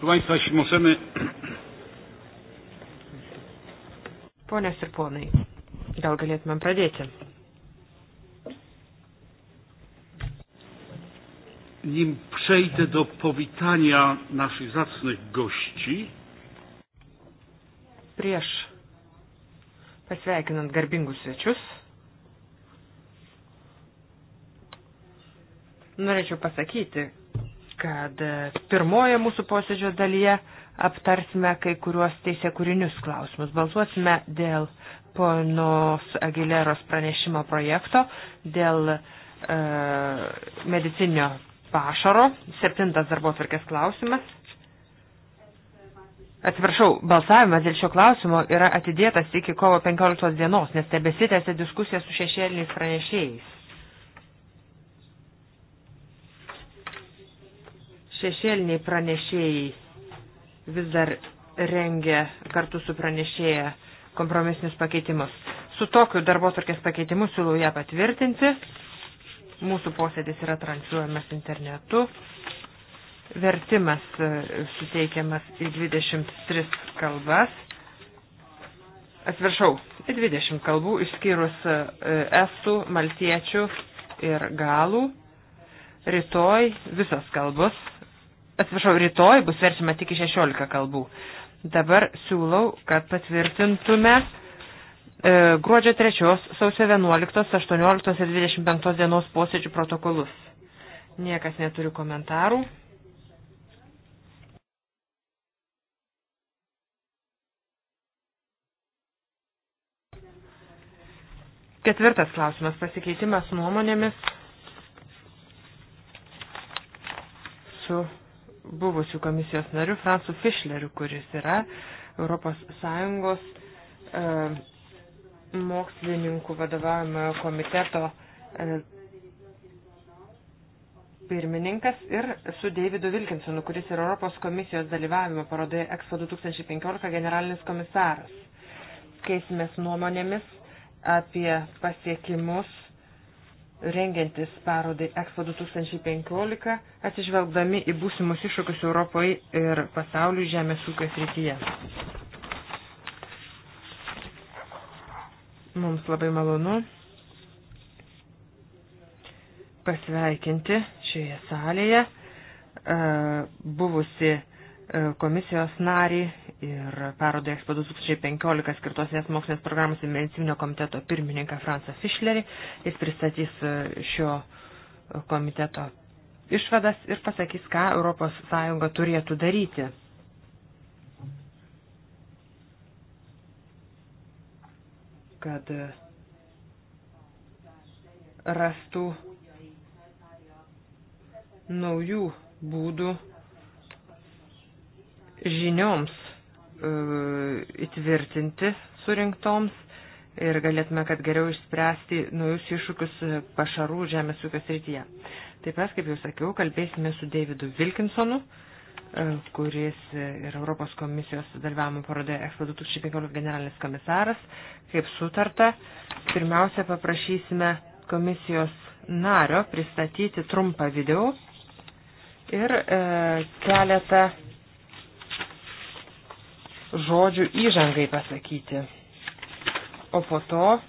Proszę Państwa, jeśli możemy. Ponios ir ponai, gal galėtumėm pradėti? Nim przejdę do powitania naszych zacnych gości. Prieš pasveikinant garbingus svečius, norėčiau pasakyti, kad e, pirmoje mūsų posėdžio dalyje aptarsime kai kuriuos teisėkūrinius klausimus. Balsuosime dėl ponos Agileros pranešimo projekto, dėl e, medicinio pašaro, septintas darbo tvarkės klausimas. Atsiprašau, balsavimas dėl šio klausimo yra atidėtas iki kovo 15 dienos, nes tebesitėse diskusija su šešėliniais pranešėjais. Šešėliniai pranešėjai vis dar rengia kartu su pranešėja kompromisinius pakeitimus. Su tokiu darbo tvarkės pakeitimu siūlau ją patvirtinti. Mūsų posėdis yra transliuojamas internetu. Vertimas e, suteikiamas į 23 kalbas. Atsiprašau, 20 kalbų išskyrus e, estų, maltiečių ir galų. Rytoj visas kalbos atsiprašau, rytoj bus versima tik į 16 kalbų. Dabar siūlau, kad patvirtintume e, gruodžio 3, sausio 11, 18 ir 25 dienos posėdžių protokolus. Niekas neturi komentarų. Ketvirtas klausimas - pasikeitimas nuomonėmis su buvusių komisijos narių Fransu Fischleriu, kuris yra ES e, mokslininkų vadovavimo komiteto e, pirmininkas ir su Davidu Vilkinsonu, kuris yra Europos komisijos dalyvavimo parodoje Expo 2015 generalinis komisaras. Keisimės nuomonėmis apie pasiekimus rengiantis parodai Expo 2015, atsižvelgdami į būsimus iššūkius Europoje ir pasaulių žemės ūkio srityje. Mums labai malonu pasveikinti šioje salėje buvusi E, komisijos narį ir parodai Expo 2015 skirtos nes mokslinės programos ir medicininio komiteto pirmininką Fransą Fischlerį. Jis pristatys e, šio komiteto išvadas ir pasakys, ką ES turėtų daryti. kad e, rastų naujų būdų žinioms e, įtvirtinti surinktoms ir galėtume, kad geriau išspręsti naujus iššūkius pašarų žemės ūkio srityje. Taip mes, kaip jau sakiau, kalbėsime su Davidu Wilkinsonu, e, kuris ir Europos komisijos dalyvavimo parodoje Expo 2015 generalinis komisaras. Kaip sutarta, pirmiausia paprašysime komisijos nario pristatyti trumpą video ir e, keletą žodžių įžangai pasakyti. O po to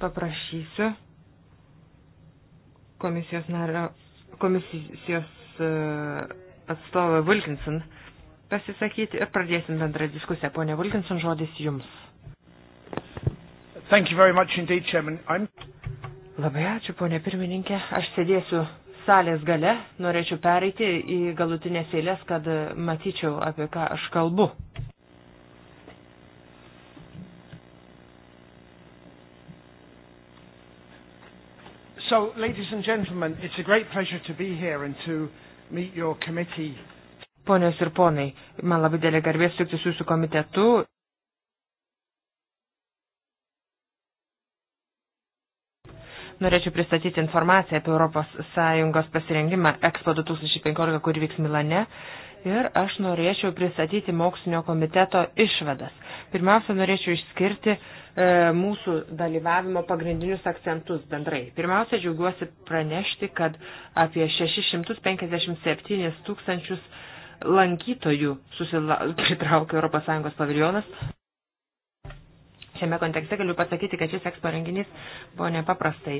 paprašysiu komisijos nario, komisijos e, atstovą Wilkinson pasisakyti ir pradėsim bendrą diskusiją. Pone Wilkinson, žodis jums. Thank you very much indeed, Chairman. I'm... Labai ačiū, ponė pirmininkė. Aš sėdėsiu salės gale. Norėčiau pereiti į galutinės eilės, kad matyčiau, apie ką aš kalbu. So, ladies and gentlemen, it's a great pleasure to be here and to meet your committee. Ponios ir ponai, man labai dėlė garbės sutikti su jūsų komitetu Norėčiau pristatyti informaciją apie ES pasirengimą Expo 2015, kuri vyks Milane. Ir aš norėčiau pristatyti mokslinio komiteto išvadas. Pirmiausia, norėčiau išskirti e, mūsų dalyvavimo pagrindinius akcentus bendrai. Pirmiausia, džiaugiuosi pranešti, kad apie 657 tūkstančius lankytojų pritraukia ES paviljonas Šiame kontekste galiu pasakyti, kad šis ekspo renginys buvo nepaprastai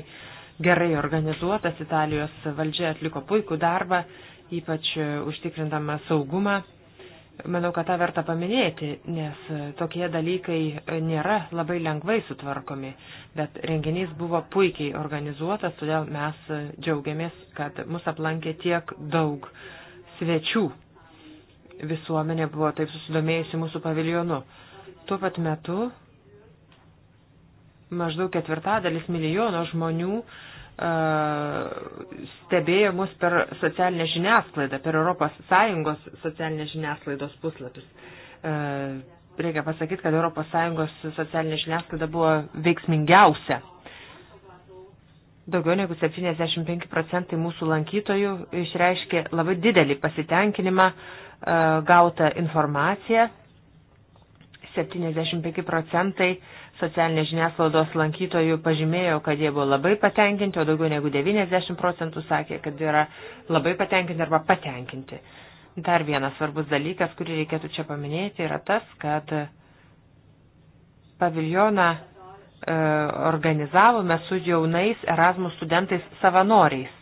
gerai organizuotas, Italijos valdžia atliko puikų darbą, ypač e, užtikrindama saugumą. Manau, kad tą verta paminėti, nes e, tokie dalykai e, nėra labai lengvai sutvarkomi, bet renginys buvo puikiai organizuotas, todėl mes džiaugiamės, kad mus aplankė tiek daug svečių. Visuomenė buvo taip susidomėjusi mūsų paviljonu. Tuo pat metu maždaug ketvirtadalis milijono žmonių uh, stebėjo mus per socialinę žiniasklaidą, per ES socialinės žiniasklaidos puslapius. Uh, reikia pasakyti, kad ES socialinė žiniasklaida buvo veiksmingiausia. Daugiau negu 75 procentai mūsų lankytojų išreiškė labai didelį pasitenkinimą uh, gautą informaciją. 75 procentai uh, socialinės žiniasklaidos lankytojų pažymėjo, kad jie buvo labai patenkinti, o daugiau negu 90 procentų sakė, kad yra labai patenkinti arba patenkinti. Dar vienas svarbus dalykas, kurį reikėtų čia paminėti, yra tas, kad paviljoną e, organizavome su jaunais Erasmus studentais savanoriais.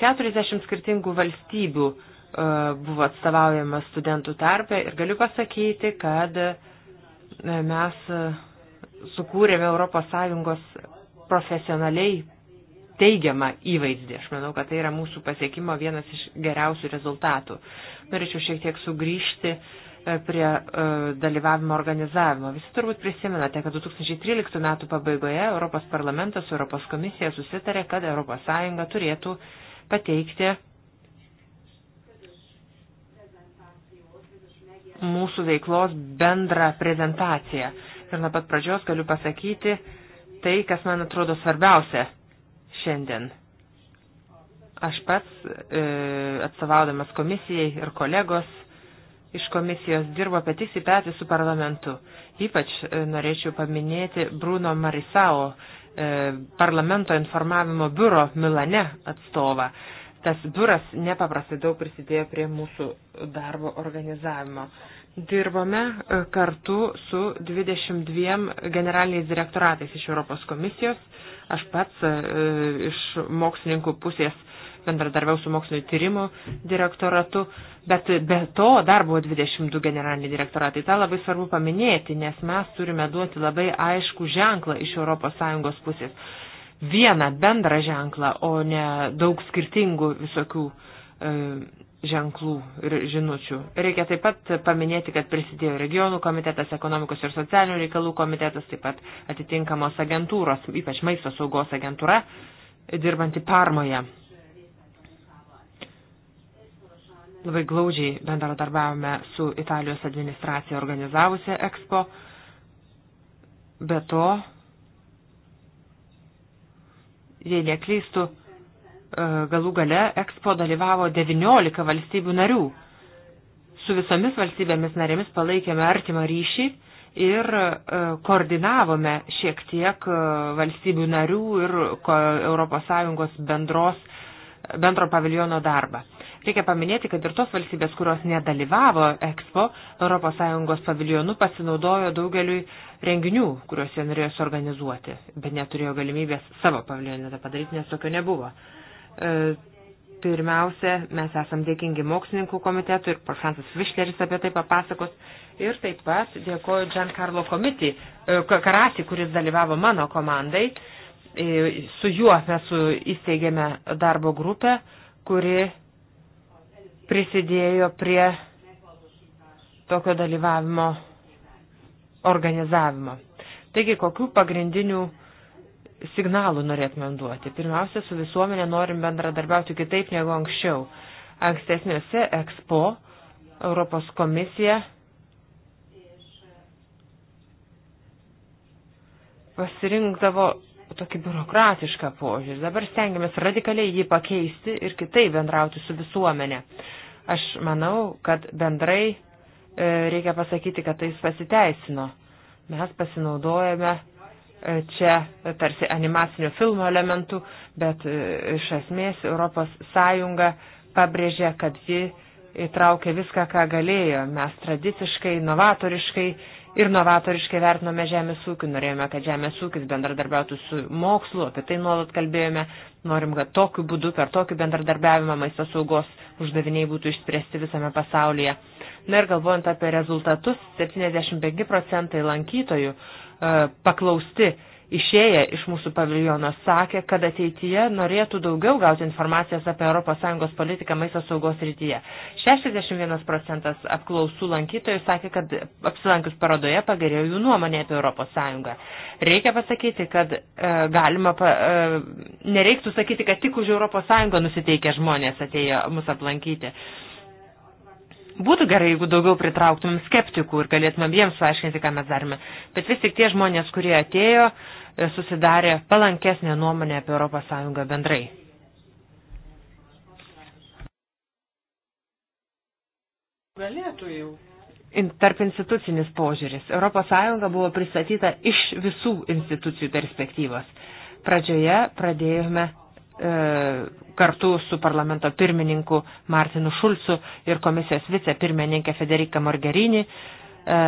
40 skirtingų valstybių e, buvo atstovaujama studentų tarpe ir galiu pasakyti, kad e, mes. E, sukūrėme ES profesionaliai teigiamą įvaizdį. Aš manau, kad tai yra mūsų pasiekimo vienas iš geriausių rezultatų. Norėčiau šiek tiek sugrįžti e, prie e, dalyvavimo organizavimo. Visi turbūt prisimenate, kad 2013 metų pabaigoje Europos parlamentas su Europos komisija susitarė, kad ES turėtų pateikti mūsų veiklos bendrą prezentaciją ir nuo pat pradžios galiu pasakyti tai, kas man atrodo svarbiausia šiandien. Aš pats, e, atstovaudamas komisijai ir kolegos iš komisijos, dirbo petys į petį su parlamentu. Ypač e, norėčiau paminėti Bruno Marisao e, parlamento informavimo biuro Milane atstovą. Tas biuras nepaprastai daug prisidėjo prie mūsų darbo organizavimo. E, Dirbame e, kartu su 22 generaliniais direktoratais iš Europos komisijos. Aš pats e, e, iš mokslininkų pusės bendradarbiau su mokslinio tyrimų direktoratu, bet be to dar buvo 22 generaliniai direktoratai. Ta labai svarbu paminėti, nes mes turime duoti labai aišku ženklą iš ES pusės. Vieną bendrą ženklą, o ne daug skirtingų visokių e, ženklų ir žinučių. Reikia taip pat paminėti, kad prisidėjo regionų komitetas, ekonomikos ir socialinių reikalų komitetas, taip pat atitinkamos agentūros, ypač maisto saugos agentūra, dirbanti Parmoje. Labai glaudžiai bendradarbiavome su Italijos administracija organizavusią Expo. Be to, jei neklystų, E, galų gale Expo dalyvavo 19 valstybių narių. Su visomis valstybėmis narėmis palaikėme artimą ryšį ir e, koordinavome šiek tiek e, valstybių narių ir ES bendros, bendro paviljono darbą. Reikia paminėti, kad ir tos valstybės, kurios nedalyvavo Expo, ES paviljonu pasinaudojo daugeliui renginių, kuriuos jie norėjo suorganizuoti, bet neturėjo galimybės savo paviljone tą padaryti, nes tokio nebuvo. E, pirmiausia, mes esam dėkingi mokslininkų komitetui ir Fransas Višleris apie tai papasakos. Ir taip pat dėkoju Giancarlo Komiti, e, Karasi, kuris dalyvavo mano komandai. E, su juo mes įsteigėme darbo grupę, kuri prisidėjo prie tokio dalyvavimo organizavimo. Taigi, kokių pagrindinių signalų norėtumėm duoti. Pirmiausia, su visuomenė norim bendradarbiauti kitaip negu anksčiau. Ankstesniuose ekspo Europos komisija pasirinkdavo tokį biurokratišką požiūrį. Dabar stengiamės radikaliai jį pakeisti ir kitaip bendrauti su visuomenė. Aš manau, kad bendrai e, reikia pasakyti, kad tai pasiteisino. Mes pasinaudojame E, čia tarsi animacinio filmo elementų, bet e, iš esmės ES pabrėžė, kad ji įtraukė viską, ką galėjo. Mes tradiciškai, novatoriškai ir novatoriškai vertinome žemės ūkį. Norėjome, kad žemės ūkis bendradarbiautų su mokslu, apie tai nuolat kalbėjome. Norim, kad tokiu būdu, per tokį bendradarbiavimą maisto saugos uždaviniai būtų išspręsti visame pasaulyje. Na ir galvojant apie rezultatus, 75 procentai lankytojų E, paklausti išėję iš mūsų paviljono sakė, kad ateityje norėtų daugiau gauti informacijos apie ES politiką maisto saugos rytyje. 61 procentas apklausų lankytojų sakė, kad apsilankius parodoje pagerėjo jų nuomonė apie ES. Reikia pasakyti, kad e, galima, pa, e, nereiktų sakyti, kad tik už ES nusiteikę žmonės atėjo mus aplankyti. E, Būtų gerai, jeigu daugiau pritrauktumėm skeptikų ir galėtumėm jiems suaiškinti, ką mes darome. Bet vis tik tie žmonės, kurie atėjo, e, susidarė palankesnę nuomonę apie ES bendrai. Galėtų jau. Tarp institucinis požiūris. ES buvo pristatyta iš visų institucijų perspektyvos. Pradžioje pradėjome E, kartu su parlamento pirmininku Martinu Šulcu ir komisijos vicepirmininkė Federika Morgerini. E,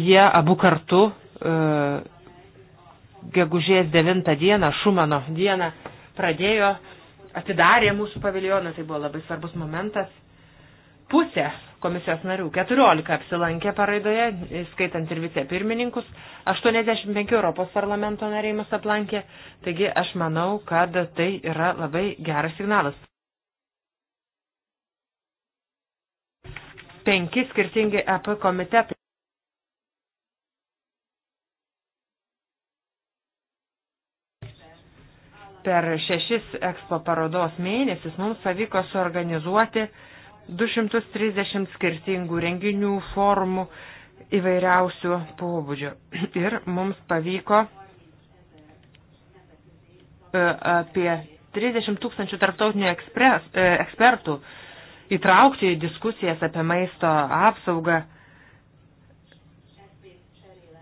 jie abu kartu e, gegužės 9 dieną, Šumano dieną, pradėjo, atidarė mūsų paviljoną, tai buvo labai svarbus momentas. Pusė komisijos narių. 14 apsilankė paraidoje, skaitant ir vicepirmininkus, 85 Europos parlamento nariai mus aplankė, taigi aš manau, kad tai yra labai geras signalas. Penki skirtingi EP komitetai. Per šešis ekspo parodos mėnesius mums pavyko suorganizuoti 230 skirtingų renginių, formų įvairiausių pobūdžio. Ir mums pavyko e, apie 30 tūkstančių tarptautinių ekspres, e, ekspertų įtraukti į diskusijas apie maisto apsaugą,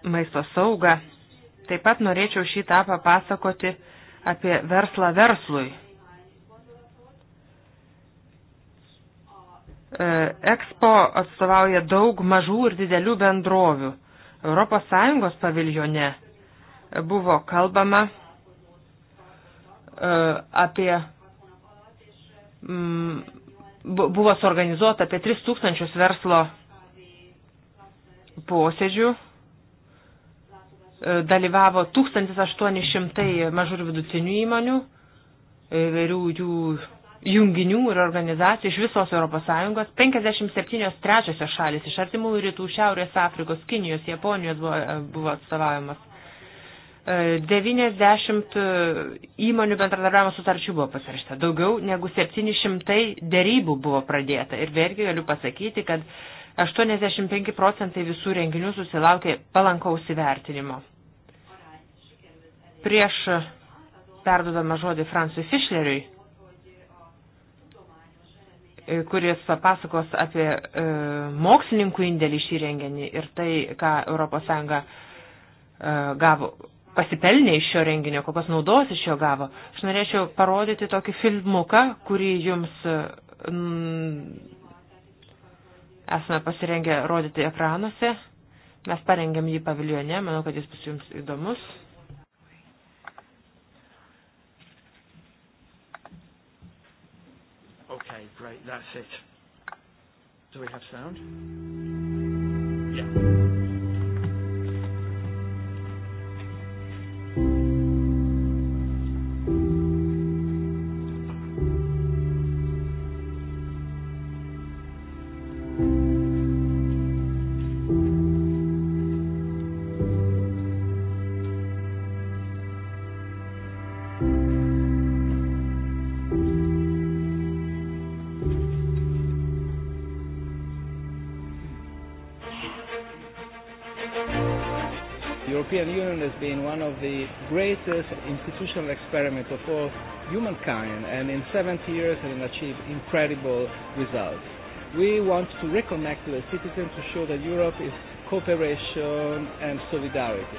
maisto saugą. Taip pat norėčiau šitą papasakoti apie verslą verslui Ekspo atstovauja daug mažų ir didelių bendrovių. ES paviljone buvo kalbama e, apie. Mm, buvo suorganizuota apie 3000 verslo posėdžių. E, dalyvavo 1800 mažų ir vidutinių įmonių, įvairių jų junginių ir organizacijų iš visos ES, 57 trečiosios šalis iš artimųjų rytų, Šiaurės Afrikos, Kinijos, Japonijos buvo, e, buvo atstovavimas. E, 90 e, įmonių bendradarbiavimo sutarčių buvo pasirašyta, daugiau negu 700 dėrybų buvo pradėta. Ir vėlgi galiu pasakyti, kad 85 procentai visų renginių susilaukė palankaus įvertinimo. Prieš perdodama žodį Fransui Fischleriui, E, kuris papasakos apie e, mokslininkų indėlį šį renginį ir tai, ką ES e, gavo, pasipelnė iš šio renginio, kokios naudos iš jo gavo. Aš norėčiau parodyti tokį filmuką, kurį jums mm, esame pasirengę rodyti ekranuose. Mes parengėm jį paviljone, manau, kad jis bus jums įdomus. Great, that's it. Do we have sound? been one of the greatest institutional experiments of all humankind, and in 70 years it has achieved incredible results. We want to reconnect to the citizens to show that Europe is cooperation and solidarity.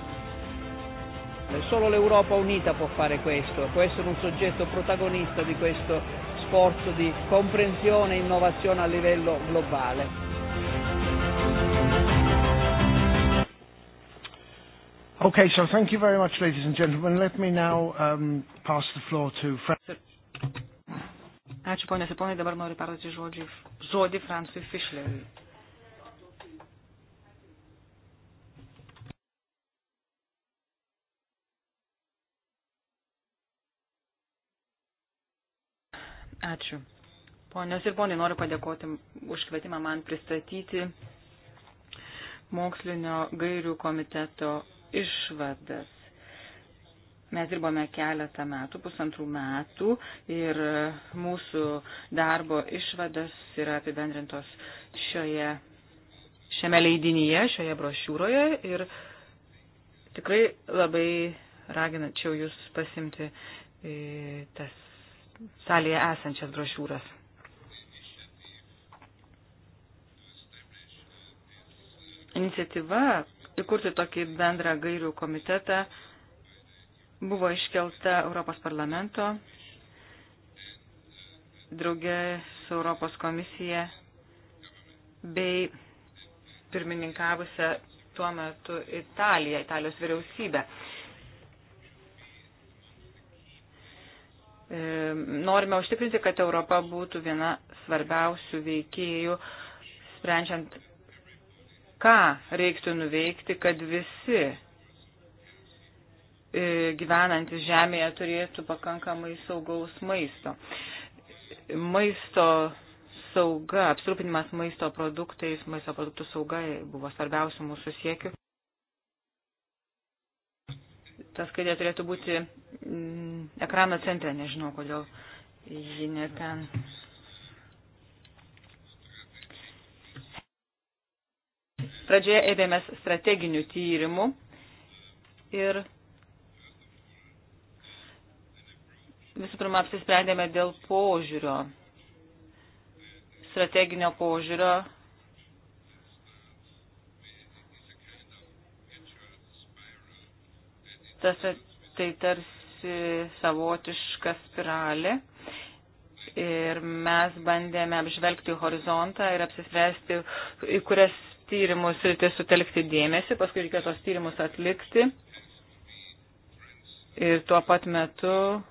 Solo l'Europa unita può fare questo, può essere un soggetto protagonista di questo sforzo di comprensione e innovazione a livello globale. Okay, so thank you very much, ladies and gentlemen. Let me now um, pass the floor to Francis. Ačiū, ponės ir ponai, dabar noriu perduoti žodį Fransui Fischleriui. Ačiū. Ponios ir ponai, noriu padėkoti už kvietimą man pristatyti mokslinio gairių komiteto išvadas. Mes dirbome keletą metų, pusantrų metų ir mūsų darbo išvadas yra apibendrintos šioje, šiame leidinyje, šioje brošiūroje ir tikrai labai raginačiau jūs pasimti e, tas salėje esančias brošiūras. Iniciatyva įkurti tokį bendrą gairių komitetą buvo iškelta Europos parlamento draugė su Europos komisija bei pirmininkavusią tuo metu Italiją, Italijos vyriausybę. E, norime užtikrinti, kad Europa būtų viena svarbiausių veikėjų, sprendžiant, ką reiktų nuveikti, kad visi e, gyvenantis žemėje turėtų pakankamai saugaus maisto. Maisto sauga, apsirūpinimas maisto produktais, maisto produktų sauga buvo svarbiausių mūsų siekių tas skaidė turėtų būti m, mm, ekrano centre, nežinau kodėl ji ne ten. Pradžioje ėmėmės strateginių tyrimų ir visų pirma apsisprendėme dėl požiūrio, strateginio požiūrio tas, tai tarsi savotiška spiralė. Ir mes bandėme apžvelgti horizontą ir apsispręsti, į kurias tyrimus reikia sutelkti dėmesį, paskui reikia tos tyrimus atlikti. Ir tuo pat metu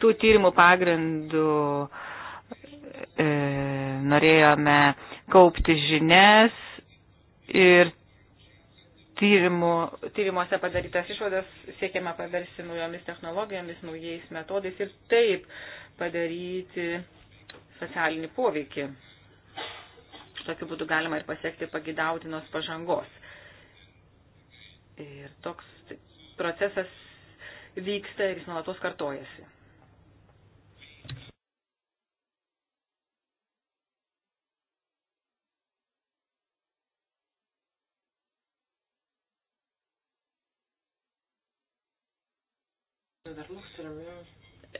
tų tyrimų pagrindų e, norėjome kaupti žinias ir tyrimų, tyrimuose padarytas išvadas siekiama paversti naujomis technologijomis, naujais metodais ir taip padaryti socialinį poveikį. Tokiu būdu galima ir pasiekti pagidautinos pažangos. Ir toks procesas vyksta ir jis nuolatos kartojasi.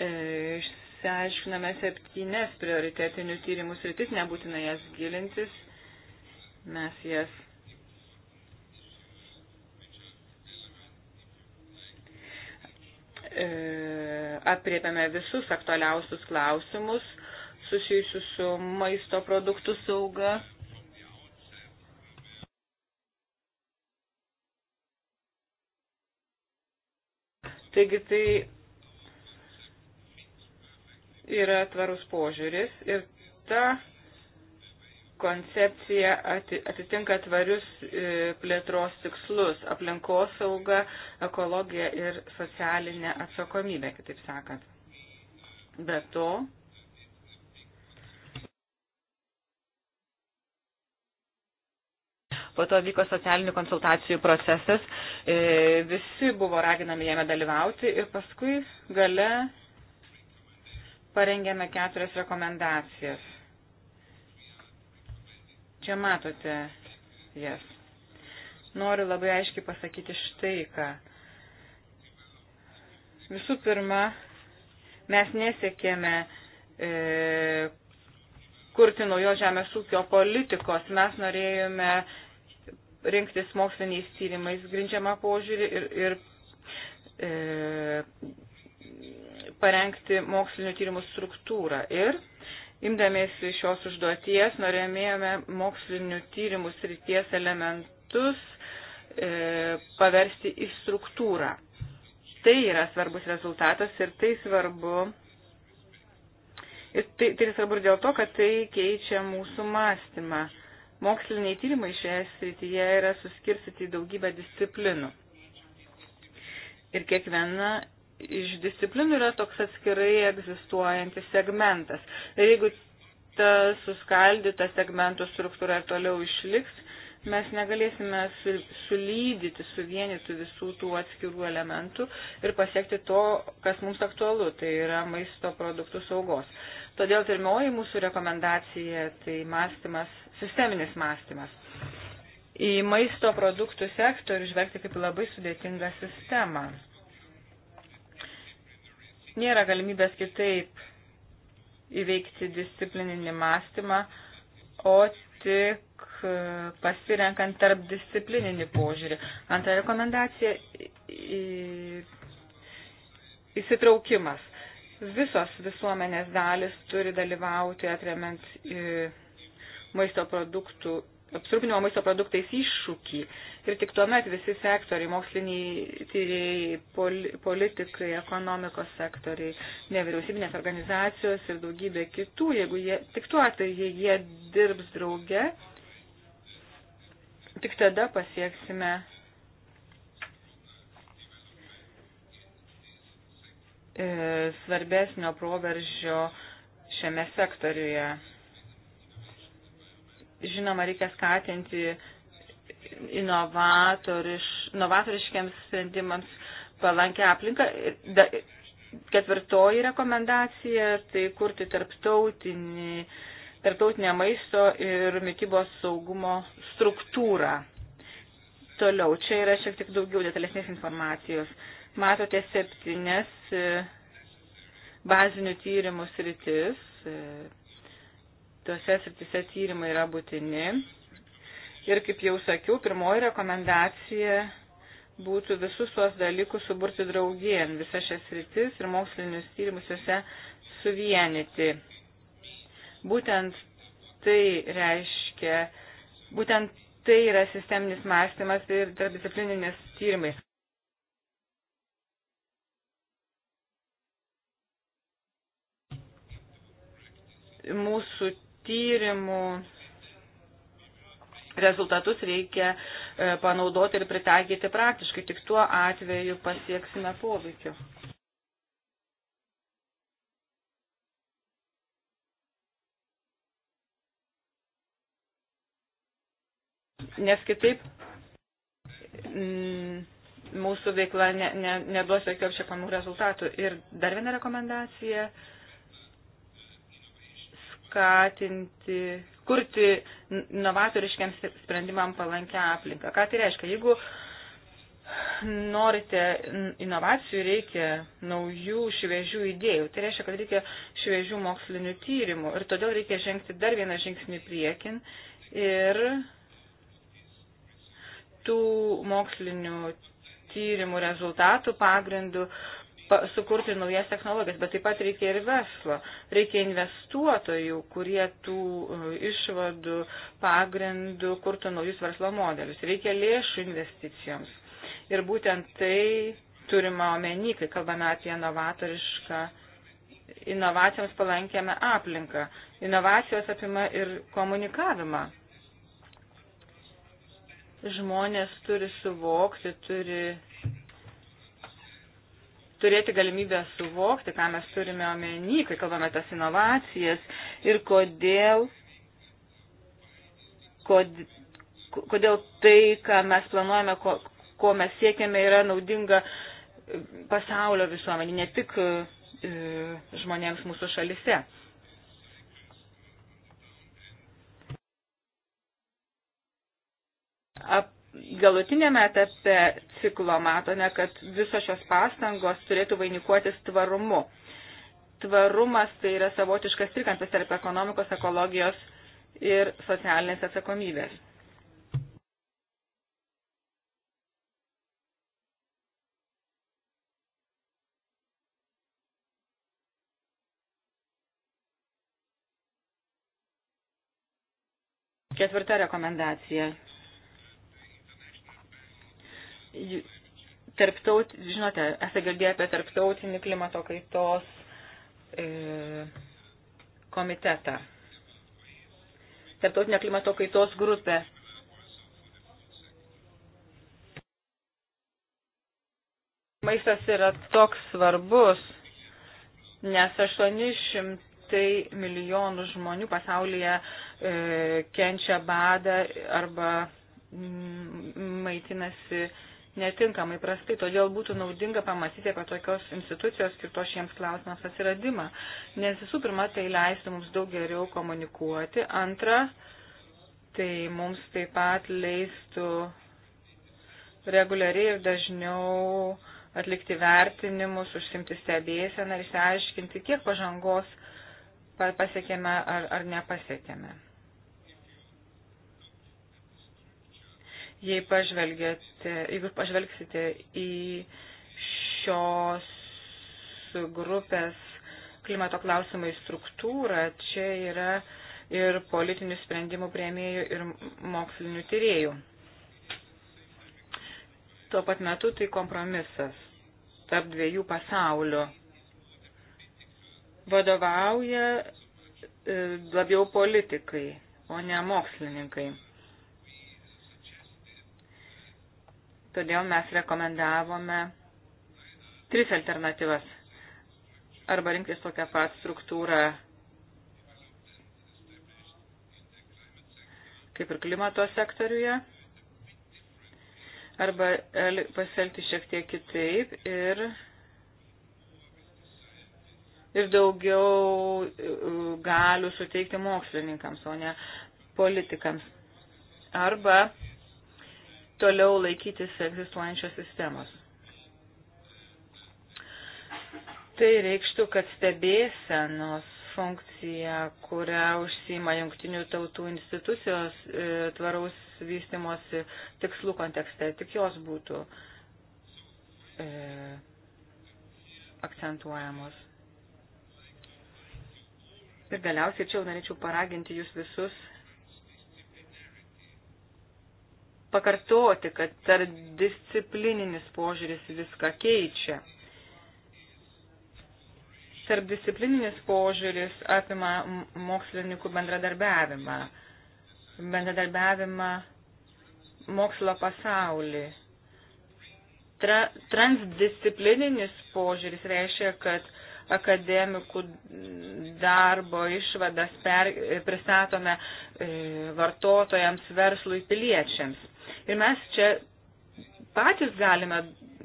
E, išsiaiškiname septynes prioritetinių tyrimų sritis, nebūtina jas gilintis, mes jas e, apriepiame visus aktualiausius klausimus susijusius su maisto produktų sauga, Taigi tai yra tvarus požiūris ir ta koncepcija atitinka tvarius e, plėtros tikslus - aplinkosaugą, ekologiją ir socialinę atsakomybę, kitaip sakant. Be to, po to vyko socialinių konsultacijų procesas, e, visi buvo raginami jame dalyvauti ir paskui gale parengėme keturias rekomendacijas. Čia matote jas. Yes. Noriu labai aiškiai pasakyti štai ką. Visų pirma, mes nesiekėme e, kurti naujos žemės ūkio politikos, mes norėjome rinktis moksliniais tyrimais grindžiamą požiūrį ir, ir e, parengti mokslinių tyrimų struktūrą. Ir imdamėsi šios užduoties norėjome mokslinių tyrimų srities elementus e, paversti į struktūrą. Tai yra svarbus rezultatas ir tai svarbu. Ir tai, tai svarbu ir dėl to, kad tai keičia mūsų mąstymą. E, Moksliniai tyrimai šioje srityje yra suskirstyti į daugybę disciplinų. Ir kiekviena iš disciplinų yra toks atskirai egzistuojantis segmentas. Ir jeigu ta suskaldyta segmentų struktūra ir toliau išliks, mes negalėsime sulydyti, suvienyti visų tų atskirų elementų ir pasiekti to, kas mums aktualu, tai yra maisto produktų saugos. Todėl pirmoji mūsų rekomendacija, tai mąstymas sisteminis mąstymas. Į maisto produktų sektorių žvelgti kaip labai sudėtingą sistemą. Nėra galimybės kitaip įveikti disciplininį mąstymą, o tik pasirenkant tarp disciplininį požiūrį. Antra rekomendacija - įsitraukimas. Visos visuomenės dalis turi dalyvauti atremiant maisto produktų, apsirūpinimo maisto produktais iššūkį. Ir tik tuomet visi sektoriai, moksliniai tyrėjai, pol, politikai, ekonomikos sektoriai, nevyriausybinės organizacijos ir daugybė kitų, jeigu jie, tik tuo atveju, jei jie dirbs drauge, tik tada pasieksime e, svarbesnio proveržio šiame sektoriuje. Žinoma, reikia skatinti inovatoriš, inovatoriškiams sprendimams palankę aplinką. Da, ketvirtoji rekomendacija - tai kurti tarptautinį, tarptautinę maisto ir mytybos saugumo struktūrą. Toliau, čia yra šiek tiek daugiau detalesnės informacijos. Matote septynes e, bazinių tyrimų sritis e, tuose srityse tyrimai yra būtini. Ir kaip jau sakiau, pirmoji rekomendacija būtų visus tuos dalykus suburti draugien, visas šias rytis ir mokslinius tyrimus juose suvienyti. Būtent tai reiškia, būtent tai yra sisteminis mąstymas ir tarpdisciplininis tyrimai. Mūsų tyrimų rezultatus reikia e, panaudoti ir pritaikyti praktiškai, tik tuo atveju pasieksime poveikio. Nes kitaip mm, mūsų veikla ne, ne, neduos jokių apčiapamų rezultatų. Ir dar viena rekomendacija. Uh, skatinti, kurti novatoriškiams sprendimam palankę aplinką. Ką tai reiškia? Jeigu norite inovacijų, reikia naujų, šviežių idėjų. Tai reiškia, kad reikia šviežių mokslinių tyrimų ir todėl reikia žengti dar vieną žingsnį priekin ir tų mokslinių tyrimų rezultatų pagrindų uh, sukurti naujas technologijas, bet taip pat reikia ir verslo, reikia investuotojų, kurie tų e, išvadų pagrindų kurtų naujus verslo modelius, reikia lėšų investicijoms. Ir būtent tai turima omeny, kai kalbame apie novatorišką, inovacijoms palankiamą aplinką. Inovacijos apima ir komunikavimą. Žmonės turi suvokti, turi turėti galimybę suvokti, ką mes turime omeny, kai kalbame tas inovacijas ir kodėl, kod, kodėl tai, ką mes planuojame, ko, ko mes siekiame, yra naudinga pasaulio visuomenį, ne tik e, žmonėms mūsų šalise. Ap galutinėme etape ciklo matome, kad visos šios pastangos turėtų vainikuotis tvarumu. Tvarumas tai yra savotiškas trikampis tarp ekonomikos, ekologijos ir socialinės atsakomybės. Ketvirta rekomendacija Tarptaut, žinote, esate girdėję apie tarptautinį klimato kaitos e, komitetą. Tarptautinio klimato kaitos grupė maistas yra toks svarbus, nes 800 milijonų žmonių pasaulyje e, kenčia badą arba maitinasi netinkamai prastai. Todėl būtų naudinga pamastyti apie tokios institucijos skirtos šiems klausimams atsiradimą. Nes visų pirma, tai leistų mums daug geriau komunikuoti. Antra, tai mums taip pat leistų reguliariai ir dažniau atlikti vertinimus, užsimti stebėseną ir išsiaiškinti, kiek pažangos pasiekėme ar, ar nepasiekėme. Jei jeigu pažvelgsite į šios grupės klimato klausimai struktūrą, čia yra ir politinių sprendimų prieimėjų, ir mokslinių tyriejų. Tuo pat metu tai kompromisas tarp dviejų pasaulių. Vadovauja e, labiau politikai, o ne mokslininkai. Todėl mes rekomendavome tris alternatyvas. Arba rinktis tokią pat struktūrą kaip ir klimato sektoriuje, arba pasielgti šiek tiek kitaip ir, ir daugiau e, galių suteikti mokslininkams, o ne politikams. Arba toliau laikytis egzistuojančios sistemos. Tai reikštų, kad stebėsenos funkcija, kurią užsima jungtinių tautų institucijos e, tvaraus vystimosi tikslų kontekste, tik jos būtų e, akcentuojamos. Ir galiausiai čia jau norėčiau paraginti jūs visus pakartoti, kad tarp disciplininis požiūris viską keičia. Tarp disciplininis požiūris apima mokslininkų bendradarbiavimą, bendradarbiavimą mokslo pasaulį. Tra, transdisciplininis požiūris reiškia, kad akademikų darbo išvadas per, pristatome e, vartotojams, verslui, piliečiams Ir mes čia patys galime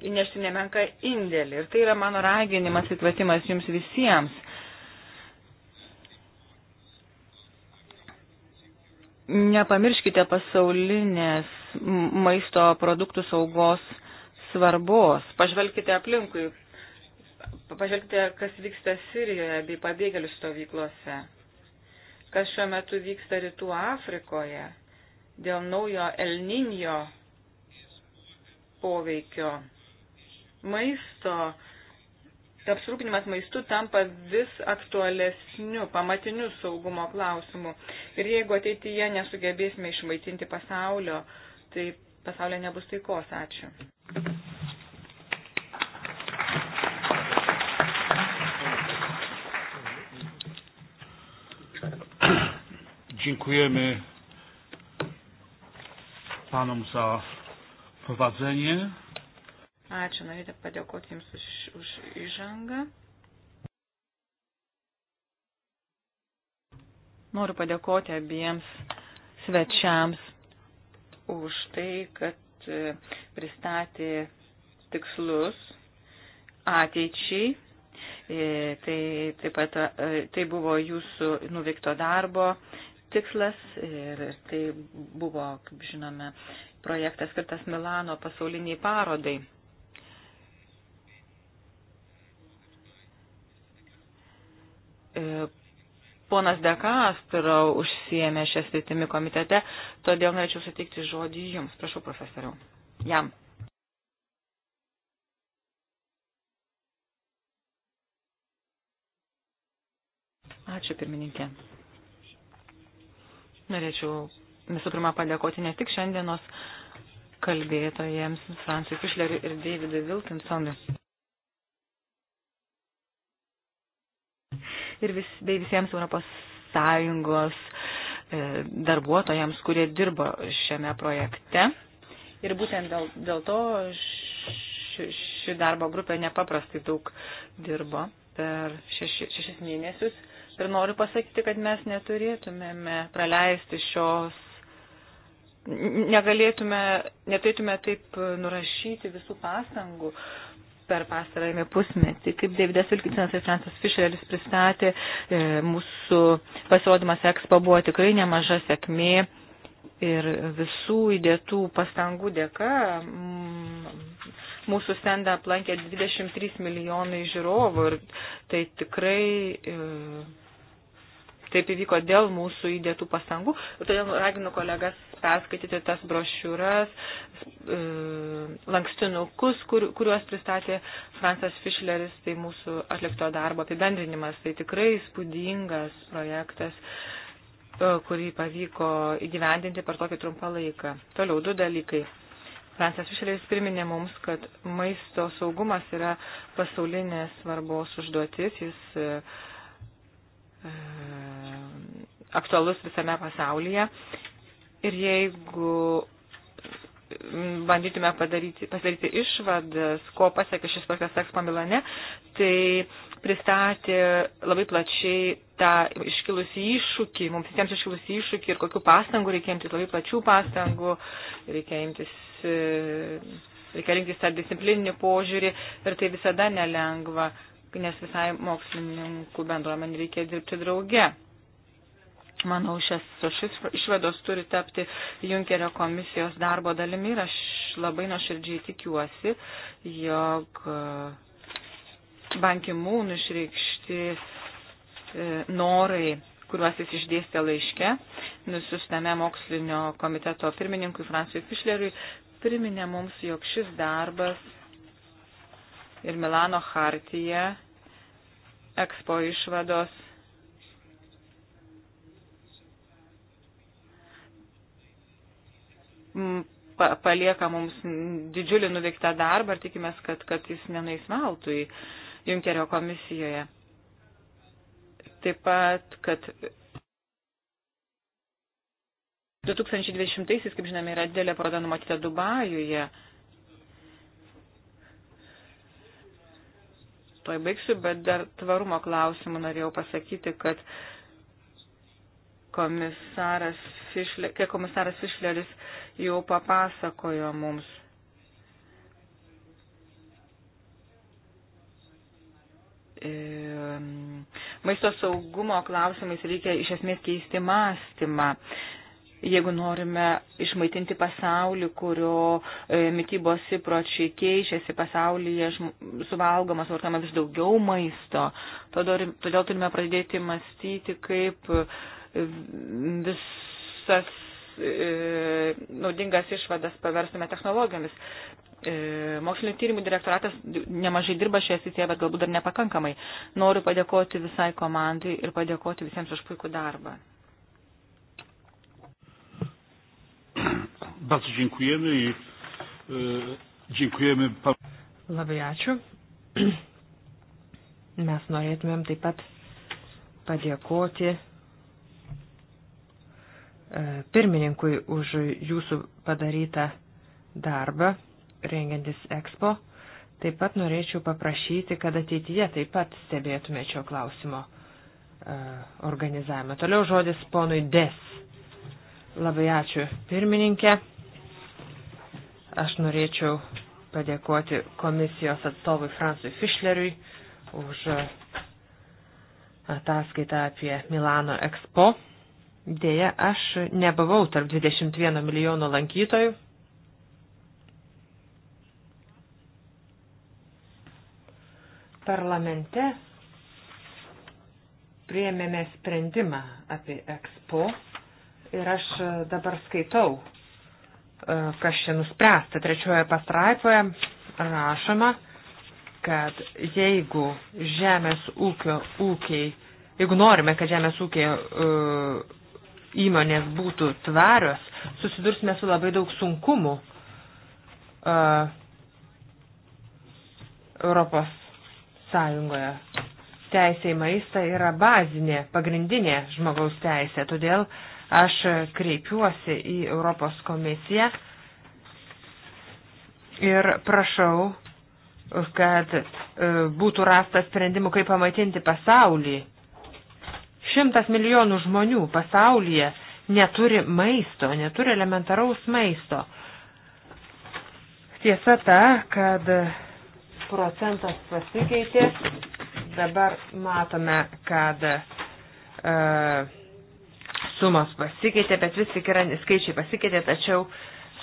įnešti nemenką indėlį. Ir tai yra mano raginimas ir kvietimas jums visiems. Nepamirškite pasaulinės maisto produktų saugos svarbos. Pažvelkite aplinkui, pažvelkite, kas vyksta Sirijoje bei pabėgėlių stovyklose, kas šiuo metu vyksta Rytų Afrikoje dėl naujo Elninio poveikio. Maisto, apsirūpinimas maistu tampa vis aktualesniu, pamatiniu saugumo klausimu. Ir jeigu ateityje nesugebėsime išmaitinti pasaulio, tai pasaulio nebus taikos. Ačiū. Dziękujemy panom za prowadzenie. Ačiū, norėčiau padėkoti Jums už, už įžangą. Noriu padėkoti abiems svečiams už tai, kad e, pristatė tikslus ateičiai. E, tai, taip pat e, tai buvo jūsų nuveikto darbo tikslas ir tai buvo, kaip žinome, projektas skirtas Milano pasauliniai parodai. E, ponas De Castro užsiemė šią sveitimi komitete, todėl norėčiau sutikti žodį jums. Prašau, profesoriau. Jam. Ačiū, pirmininkė. Norėčiau visų pirma padėkoti ne tik šiandienos kalbėtojams Francui Fischleriui ir Davidui Wilkinsonui. Ir vis, bei visiems Europos Sąjungos e, darbuotojams, kurie dirbo šiame projekte. Ir būtent dėl, dėl to ši, ši darbo grupė nepaprastai daug dirbo per šeši, šešis mėnesius Ir noriu pasakyti, kad mes neturėtumėme praleisti šios, negalėtume, neturėtume taip nurašyti visų pastangų per pastarąjį pusmetį. Kaip Davidas Vilkicinas ir Francis Fischeris pristatė, e, mūsų pasirodymas Expo buvo tikrai nemaža sėkmė ir visų įdėtų pastangų dėka mm, mūsų stendą aplankė 23 milijonai žiūrovų ir tai tikrai e, Taip įvyko dėl mūsų įdėtų pastangų. Ir todėl raginu kolegas perskaityti tas brošiūras, e, lankstinukus, kur, kuriuos pristatė Fransas Fischleris, tai mūsų atlikto darbo apibendrinimas. Tai tikrai spūdingas projektas e, kurį pavyko įgyvendinti per tokį trumpą laiką. Toliau du dalykai. Fransas Fišeris priminė mums, kad maisto saugumas yra pasaulinės svarbos užduotis. Jis e, aktualus visame pasaulyje. Ir jeigu mm, bandytume padaryti, pasidaryti išvadas, ko pasiekė šis projektas Expo Milane, tai pristatė labai plačiai tą iškilusi iššūkį, mums visiems iškilusi iššūkį ir kokiu pastangu reikia imtis, labai plačių pastangų, reikia imtis, reikia rinktis tą disciplininį požiūrį ir tai visada nelengva, nes visai mokslininkų bendruomenį reikia dirbti drauge manau, šias, šis išvados turi tapti Junkerio komisijos darbo dalimi ir aš labai nuoširdžiai tikiuosi, jog e, bankimūnų išreikšti e, norai kuriuos jis išdėstė laiške, nusistame mokslinio komiteto pirmininkui Fransui Fischleriui, priminė mums, jog šis darbas ir Milano hartija, Expo išvados palieka mums didžiulį nuveiktą darbą ir tikimės, kad, kad jis nenueis veltui Junkerio komisijoje. Taip pat, kad 2020-aisiais, kaip žinome, yra didelė paroda numatyta Dubajuje. Toj baigsiu, bet dar tvarumo klausimų norėjau pasakyti, kad uh, komisaras Fišle, kiek komisaras Fišleris jau papasakojo mums. Ehm, maisto saugumo klausimais reikia iš esmės keisti mąstymą. Jeigu norime išmaitinti pasaulį, kurio e, mytybos įpročiai keičiasi pasaulyje, suvalgomas vartama vis daugiau maisto, todėl turime pradėti mąstyti, kaip uh, visas e, naudingas išvadas paverstume technologijomis. E, mokslinio tyrimų direktoratas nemažai dirba šioje srityje, bet galbūt dar nepakankamai. Noriu padėkoti visai komandai ir padėkoti visiems už puikų darbą. Bardzo dziękujemy i e, dziękujemy panu. Labai ačiū. Mes norėtumėm taip pat padėkoti E, pirmininkui už jūsų padarytą darbą rengiantis Expo. Taip pat norėčiau paprašyti, kad ateityje taip pat stebėtume šio klausimo e, organizavimą. Toliau žodis ponui Des. Labai ačiū pirmininkė. Aš norėčiau padėkoti komisijos atstovui Fransui Fischleriui už ataskaitą apie Milano Expo. Dėja, aš nebuvau tarp 21 milijono lankytojų. Parlamente priėmėme sprendimą apie Expo ir aš dabar skaitau, e, kas čia nuspręsta. Trečioje pastraipoje rašoma, kad jeigu žemės ūkio ūkiai, jeigu norime, kad žemės ūkiai uh, e, įmonės būtų tvarios, susidursime su labai daug sunkumų uh, Europos Sąjungoje. Teisė į maistą yra bazinė, pagrindinė žmogaus teisė, todėl aš kreipiuosi į Europos komisiją ir prašau, kad e, būtų rastas sprendimų, kaip pamaitinti pasaulį Šimtas milijonų žmonių pasaulyje neturi maisto, neturi elementaraus maisto. Tiesa ta, kad procentas pasikeitė. Dabar matome, kad e, sumos pasikeitė, bet vis tik yra skaičiai pasikeitė, tačiau e,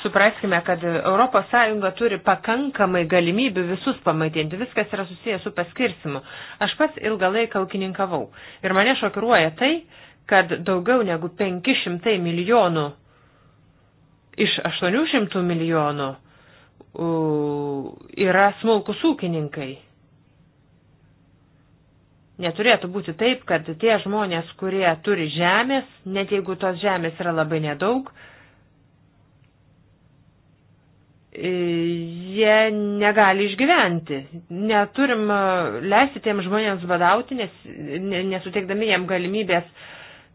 Supraskime, kad ES turi pakankamai galimybių visus pamaitinti. Viskas yra susijęs su paskirsimu. Aš pats ilgą laiką ūkininkavau. Ir mane šokiruoja tai, kad daugiau negu 500 milijonų iš 800 milijonų yra smulkus ūkininkai. Neturėtų būti taip, kad tie žmonės, kurie turi žemės, net jeigu tos žemės yra labai nedaug, jie negali išgyventi. Neturim e, leisti tiem žmonėms badauti, nes, nesuteikdami jiem galimybės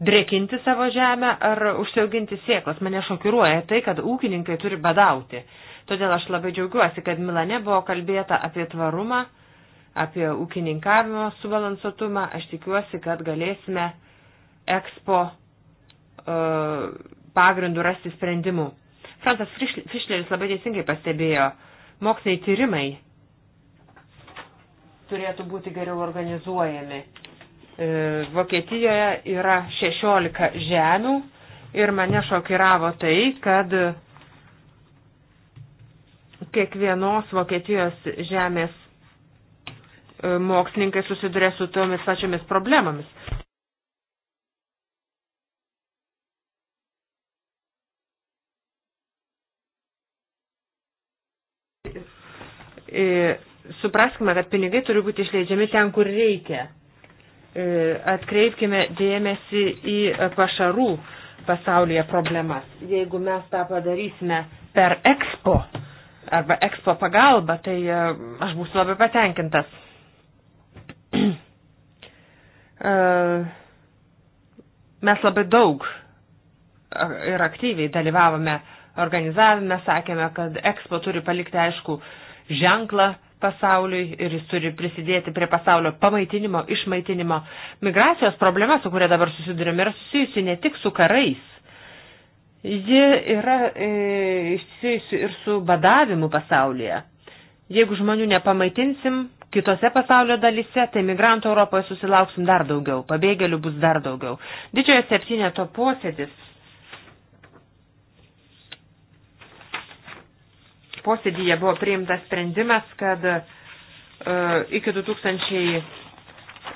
drekinti savo žemę ar užsiauginti sėklas. Mane šokiruoja tai, kad ūkininkai turi badauti. Todėl aš labai džiaugiuosi, kad Milane buvo kalbėta apie tvarumą, apie ūkininkavimo subalansuotumą. Aš tikiuosi, kad galėsime ekspo uh, e, pagrindų rasti sprendimų. Fransas Fischleris labai teisingai pastebėjo, moksliniai tyrimai turėtų būti geriau organizuojami. E, Vokietijoje yra 16 žemių ir mane šokiravo tai, kad kiekvienos Vokietijos žemės e, mokslininkai susiduria su tomis pačiomis problemomis. E, supraskime, kad pinigai turi būti išleidžiami ten, kur reikia. E, atkreipkime dėmesį į pašarų pasaulyje problemas. Jeigu mes tą padarysime per Expo arba Expo pagalbą, tai e, aš būsiu labai patenkintas. Mes labai daug ir aktyviai dalyvavome organizavime, sakėme, kad Expo turi palikti aišku ženklą pasauliui ir jis turi prisidėti prie pasaulio pamaitinimo, išmaitinimo. Migracijos problema, su kuria dabar susidurėm, yra susijusi ne tik su karais. Ji yra e, susijusi ir su badavimu pasaulyje. Jeigu žmonių nepamaitinsim kitose pasaulio dalise, tai migrantų Europoje susilauksim dar daugiau, pabėgėlių bus dar daugiau. Didžiojo septyneto posėdis posėdyje buvo priimtas sprendimas, kad e, iki 2030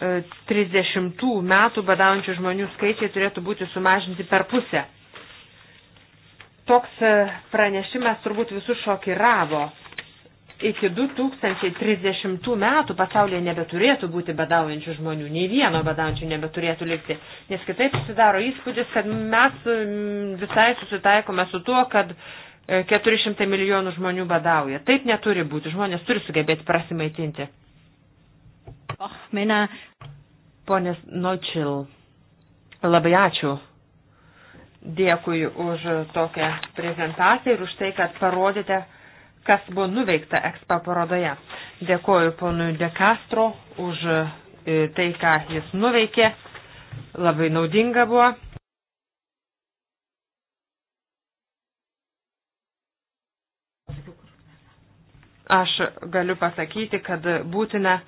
e, metų badaujančių žmonių skaičiai turėtų būti sumažinti per pusę. Toks e, pranešimas turbūt visus šokiravo. Iki 2030 metų pasaulyje nebeturėtų būti badaujančių žmonių, nei vieno badaujančių nebeturėtų likti, nes kitaip susidaro įspūdis, kad mes visai susitaikome su tuo, kad uh, 400 e, milijonų žmonių badauja. Taip neturi būti. Žmonės turi sugebėti prasimaitinti. Oh, mena. Ponės Nočil, labai ačiū. Dėkui už tokią prezentaciją ir už tai, kad parodėte, kas buvo nuveikta ekspo parodoje. Dėkoju ponui De Castro už e, tai, ką jis nuveikė. Labai naudinga buvo. Aš galiu pasakyti, kad būtina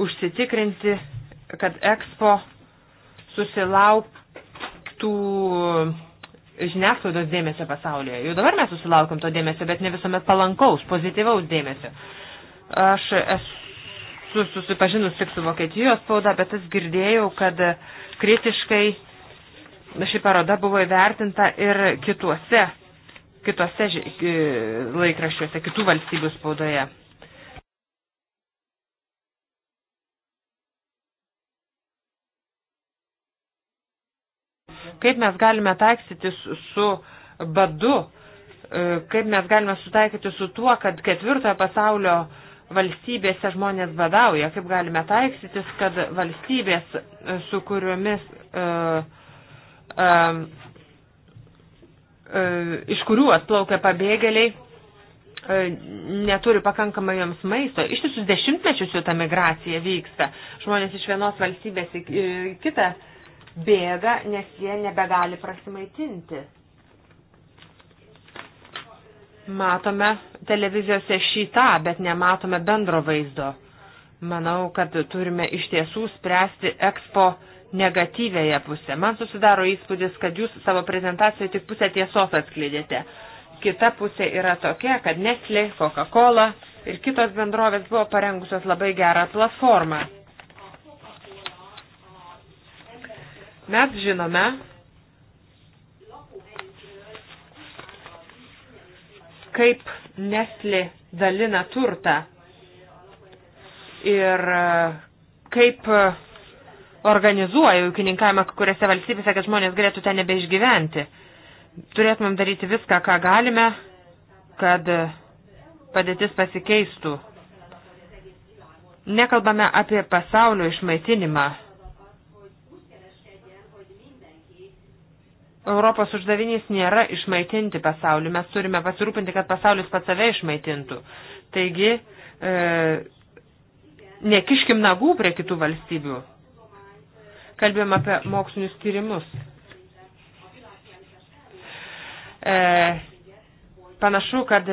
užsitikrinti, kad Expo susilauktų žiniasklaidos dėmesio pasaulyje. Jau dabar mes susilaukiam to dėmesio, bet ne visuomet palankaus, pozityvaus dėmesio. Aš esu susipažinus tik su Vokietijos spauda, bet aš girdėjau, kad kritiškai ši paroda buvo įvertinta ir kituose kitose laikraščiuose, kitų valstybių spaudoje. Kaip mes galime taikstytis su badu, e, kaip mes galime sutaikyti su tuo, kad ketvirtojo pasaulio valstybėse žmonės badauja, kaip galime taikstytis, kad valstybės, e, su kuriomis uh, uh, E, iš kurių atplaukia pabėgėliai, e, neturi pakankamai joms maisto. Ištisus dešimtmečius jau ta migracija vyksta. Žmonės iš vienos valstybės į kitą bėga, nes jie nebegali prasimaitinti. Matome televizijose šitą, bet nematome bendro vaizdo. Manau, kad turime iš tiesų spręsti ekspo uh, negatyvėje pusė. Man susidaro įspūdis, kad jūs savo prezentacijoje tik pusę tiesos atskleidėte. Kita pusė yra tokia, kad Nestle, Coca-Cola ir kitos bendrovės buvo parengusios labai gerą platformą. Mes žinome, kaip Nestle dalina turtą ir e, kaip organizuoja ūkininkavimą kuriuose valstybėse, kad žmonės galėtų ten nebeišgyventi. Turėtumėm daryti viską, ką galime, kad padėtis pasikeistų. Nekalbame apie pasaulio išmaitinimą. Europos uždavinys nėra išmaitinti pasaulį. Mes turime pasirūpinti, kad pasaulis pats save išmaitintų. Taigi, e, nekiškim nagų prie kitų valstybių. Kalbėjom apie mokslinius tyrimus. E, panašu, kad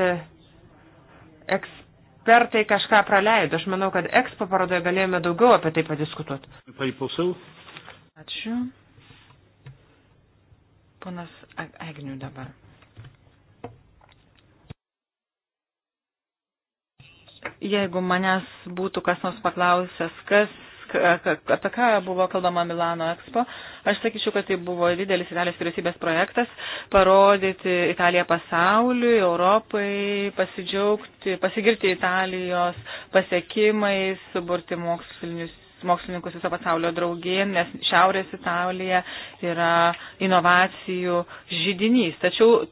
ekspertai kažką praleido. Aš manau, kad ekspo parodoje galėjome daugiau apie tai padiskutuoti. Ačiū. Ponas Agnių dabar. Jeigu manęs būtų kas nors paklausęs, kas apie ką buvo kalbama Milano Expo. Aš sakyčiau, kad tai buvo didelis Italijos vyriausybės projektas parodyti Italiją pasauliui, Europai, pasidžiaugti, pasigirti Italijos pasiekimais, suburti mokslinius mokslininkus viso pasaulio draugien, nes Šiaurės Italija yra inovacijų žydinys. Tačiau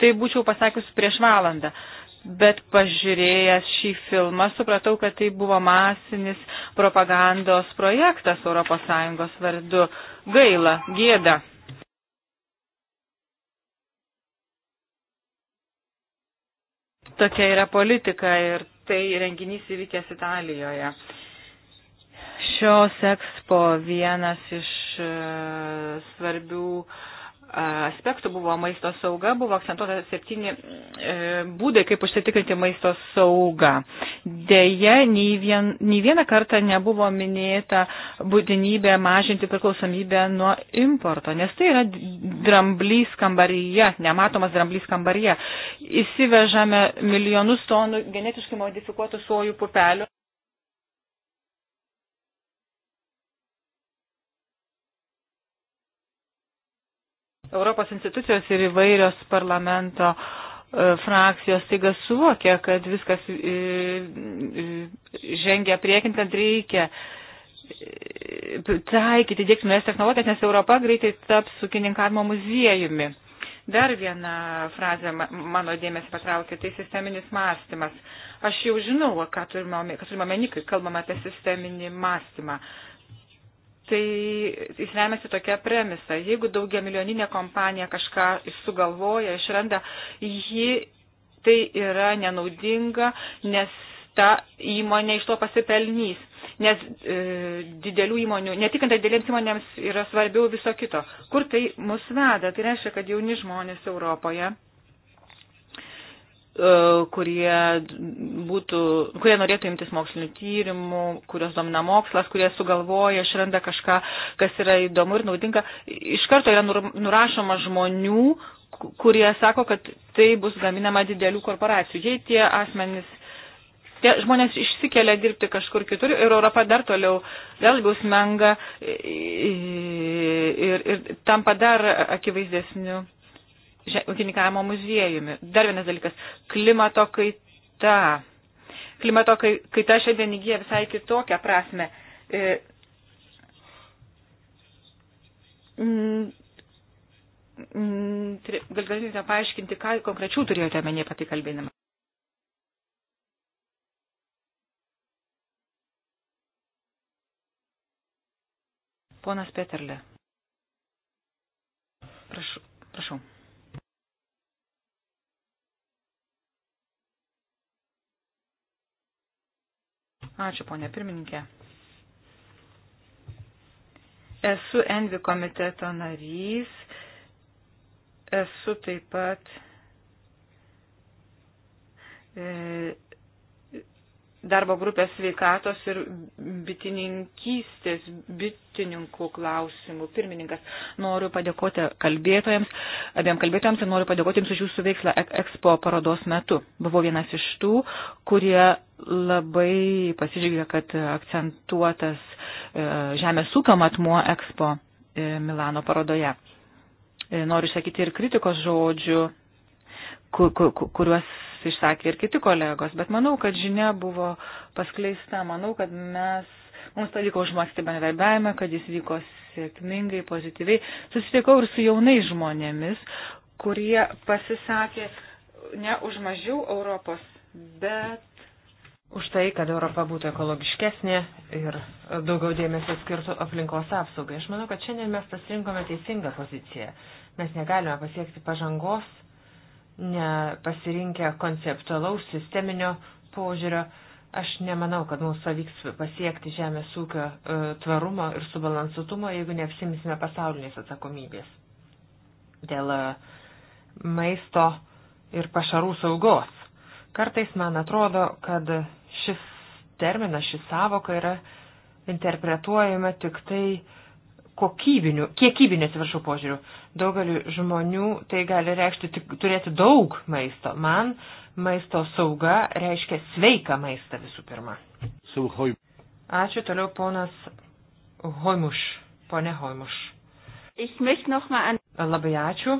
tai būčiau pasakius prieš valandą. Uh, bet pažiūrėjęs šį filmą supratau, kad tai buvo masinis propagandos projektas ES vardu. Gaila, gėda. Tokia yra politika ir tai renginys įvykęs Italijoje. Šios ekspo vienas iš e, svarbių uh, aspektų buvo maisto sauga, buvo akcentuota septyni e, būdai, kaip užsitikrinti maisto saugą. Deja, nei, vien, nei vieną kartą nebuvo minėta būtinybė mažinti priklausomybę nuo importo, nes tai yra dramblys kambaryje, nematomas dramblys kambaryje. Įsivežame milijonus tonų genetiškai modifikuotų sojų pupelių. Europos institucijos ir įvairios parlamento e, frakcijos taiga suvokia, kad viskas e, e, žengia priekin, kad reikia taikyti dėksmės technologijas, nes Europa greitai taps sukininkavimo muziejumi. Dar viena frazė mano dėmesį patraukė, tai sisteminis mąstymas. Aš jau žinau, ką turime omeny, kai kalbame apie sisteminį mąstymą. Uh, tai jis remiasi tokia premisa. Jeigu daugia milijoninė kompanija kažką sugalvoja, išranda, ji tai yra nenaudinga, nes ta įmonė iš to pasipelnys. Nes e, didelių įmonių, netikintai didelėms įmonėms yra svarbiau viso kito. Kur tai mus veda? Tai reiškia, kad jauni žmonės Europoje E, kurie, būtų, kurie norėtų imtis mokslinių tyrimų, kurios domina mokslas, kurie sugalvoja, išranda kažką, kas yra įdomu ir naudinga. Iš karto yra nurašoma žmonių, kurie sako, kad tai bus gaminama didelių korporacijų. Jei tie asmenys, tie žmonės išsikelia dirbti kažkur kitur ir Europa dar toliau vėl bus menga ir, ir, ir tampa dar akivaizdesniu ūkininkavimo muziejumi. Dar vienas dalykas - klimato kaita. Klimato kaita šiandien įgyja visai kitokią prasme. E, gal galite paaiškinti, ką konkrečių turėjote menį apie tai kalbėdama? Ponas Peterle. Prašau. prašau. Ačiū, ponė pirmininkė. Esu Envi komiteto narys, esu taip pat e, darbo grupės sveikatos ir bitininkystės, bitininkų klausimų pirmininkas. Noriu padėkoti kalbėtojams, abiem kalbėtojams ir noriu padėkoti jums už jūsų veiklą Expo parodos metu. Buvau vienas iš tų, kurie labai pasižiūrėjo, kad akcentuotas e, žemės ūkio matmuo Expo e, Milano parodoje. E, noriu išsakyti ir kritikos žodžių, kuriuos išsakė ir kiti kolegos, bet manau, kad žinia buvo paskleista, manau, kad mes, mums pavyko užmąsti bendradarbiavimą, kad jis vyko sėkmingai, pozityviai. Susitikau ir su jaunais žmonėmis, kurie pasisakė ne už mažiau Europos, bet už tai, kad Europa būtų ekologiškesnė ir daugiau dėmesio skirtų aplinkos apsaugai. Aš manau, kad šiandien mes pasirinkome teisingą poziciją. Mes negalime pasiekti pažangos, nepasirinkę konceptualaus sisteminio požiūrio, aš nemanau, kad mums pavyks pasiekti žemės ūkio e, tvarumo ir subalansuotumo, jeigu neapsimsime pasaulinės atsakomybės dėl e, maisto ir pašarų saugos. Kartais man atrodo, kad šis terminas, ši savoka yra interpretuojama tik tai uh, kokybinių, kiekybinių, atsiprašau, požiūrių. Daugeliu žmonių tai gali reikšti tik turėti daug maisto. Man maisto sauga reiškia sveiką maistą visų pirma. Ačiū toliau ponas Hoimuš, ponė Hoimuš. Labai ačiū.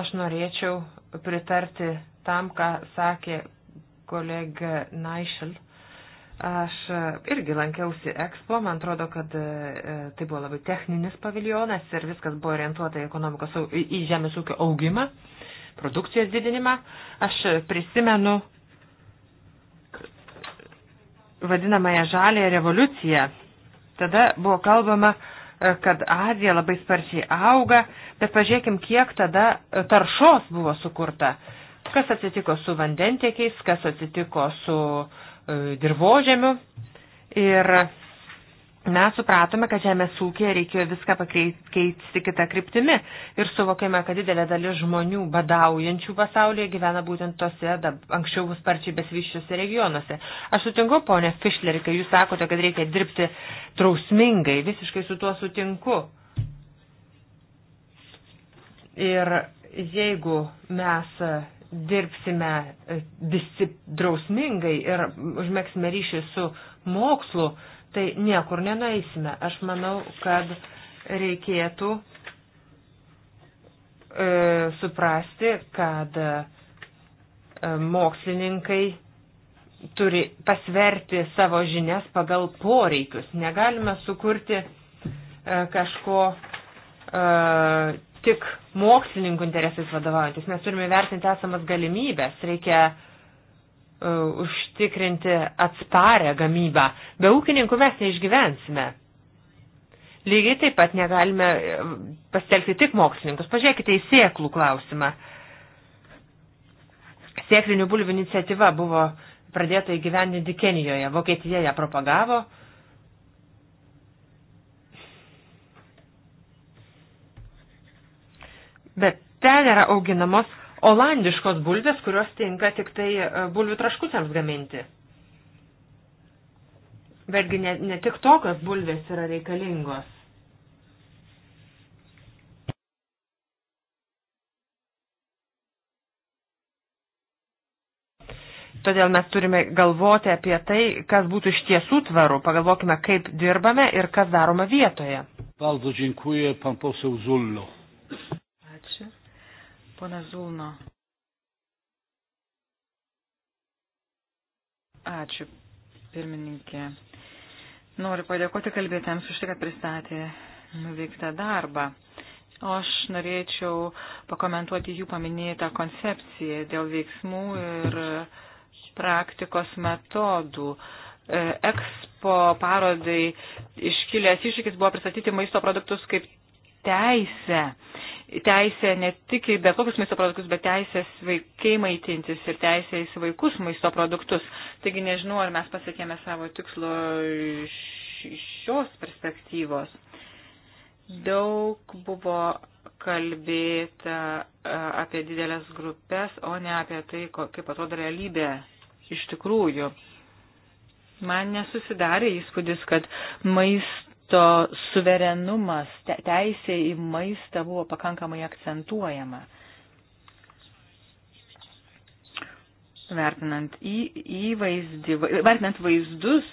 Aš norėčiau pritarti tam, ką sakė kolega Naišel. Uh, Aš e, irgi lankiausi Expo, man atrodo, kad e, e, tai buvo labai techninis paviljonas ir viskas buvo orientuota į ekonomikos, į žemės ūkio augimą, produkcijos didinimą. Aš prisimenu vadinamąją žalę revoliuciją. Tada buvo kalbama, kad Azija labai sparčiai auga, bet pažiūrėkim, kiek tada taršos buvo sukurta. Kas atsitiko su vandentiekiais, kas atsitiko su uh, E, dirbožėmių ir mes supratome, kad žemės ūkėje reikėjo viską pakeisti kitą kryptimį ir suvokėme, kad didelė dalis žmonių badaujančių pasaulyje gyvena būtent tose dab, anksčiau sparčiai besivyščiuose regionuose. Aš sutinku, ponė Fischler, kai jūs sakote, kad reikia dirbti trausmingai, visiškai su tuo sutinku. Ir jeigu mes dirbsime e, visi drausmingai ir užmėgsime ryšį su mokslu, tai niekur nenueisime. Aš manau, kad reikėtų e, suprasti, kad e, mokslininkai turi pasverti savo žinias pagal poreikius. Negalime sukurti e, kažko e, tik mokslininkų interesais vadovaujantis. Mes turime vertinti esamas galimybės. Reikia uh, užtikrinti atsparę gamybą. Be ūkininkų mes neišgyvensime. Lygiai taip pat negalime e, pasitelkti tik mokslininkus. Pažiūrėkite į sėklų klausimą. Sėklinių bulvių iniciatyva buvo pradėta įgyvendinti Kenijoje. Vokietija ją propagavo. Uh, Bet ten yra auginamos olandiškos bulvės, kurios tinka tik tai e, bulvių traškutėms gaminti. Betgi ne, ne tik tokios bulvės yra reikalingos. Todėl mes turime galvoti apie tai, kas būtų iš tiesų tvaru. Pagalvokime, kaip dirbame ir kas daroma vietoje. Valdo, dziękuję, pan poseł Zullo. Pana Zulno. Ačiū, pirmininkė. Noriu padėkoti kalbėtėms už tai, kad pristatė nuveiktą darbą. O aš norėčiau pakomentuoti jų paminėtą koncepciją dėl veiksmų ir praktikos metodų. Ekspo parodai iškilęs iššūkis buvo pristatyti maisto produktus kaip teisę. Teisė ne tik į bet kokius maisto produktus, bet teisės vaikai maitintis ir teisė į vaikus maisto produktus. Taigi nežinau, ar mes pasiekėme savo tikslo iš šios perspektyvos. Daug buvo kalbėta apie didelės grupės, o ne apie tai, kaip atrodo realybė iš tikrųjų. Man nesusidarė įspūdis, kad maistas maisto suverenumas, teisė į maistą buvo pakankamai akcentuojama. Vertinant į, įvaizdį, vertinant vaizdus,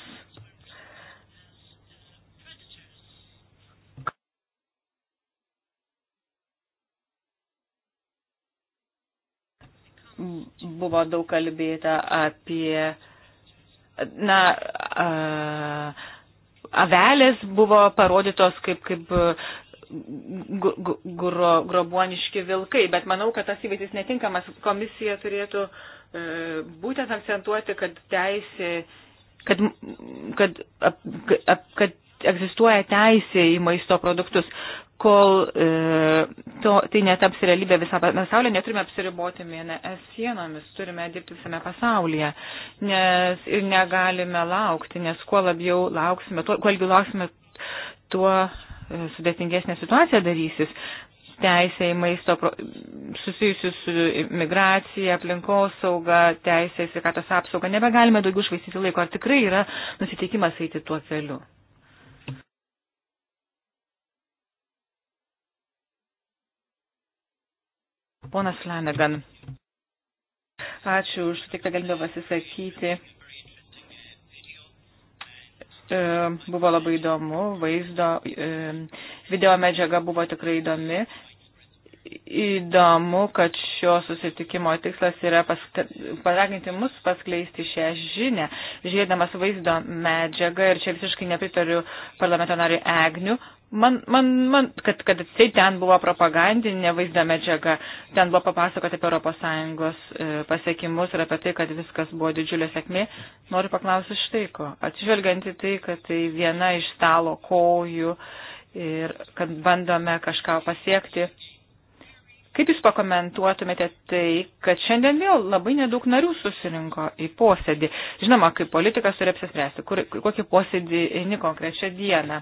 buvo daug kalbėta apie na, avelės buvo parodytos kaip, kaip e, gro, grobuoniški vilkai, bet manau, kad tas įvaizdis netinkamas. Komisija turėtų e, būtent akcentuoti, kad teisė, kad, kad, ap, kad egzistuoja teisė į maisto produktus. Kol e, to, tai netaps realybė visame pasaulyje, neturime apsiriboti mėnes sienomis, turime dirbti visame pasaulyje. Nes ir negalime laukti, nes kuo labiau lauksime, tuo, kuo labiau lauksime, tuo e, sudėtingesnė situacija darysis teisė į maisto susijusius su migracija, aplinkos sauga, teisė į sveikatos apsaugą. Nebegalime daugiau švaistyti laiko. Ar tikrai yra nusiteikimas eiti tuo keliu? Ponas Flanagan, ačiū už sutiktą galimybę pasisakyti. E, buvo labai įdomu, vaizdo, e, video medžiaga buvo tikrai įdomi įdomu, kad šio susitikimo tikslas yra paraginti mus paskleisti šią žinę, žiūrėdamas vaizdo medžiagą ir čia visiškai nepritariu parlamentariui Agniu. Man, man, man, kad, kad tai ten buvo propagandinė vaizdo medžiaga, ten buvo papasakoti apie ES e, pasiekimus ir apie tai, kad viskas buvo didžiulė sėkmė. Noriu paklausyti štai ko. Atsižvelgiant į tai, kad tai viena iš stalo kojų ir kad bandome kažką pasiekti, Kaip Jūs pakomentuotumėte tai, kad šiandien vėl labai nedaug narių susirinko į posėdį? Žinoma, kaip politikas turi apsispręsti, kur, kokį posėdį eini konkrečią dieną.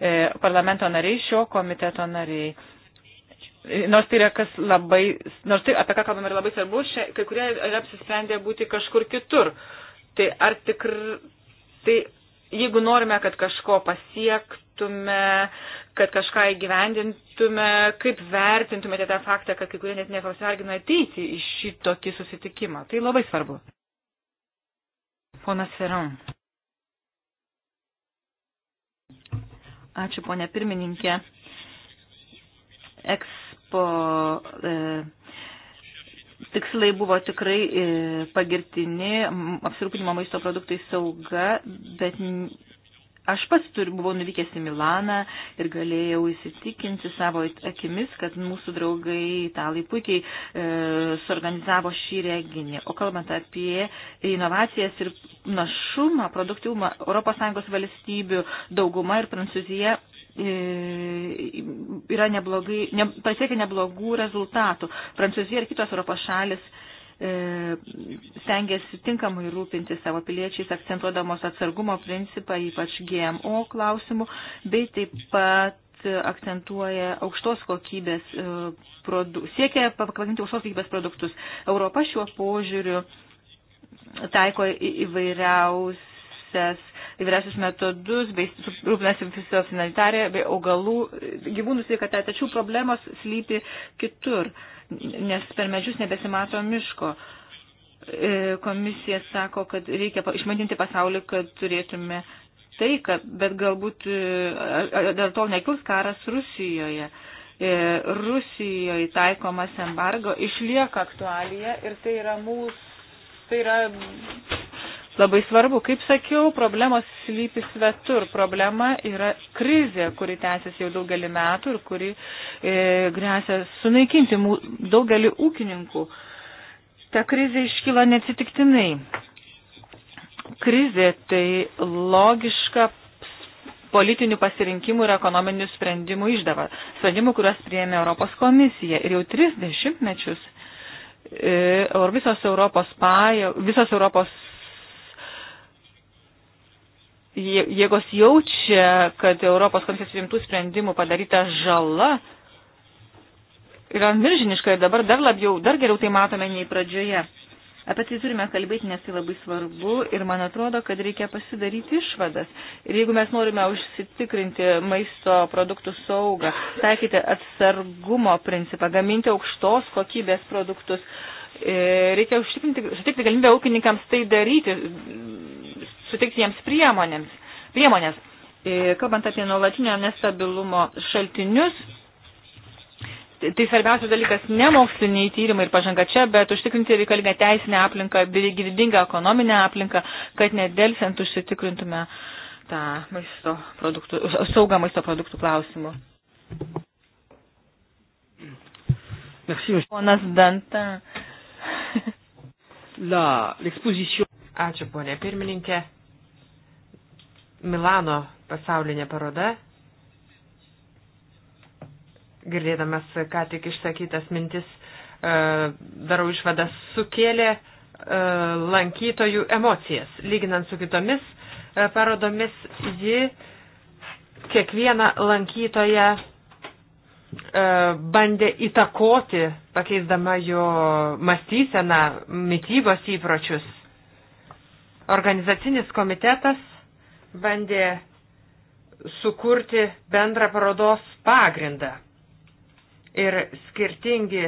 E, parlamento nariai, šio komiteto nariai. E, nors tai yra kas labai, nors tai apie ką kalbame yra labai svarbu, šia, kai kurie yra apsisprendę būti kažkur kitur. Tai ar tikr, tai jeigu norime, kad kažko pasiektume, kad kažką įgyvendintume, kaip vertintumėte tą faktą, kad kai kurie net nepasvergina ateiti į šitokį susitikimą. Tai labai svarbu. Ponas Feram. Ačiū, ponė pirmininkė. Ekspo e, tikslai buvo tikrai e, pagirtini, apsirūpinimo maisto produktai sauga, bet aš pats turiu, buvau nuvykęs į Milaną ir galėjau įsitikinti savo akimis, kad mūsų draugai italai puikiai e, suorganizavo šį reginį. O kalbant apie inovacijas ir našumą, produktivumą, ES valstybių dauguma ir Prancūzija E, yra neblogai, ne, pasiekia neblogų rezultatų. Prancūzija ir kitos Europos šalis e, stengiasi tinkamai rūpinti savo piliečiais, akcentuodamos atsargumo principą, ypač GMO klausimų, bei taip pat akcentuoja aukštos kokybės, e, produ... siekia pakvadinti aukštos kokybės produktus. Europa šiuo požiūriu taiko įvairiausias įvairiasius metodus, bei rūpinasi fitosanitarė, bei augalų, gyvūnų sveikata. Tačiau problemos slypi kitur, nes per medžius nebesimato miško. E, komisija sako, kad reikia išmantinti pasaulį, kad turėtume taiką, bet galbūt e, dėl to nekils karas Rusijoje. E, Rusijoje taikomas embargo išlieka aktualija ir tai yra mūsų, tai yra labai svarbu. Kaip sakiau, problemos slypi svetur. Problema yra krizė, kuri tęsiasi jau daugelį metų ir kuri e, grėsia sunaikinti mū, daugelį ūkininkų. Ta krizė iškyla neatsitiktinai. Krizė tai logiška politinių pasirinkimų ir ekonominių sprendimų išdava. Sprendimų, kuriuos priėmė Europos komisija. Ir jau tris dešimtmečius e, visos Europos, paja, visos Europos jėgos jaučia, kad Europos komisijos rimtų sprendimų padaryta žala yra milžiniška ir dabar dar labiau, dar geriau tai matome nei pradžioje. Apie tai turime kalbėti, nes tai labai svarbu ir man atrodo, kad reikia pasidaryti išvadas. Ir jeigu mes norime užsitikrinti maisto produktų saugą, taikyti atsargumo principą, gaminti aukštos kokybės produktus, uh, E, reikia užtikrinti, sutikti galimybę ūkininkams tai daryti, sutikti jiems priemonėms, priemonės. E, kalbant apie nuolatinio nestabilumo šaltinius, tai, tai svarbiausias dalykas ne moksliniai tyrimai ir pažanga čia, bet užtikrinti reikalingą teisinę aplinką, gyvybingą ekonominę aplinką, kad nedelsiant užsitikrintume tą maisto produktų, saugą maisto produktų klausimų. Ponas Danta, La, l'exposition. Ačiū, ponė pirmininkė. Milano pasaulinė paroda. Girdėdamas ką tik išsakytas mintis, e, darau išvadas, sukėlė e, lankytojų emocijas. Lyginant su kitomis e, parodomis, ji kiekvieną lankytoją E, bandė įtakoti, pakeisdama jo mąstyseną, mytybos įpročius. Organizacinis komitetas bandė sukurti bendrą parodos pagrindą. Ir skirtingi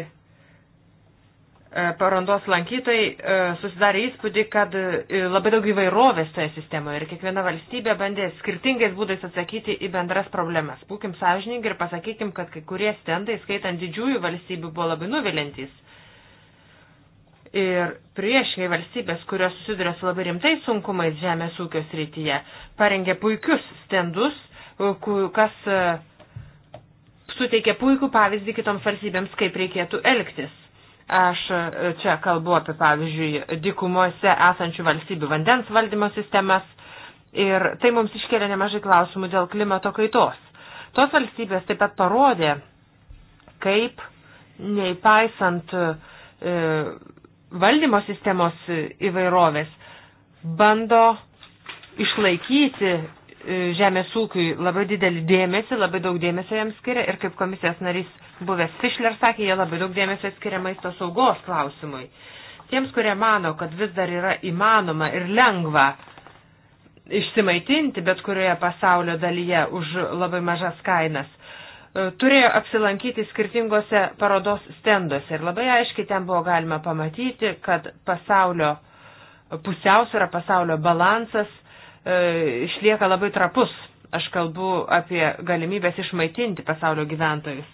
E, parandos lankytojai e, susidarė įspūdį, kad e, labai daug įvairovės toje sistemoje ir kiekviena valstybė bandė skirtingais būdais atsakyti į bendras problemas. Būkim sąžininkai ir pasakykim, kad kai kurie stendai, skaitant didžiųjų valstybių, buvo labai nuvilintys. Ir priešingai valstybės, kurios susiduria su labai rimtais sunkumais žemės ūkio srityje, parengė puikius stendus, kas suteikė puikų pavyzdį kitoms valstybėms, kaip reikėtų elgtis Aš e, čia kalbu apie, pavyzdžiui, dikumuose esančių valstybių vandens valdymo sistemas ir tai mums iškėlė nemažai klausimų dėl klimato kaitos. Tos valstybės taip pat parodė, kaip neįpaisant e, valdymo sistemos įvairovės bando išlaikyti e, žemės ūkiui labai didelį dėmesį, labai daug dėmesio jam skiria ir kaip komisijos narys buvęs Fischler sakė, jie labai daug dėmesio skiria maisto saugos klausimui. Tiems, kurie mano, kad vis dar yra įmanoma ir lengva išsimaitinti bet kurioje pasaulio dalyje už labai mažas kainas, e, turėjo apsilankyti skirtingose parodos stenduose ir labai aiškiai ten buvo galima pamatyti, kad pasaulio pusiausvėra, pasaulio balansas e, išlieka labai trapus. Aš kalbu apie galimybės išmaitinti pasaulio gyventojus.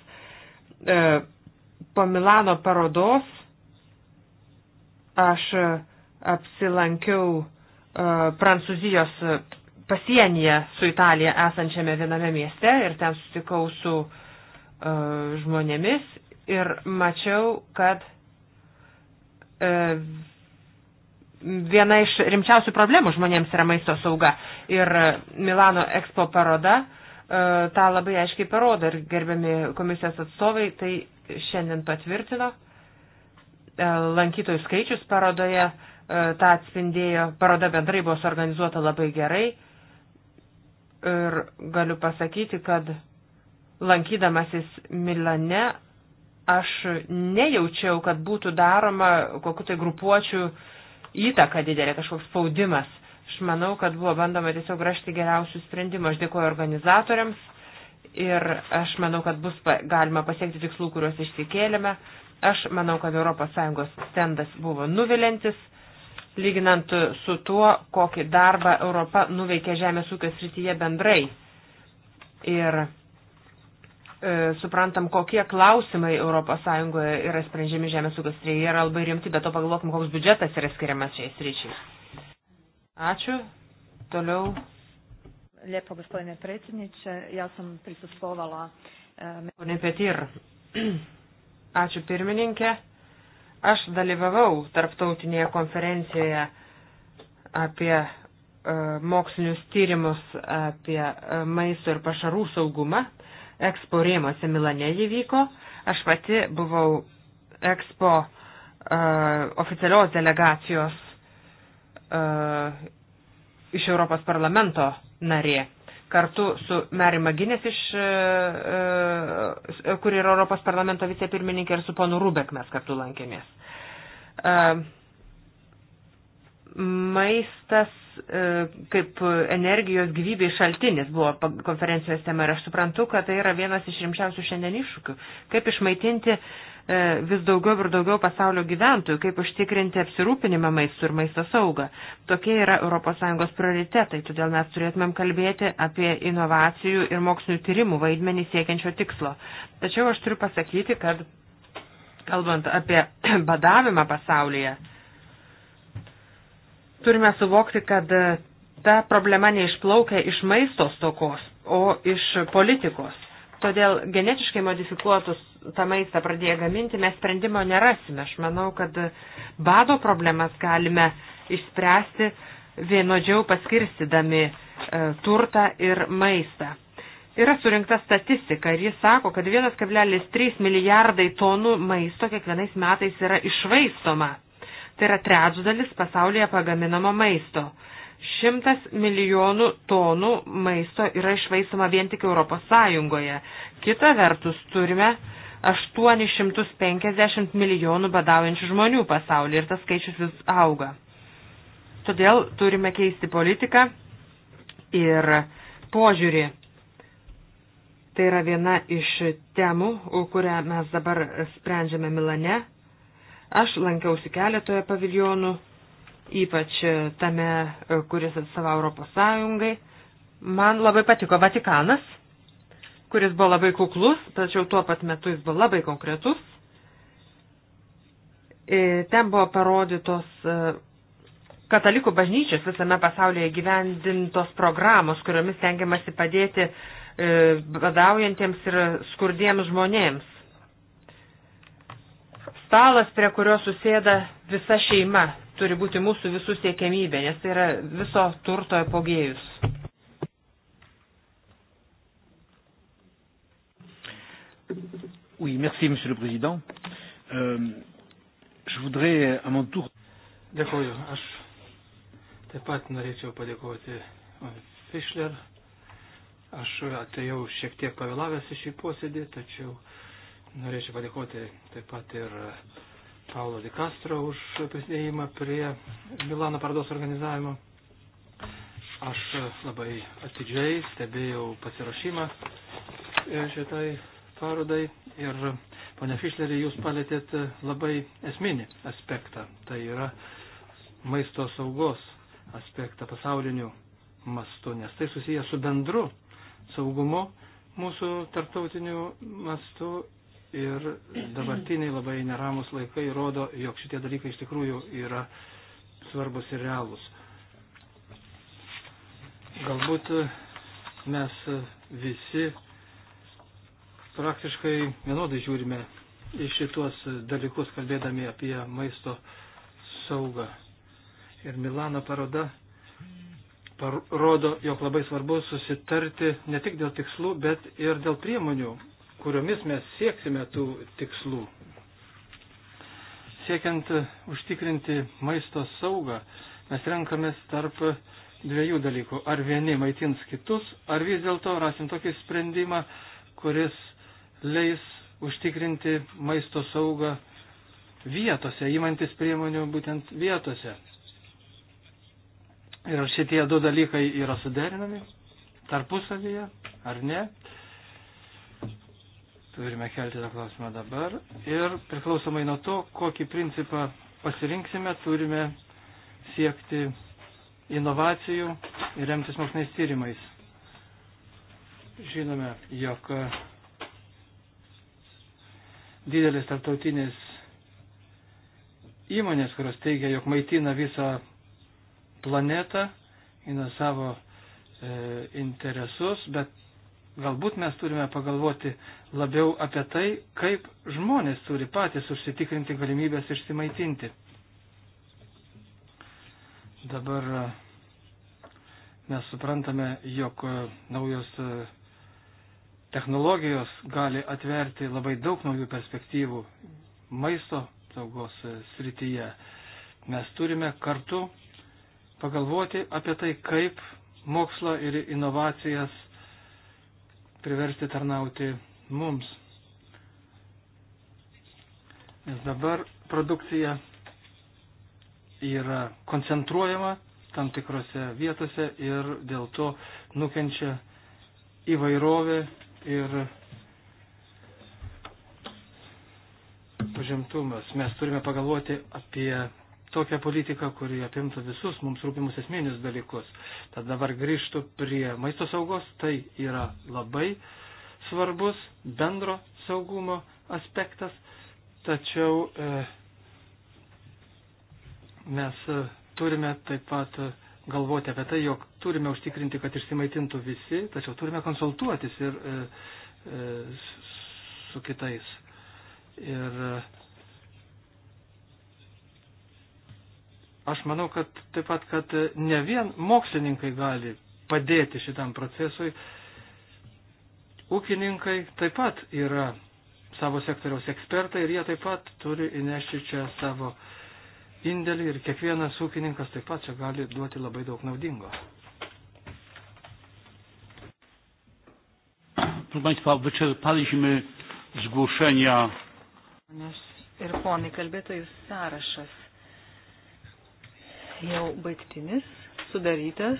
E, po Milano parodos aš apsilankiau e, Prancūzijos pasienyje su Italija esančiame viename mieste ir ten susikau su e, žmonėmis ir mačiau, kad viena iš rimčiausių problemų žmonėms yra maisto sauga. Ir Milano Expo paroda uh, E, tą labai aiškiai parodo ir gerbiami komisijos atstovai tai šiandien patvirtino. E, lankytojų skaičius parodoje e, tą atspindėjo. Paroda bendrai buvo suorganizuota labai gerai. Ir galiu pasakyti, kad lankydamasis Milane aš nejaučiau, kad būtų daroma kokiu tai grupuočių įtaka didelė, kažkoks spaudimas. Aš manau, kad buvo bandoma tiesiog rašti geriausių sprendimų. Aš dėkuoju organizatoriams ir aš manau, kad bus galima pasiekti tikslų, kuriuos išsikėlėme. Aš manau, kad ES stendas buvo nuvilintis, lyginant su tuo, kokį darbą Europa nuveikė žemės ūkio srityje bendrai. Ir e, suprantam, kokie klausimai ES yra sprendžiami žemės ūkio srityje, yra labai rimti, bet to pagalvokim, koks biudžetas yra skiriamas šiais ryčiais. Ačiū. Toliau. Lijepo gospodine predsjedniče, ja sam prisustvovala. E, Pone Petir, ačiū pirmininkė. Aš dalyvavau tarptautinėje konferencijoje apie e, mokslinius tyrimus apie e, maisto ir pašarų saugumą. Ekspo rėmose Milane įvyko. Aš pati buvau Ekspo oficialios delegacijos uh, iš Europos parlamento narė. Kartu su Mary Maginės, iš, uh, uh, kur yra Europos parlamento vicepirmininkė, ir su ponu Rubek mes kartu lankėmės. Uh, maistas e, kaip energijos gyvybės šaltinis buvo konferencijos tema ir aš suprantu, kad tai yra vienas iš rimčiausių šiandien iššūkių. Kaip išmaitinti e, vis daugiau ir daugiau pasaulio gyventojų, kaip užtikrinti apsirūpinimą maistų ir maisto saugą. Tokie yra ES prioritetai, todėl mes turėtumėm kalbėti apie inovacijų ir mokslinių tyrimų vaidmenį siekiančio tikslo. Tačiau aš turiu pasakyti, kad kalbant apie badavimą pasaulyje, Turime suvokti, kad e, ta problema neišplaukia iš maisto stokos, o iš politikos. Todėl genetiškai modifikuotus tą maistą pradėję gaminti mes sprendimo nerasime. Aš manau, kad bado problemas galime išspręsti vienodžiau paskirstydami e, turtą ir maistą. Yra surinkta statistika ir jis sako, kad 1,3 milijardai tonų maisto kiekvienais metais yra išvaistoma Tai yra trečdalis pasaulyje pagaminamo maisto. Šimtas milijonų tonų maisto yra išvaistoma vien tik Europos Sąjungoje. Kita vertus turime 850 milijonų badaujančių žmonių pasaulyje ir tas skaičius vis auga. Todėl turime keisti politiką ir požiūrį. Tai yra viena iš temų, kurią mes dabar sprendžiame Milane Aš lankiausi keletoje paviljonų, ypač tame, e, kuris atstovau Europos Sąjungai. Man labai patiko Vatikanas, kuris buvo labai kuklus, tačiau tuo pat metu jis buvo labai konkretus. E, ten buvo parodytos e, katalikų bažnyčios visame pasaulyje gyvendintos programos, kuriomis tengiamasi padėti badaujantiems ir skurdiems žmonėms. Stalas, prie kurio susėda visa šeima, turi būti mūsų visų siekiamybė, nes tai yra viso turto apogėjus. Oui, merci, Monsieur le Président. Euh, je voudrais à mon tour. Dėkuoju. Aš taip pat norėčiau padėkoti Fischler. Aš atėjau šiek tiek pavėlavęs į šį posėdį, tačiau uh, Norėčiau padėkoti taip pat ir Paulo Di Castro už prisidėjimą prie Milano parodos organizavimo. Aš labai atidžiai stebėjau pasirašymą šitai parodai ir ponia Fišlerį jūs palėtėt labai esminį aspektą. Tai yra maisto saugos aspektą pasauliniu mastu, nes tai susiję su bendru saugumu mūsų tarptautiniu mastu Ir dabartiniai labai neramus laikai rodo, jog šitie dalykai iš tikrųjų yra svarbus ir realūs. Galbūt mes visi praktiškai vienodai žiūrime į šitos dalykus, kalbėdami apie maisto saugą. Ir Milano paroda parodo, jog labai svarbu susitarti ne tik dėl tikslų, bet ir dėl priemonių, kuriomis mes sieksime tų tikslų. Siekiant e, užtikrinti maisto saugą, mes renkamės tarp dviejų dalykų. Ar vieni maitins kitus, ar vis dėlto rasim tokį sprendimą, kuris leis užtikrinti maisto saugą vietose, įmantis priemonių būtent vietose. Ir ar šitie du dalykai yra suderinami tarpusavyje, ar ne? turime kelti tą klausimą dabar. Ir priklausomai nuo to, kokį principą pasirinksime, turime siekti inovacijų ir remtis moksliniais tyrimais. Žinome, jog didelis tarptautinės įmonės, kurios teigia, jog maitina visą planetą, eina savo e, interesus, bet Galbūt mes turime pagalvoti labiau apie tai, kaip žmonės turi patys užsitikrinti galimybės išsimaitinti. Dabar e, mes suprantame, jog e, naujos e, technologijos gali atverti labai daug naujų perspektyvų maisto saugos srityje. Mes turime kartu pagalvoti apie tai, kaip mokslą ir inovacijas priversti tarnauti mums. Nes dabar produkcija yra koncentruojama tam tikrose vietose ir dėl to nukenčia įvairovė ir užimtumas. Mes turime pagalvoti apie tokią politiką, kuri apimtų visus mums rūpimus esminius dalykus. Tad dabar grįžtų prie maisto saugos, tai yra labai svarbus bendro saugumo aspektas, tačiau e, mes e, turime taip pat e, galvoti apie tai, jog turime užtikrinti, kad išsimaitintų visi, tačiau turime konsultuotis ir e, e, su kitais. Ir e, Aš manau, kad taip pat, kad ne vien mokslininkai gali padėti šitam procesui, ūkininkai taip pat yra savo sektoriaus ekspertai ir jie taip pat turi įnešti čia savo indėlį ir kiekvienas ūkininkas taip pat čia gali duoti labai daug naudingo. Proszę Państwa, wyczerpaliśmy zgłoszenia. Ir ponai, kalbėtojų sąrašas jau baigtinis, sudarytas.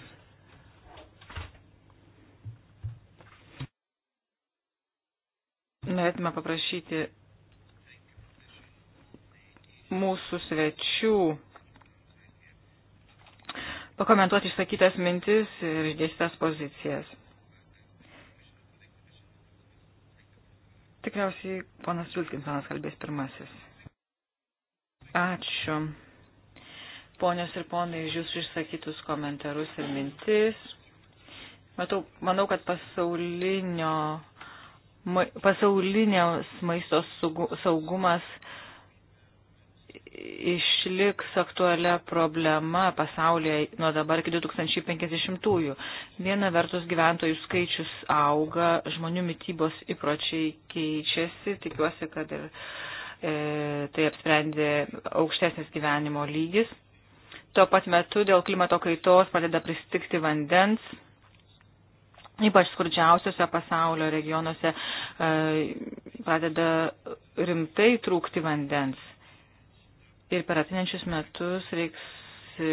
Norėtume paprašyti mūsų svečių pakomentuoti išsakytas mintis ir išdėstytas pozicijas. Tikriausiai ponas Vilkinsonas kalbės pirmasis. Ačiū ponios ir ponai, iš jūsų išsakytus komentarus ir mintis. Matau, manau, kad pasaulinio, pasaulinės maisto saugumas išliks aktualia problema pasaulyje nuo dabar iki 2050-ųjų. Viena vertus gyventojų skaičius auga, žmonių mytybos įpročiai keičiasi, tikiuosi, kad ir e, tai apsprendė aukštesnis gyvenimo lygis Tuo pat metu dėl klimato kaitos padeda pristikti vandens, ypač skurdžiausiose pasaulio regionuose e, pradeda rimtai trūkti vandens. Ir per atinančius metus reiks e,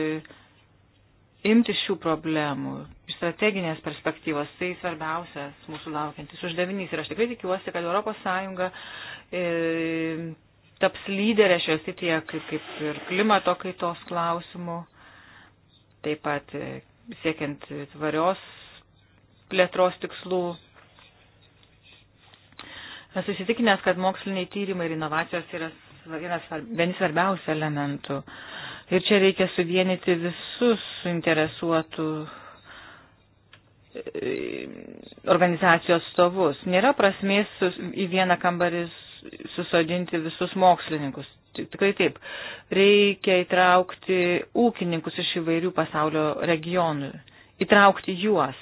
imti šių problemų iš strateginės perspektyvos. Tai svarbiausias mūsų laukiantis uždavinys. Ir aš tikrai tikiuosi, kad ES taps lyderė šioje srityje, kaip, kaip ir klimato kaitos klausimų, taip pat e, siekiant tvarios plėtros tikslų. Esu įsitikinęs, kad moksliniai tyrimai ir inovacijos yra vienas svarbiausių elementų. Ir čia reikia suvienyti visus suinteresuotų e, organizacijos stovus. Nėra prasmės į vieną kambarį susodinti visus mokslininkus. Tikrai taip. Reikia įtraukti ūkininkus iš įvairių pasaulio regionų. Įtraukti juos.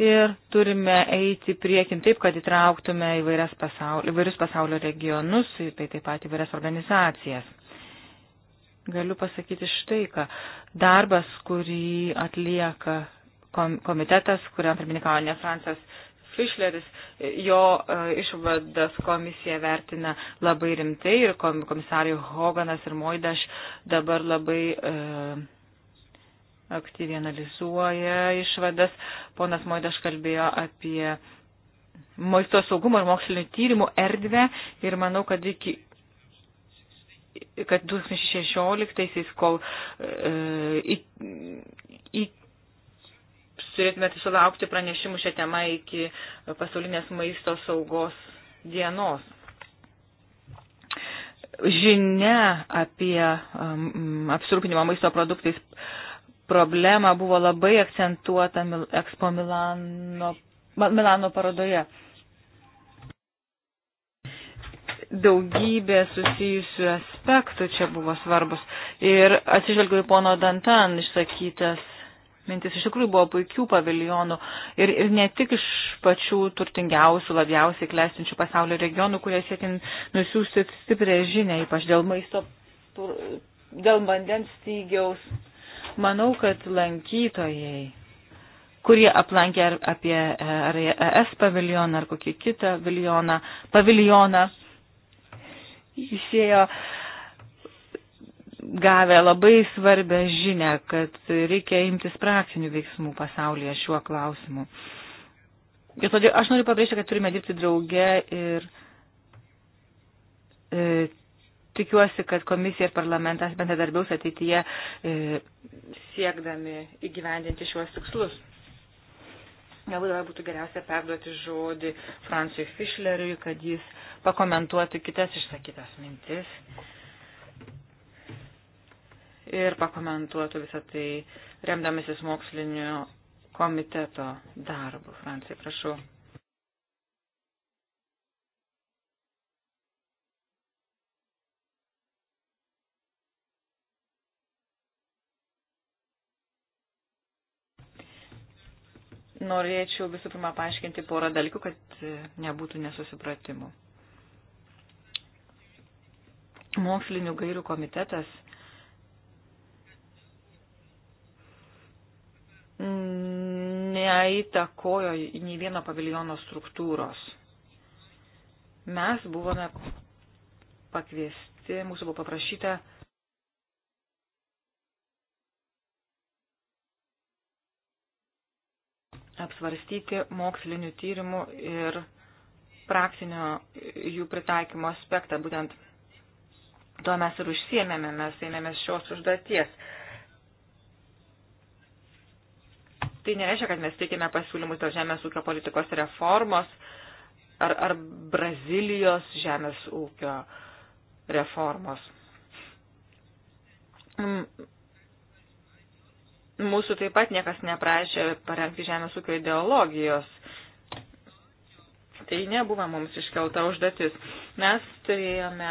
Ir turime eiti priekin taip, kad įtrauktume pasaulio, įvairius pasaulio regionus, tai taip pat įvairias organizacijas. Galiu pasakyti štai, ką darbas, kurį atlieka komitetas, kuriam pirmininkauja ne Francas Fischleris, jo e, išvadas komisija vertina labai rimtai ir komisarai Hoganas ir Moidaš dabar labai e, aktyviai analizuoja išvadas. Ponas Moidaš kalbėjo apie maisto saugumo ir mokslinio tyrimų erdvę ir manau, kad iki kad 2016-aisiais, kol e, į, į, turėtumėte sulaukti pranešimų šią temą iki pasaulinės maisto saugos dienos. Žinia apie um, apsirūpinimo maisto produktais problemą buvo labai akcentuota Mil Expo Milano, Milano parodoje daugybė susijusių aspektų čia buvo svarbus. Ir atsižvelgiu į pono Dantan išsakytas mintis. Iš tikrųjų buvo puikių paviljonų ir, ir ne tik iš pačių turtingiausių, labiausiai klestinčių pasaulio regionų, kurie siekin nusiųsti stiprią žinę, ypač dėl maisto, dėl vandens stygiaus. Manau, kad lankytojai kurie aplankė ar apie ar ES paviljoną ar kokį kitą viljoną, paviljoną, išėjo gavę labai svarbę žinę, kad reikia imtis praktinių veiksmų pasaulyje šiuo klausimu. Ir todėl aš noriu pabrėžti, kad turime dirbti drauge ir e, tikiuosi, kad komisija ir parlamentas bendradarbiaus ateityje e, siekdami įgyvendinti šiuos tikslus. Galbūt dabar būtų geriausia perduoti žodį Francijui Fischleriui, kad jis pakomentuotų kitas išsakytas mintis ir pakomentuotų visą tai, remdamasis mokslinio komiteto darbu. Francija, prašau. norėčiau visų pirma paaiškinti porą dalykų, kad nebūtų nesusipratimų. Mokslinių gairių komitetas neįtakojo nei vieno paviljono struktūros. Mes buvome pakviesti, mūsų buvo paprašyta apsvarstyti mokslinių tyrimų ir praktinio jų pritaikymo aspektą. Būtent tuo mes ir užsiemėme, mes ėmėmės šios užduoties. tai nereiškia, kad mes teikėme pasiūlymus dėl žemės ūkio politikos reformos ar, ar Brazilijos žemės ūkio reformos. Mūsų taip pat niekas neprašė parengti žemės ūkio ideologijos. Tai nebuvo mums iškelta užduotis. Mes turėjome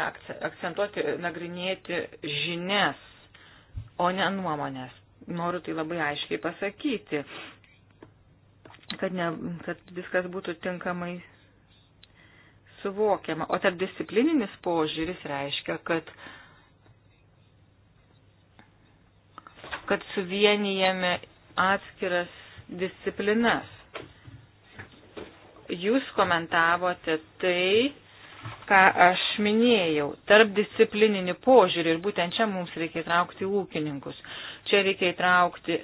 akcentuoti, nagrinėti žinias, o ne nuomonės noriu tai labai aiškiai pasakyti, kad, ne, kad viskas būtų tinkamai suvokiama. O tarp disciplininis požiūris reiškia, kad, kad suvienijame atskiras disciplinas. Jūs komentavote tai, ką aš minėjau, tarp disciplininį požiūrį ir būtent čia mums reikia įtraukti ūkininkus. Čia reikia įtraukti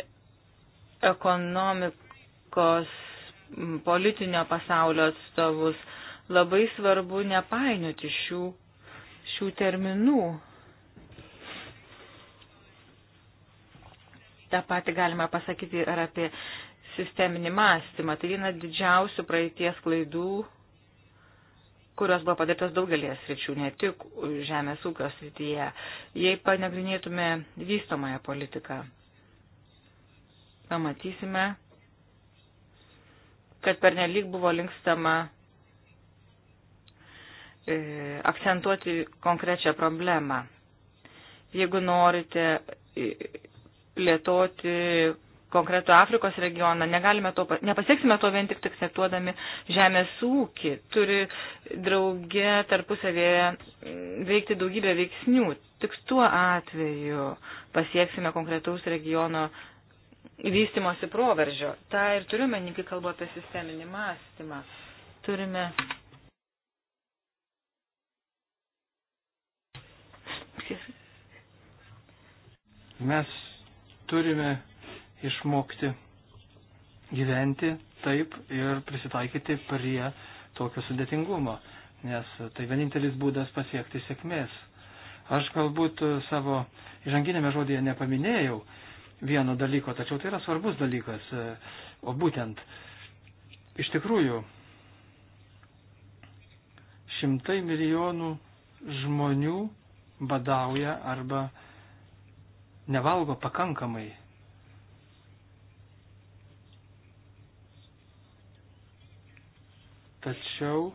ekonomikos politinio pasaulio atstovus. Labai svarbu nepainioti šių, šių terminų. Ta pati galima pasakyti ir apie sisteminį mąstymą. Tai viena didžiausių praeities klaidų kurios buvo padarytos daugelės sričių, ne tik žemės ūkio srityje. Jei panagrinėtume vystomąją politiką, pamatysime, kad pernelyg buvo linkstama e, akcentuoti konkrečią problemą. Jeigu norite e, plėtoti konkretų Afrikos regioną. Negalime to, nepasieksime to vien tik akcentuodami žemės ūkį. Turi draugė tarpusavėje mm, veikti daugybę veiksnių. Tik tuo atveju pasieksime konkretaus regiono vystimosi proveržio. Ta ir turime, kai kalbu apie sisteminį mąstymą. Turime Mes turime išmokti gyventi taip ir prisitaikyti prie tokio sudėtingumo, nes tai vienintelis būdas pasiekti sėkmės. Aš galbūt savo įžanginėme žodėje nepaminėjau vieno dalyko, tačiau tai yra svarbus dalykas, o būtent iš tikrųjų šimtai milijonų žmonių badauja arba nevalgo pakankamai Tačiau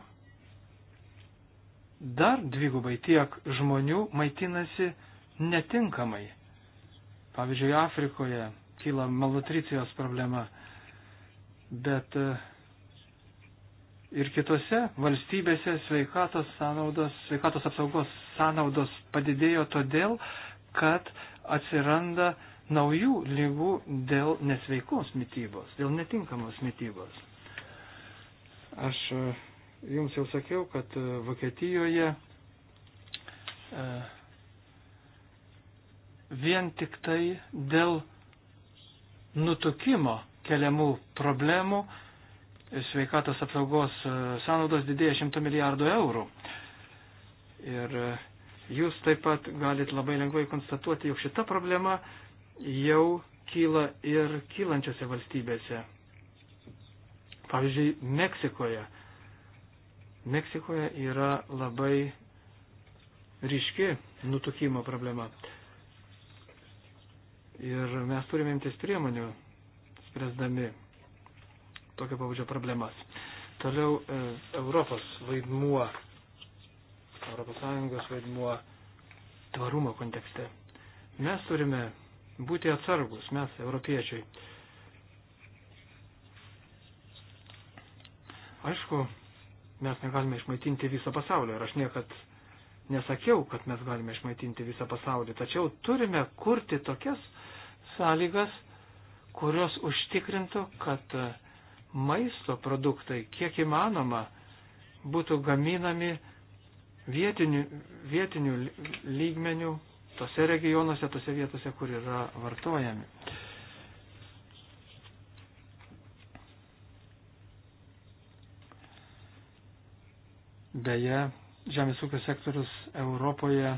dar dvigubai tiek žmonių maitinasi netinkamai. Pavyzdžiui, Afrikoje kyla malnutricijos problema, bet e, ir kitose valstybėse sveikatos, sąnaudos, sveikatos apsaugos sąnaudos padidėjo todėl, kad atsiranda naujų lygų dėl nesveikos mytybos, dėl netinkamos mytybos. Aš e, jums jau sakiau, kad e, Vokietijoje e, vien tik tai dėl nutukimo keliamų problemų sveikatos apsaugos sąnaudos didėja 100 milijardų eurų. Ir jūs taip pat galit labai lengvai konstatuoti, jog šita problema jau kyla ir kylančiose valstybėse Pavyzdžiui, Meksikoje. Meksikoje yra labai ryški nutukimo problema. Ir mes turime imtis priemonių, spręsdami tokio pabudžio problemas. Toliau e, Europos vaidmuo, ES vaidmuo tvarumo kontekste. Mes turime būti atsargus, mes, europiečiai. Aišku, mes negalime išmaitinti viso pasaulio ir aš niekad nesakiau, kad mes galime išmaitinti visą pasaulį, tačiau turime kurti tokias sąlygas, kurios užtikrintų, kad maisto produktai kiek įmanoma būtų gaminami vietinių, vietinių lygmenių tose regionuose, tose vietose, kur yra vartojami. Beje, žemės ūkio sektorius Europoje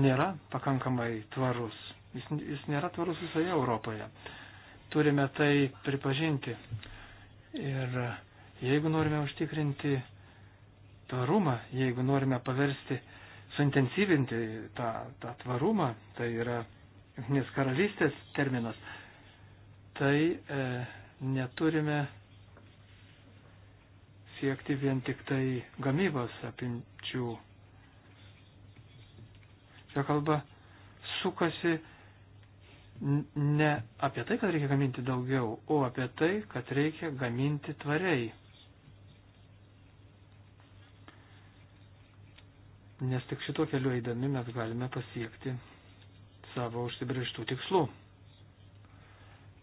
nėra pakankamai tvarus. Jis, jis nėra tvarus visoje Europoje. Turime tai pripažinti. Ir jeigu norime užtikrinti tvarumą, jeigu norime paversti, suintensyvinti tą, tą tvarumą, tai yra nes karalystės terminas, tai e, neturime siekti vien tik tai gamybos apimčių. Čia kalba sukasi ne apie tai, kad reikia gaminti daugiau, o apie tai, kad reikia gaminti tvariai. Nes tik šito keliu eidami mes galime pasiekti savo užsibrieštų tikslų.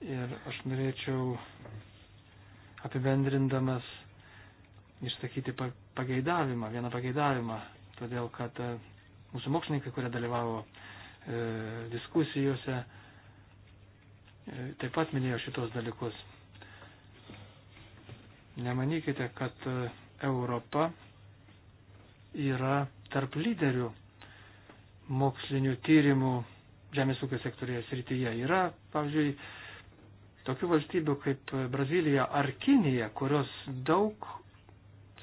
Ir aš norėčiau apibendrindamas išsakyti pageidavimą, vieną pageidavimą, todėl kad e, mūsų mokslininkai, kurie dalyvavo e, diskusijose, e, taip pat minėjo šitos dalykus. Nemanykite, kad e, Europa yra tarp lyderių mokslinių tyrimų žemės ūkio sektorėje srityje. Yra, pavyzdžiui, tokių valstybių kaip Brazilija ar Kinija, kurios daug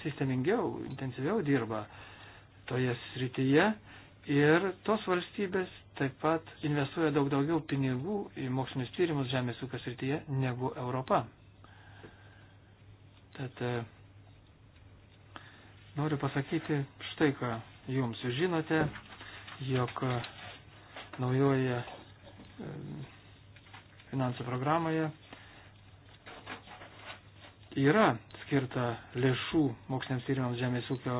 sistemingiau, intensyviau dirba toje srityje ir tos valstybės taip pat investuoja daug daugiau pinigų į mokslinius tyrimus žemės ūkio srityje negu Europa. Tad e, noriu pasakyti štai ką jums. Jūs žinote, jog e, naujoje e, finansų programoje yra skirta lėšų moksliniams tyrimams žemės ūkio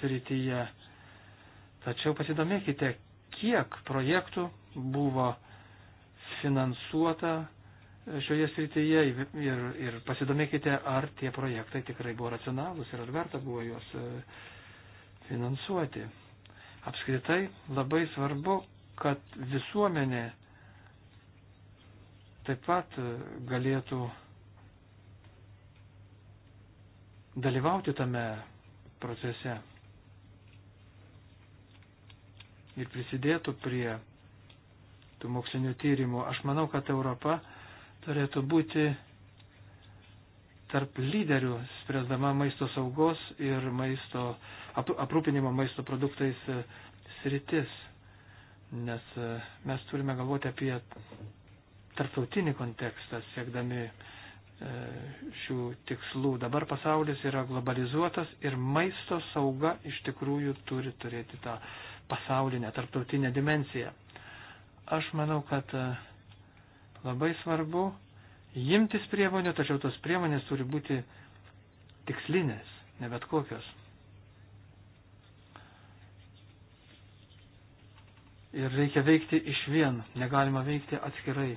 srityje. Tačiau pasidomėkite, kiek projektų buvo finansuota šioje srityje ir, ir pasidomėkite, ar tie projektai tikrai buvo racionalūs ir ar verta buvo juos e, finansuoti. Apskritai labai svarbu, kad visuomenė taip pat e, galėtų dalyvauti tame procese ir prisidėtų prie tų mokslinių tyrimų. Aš manau, kad Europa turėtų būti tarp lyderių, spręsdama maisto saugos ir maisto, ap, aprūpinimo maisto produktais e, sritis. Nes e, mes turime galvoti apie tarptautinį kontekstą, siekdami uh, E, šių tikslų. Dabar pasaulis yra globalizuotas ir maisto sauga iš tikrųjų turi turėti tą pasaulinę, tarptautinę dimenciją. Aš manau, kad e, labai svarbu imtis priemonių, tačiau tos priemonės turi būti tikslinės, ne bet kokios. Ir reikia veikti iš vien, negalima veikti atskirai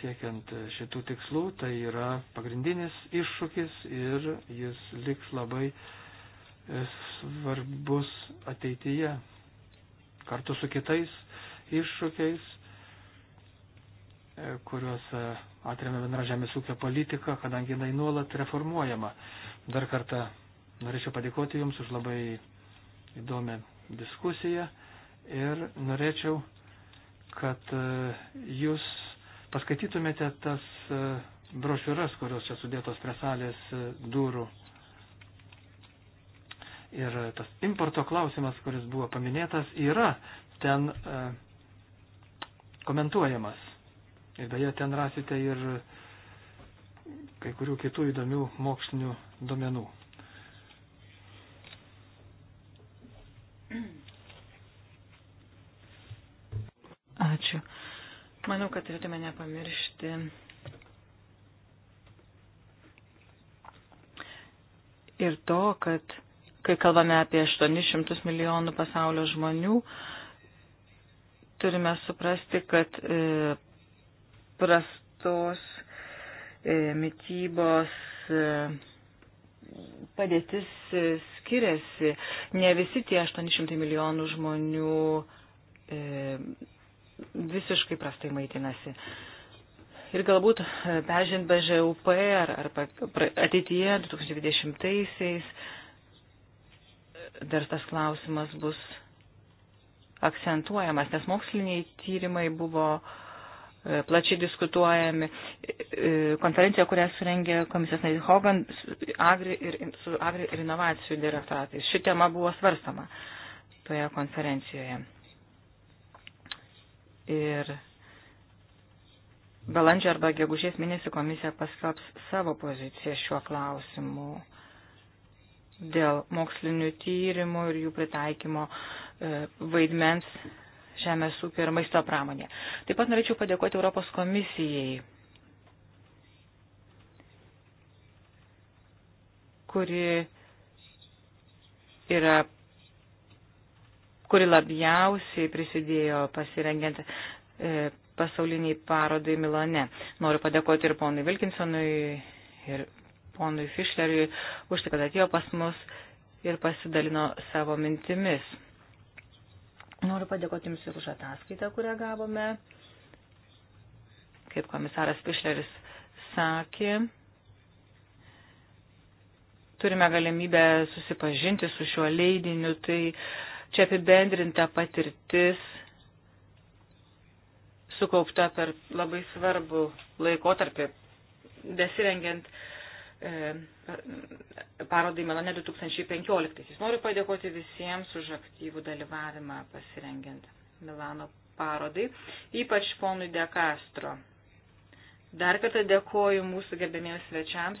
siekiant šitų tikslų, tai yra pagrindinis iššūkis ir jis liks labai e, svarbus ateityje kartu su kitais iššūkiais, e, kuriuos e, atremia bendra žemės ūkio politika, kadangi jinai nuolat reformuojama. Dar kartą norėčiau padėkoti Jums už labai įdomią diskusiją ir norėčiau, kad Jūs paskaitytumėte tas e, brošiūras, kurios čia sudėtos prie salės e, durų. Ir tas importo klausimas, kuris buvo paminėtas, yra ten e, komentuojamas. Ir beje, ten rasite ir kai kurių kitų įdomių mokslinių domenų. Ačiū. Manau, kad turėtume nepamiršti ir to, kad kai kalbame apie 800 milijonų pasaulio žmonių, turime suprasti, kad e, prastos e, mytybos e, padėtis e, skiriasi. Ne visi tie 800 milijonų žmonių e, visiškai prastai maitinasi. Ir galbūt e, peržint BŽUP ar, ar ateityje 2020-aisiais dar tas klausimas bus akcentuojamas, nes moksliniai tyrimai buvo e, plačiai diskutuojami. E, konferencija, kurią surengė komisijos narys Hogan agri ir, su Agri ir inovacijų direktoratais. Ši tema buvo svarstama toje konferencijoje ir balandžio arba gegužės mėnesį komisija paskelbs savo poziciją šiuo klausimu dėl mokslinių tyrimų ir jų pritaikymo e, vaidmens žemės ūkio ir maisto pramonė. Taip pat norėčiau padėkoti Europos komisijai, kuri yra kuri labiausiai prisidėjo pasirengiant e, pasauliniai parodai Milane. Noriu padėkoti ir ponui Vilkinsonui, ir ponui Fischleriui už tai, kad atėjo pas mus ir pasidalino savo mintimis. Noriu padėkoti Jums ir už ataskaitą, kurią gavome. Kaip komisaras Fischleris sakė, turime galimybę susipažinti su šiuo leidiniu, tai uh, Čia apibendrinta patirtis sukaupta per labai svarbų laikotarpį, besirengiant e, parodai Melane 2015. Noriu padėkoti visiems už aktyvų dalyvavimą pasirengiant Milano parodai, ypač ponui De Castro. Dar kartą dėkoju mūsų gerbėmiems svečiams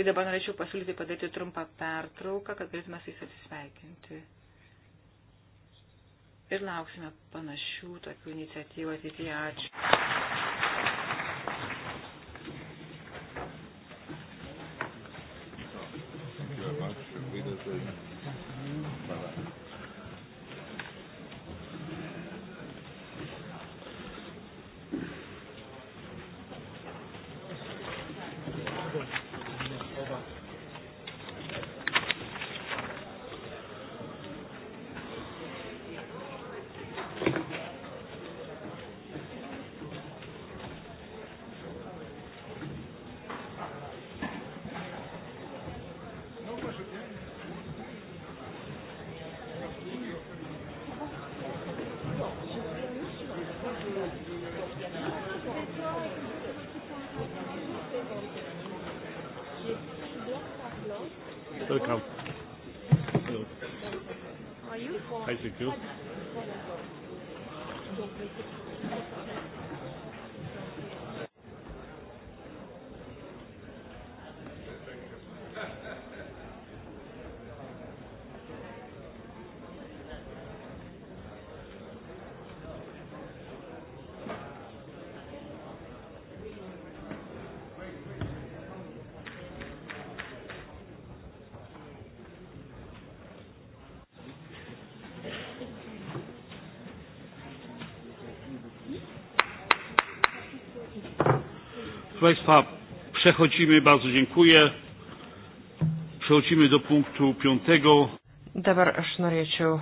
Tai dabar norėčiau pasiūlyti padaryti trumpą pertrauką, kad galėtume su jais atsisveikinti. Ir lauksime panašių tokių iniciatyvų ateityje. Ačiū. Thank you. Państwa, przechodzimy, bardzo dziękuję. Przechodzimy do punktu piątego. Dabar aš norėčiau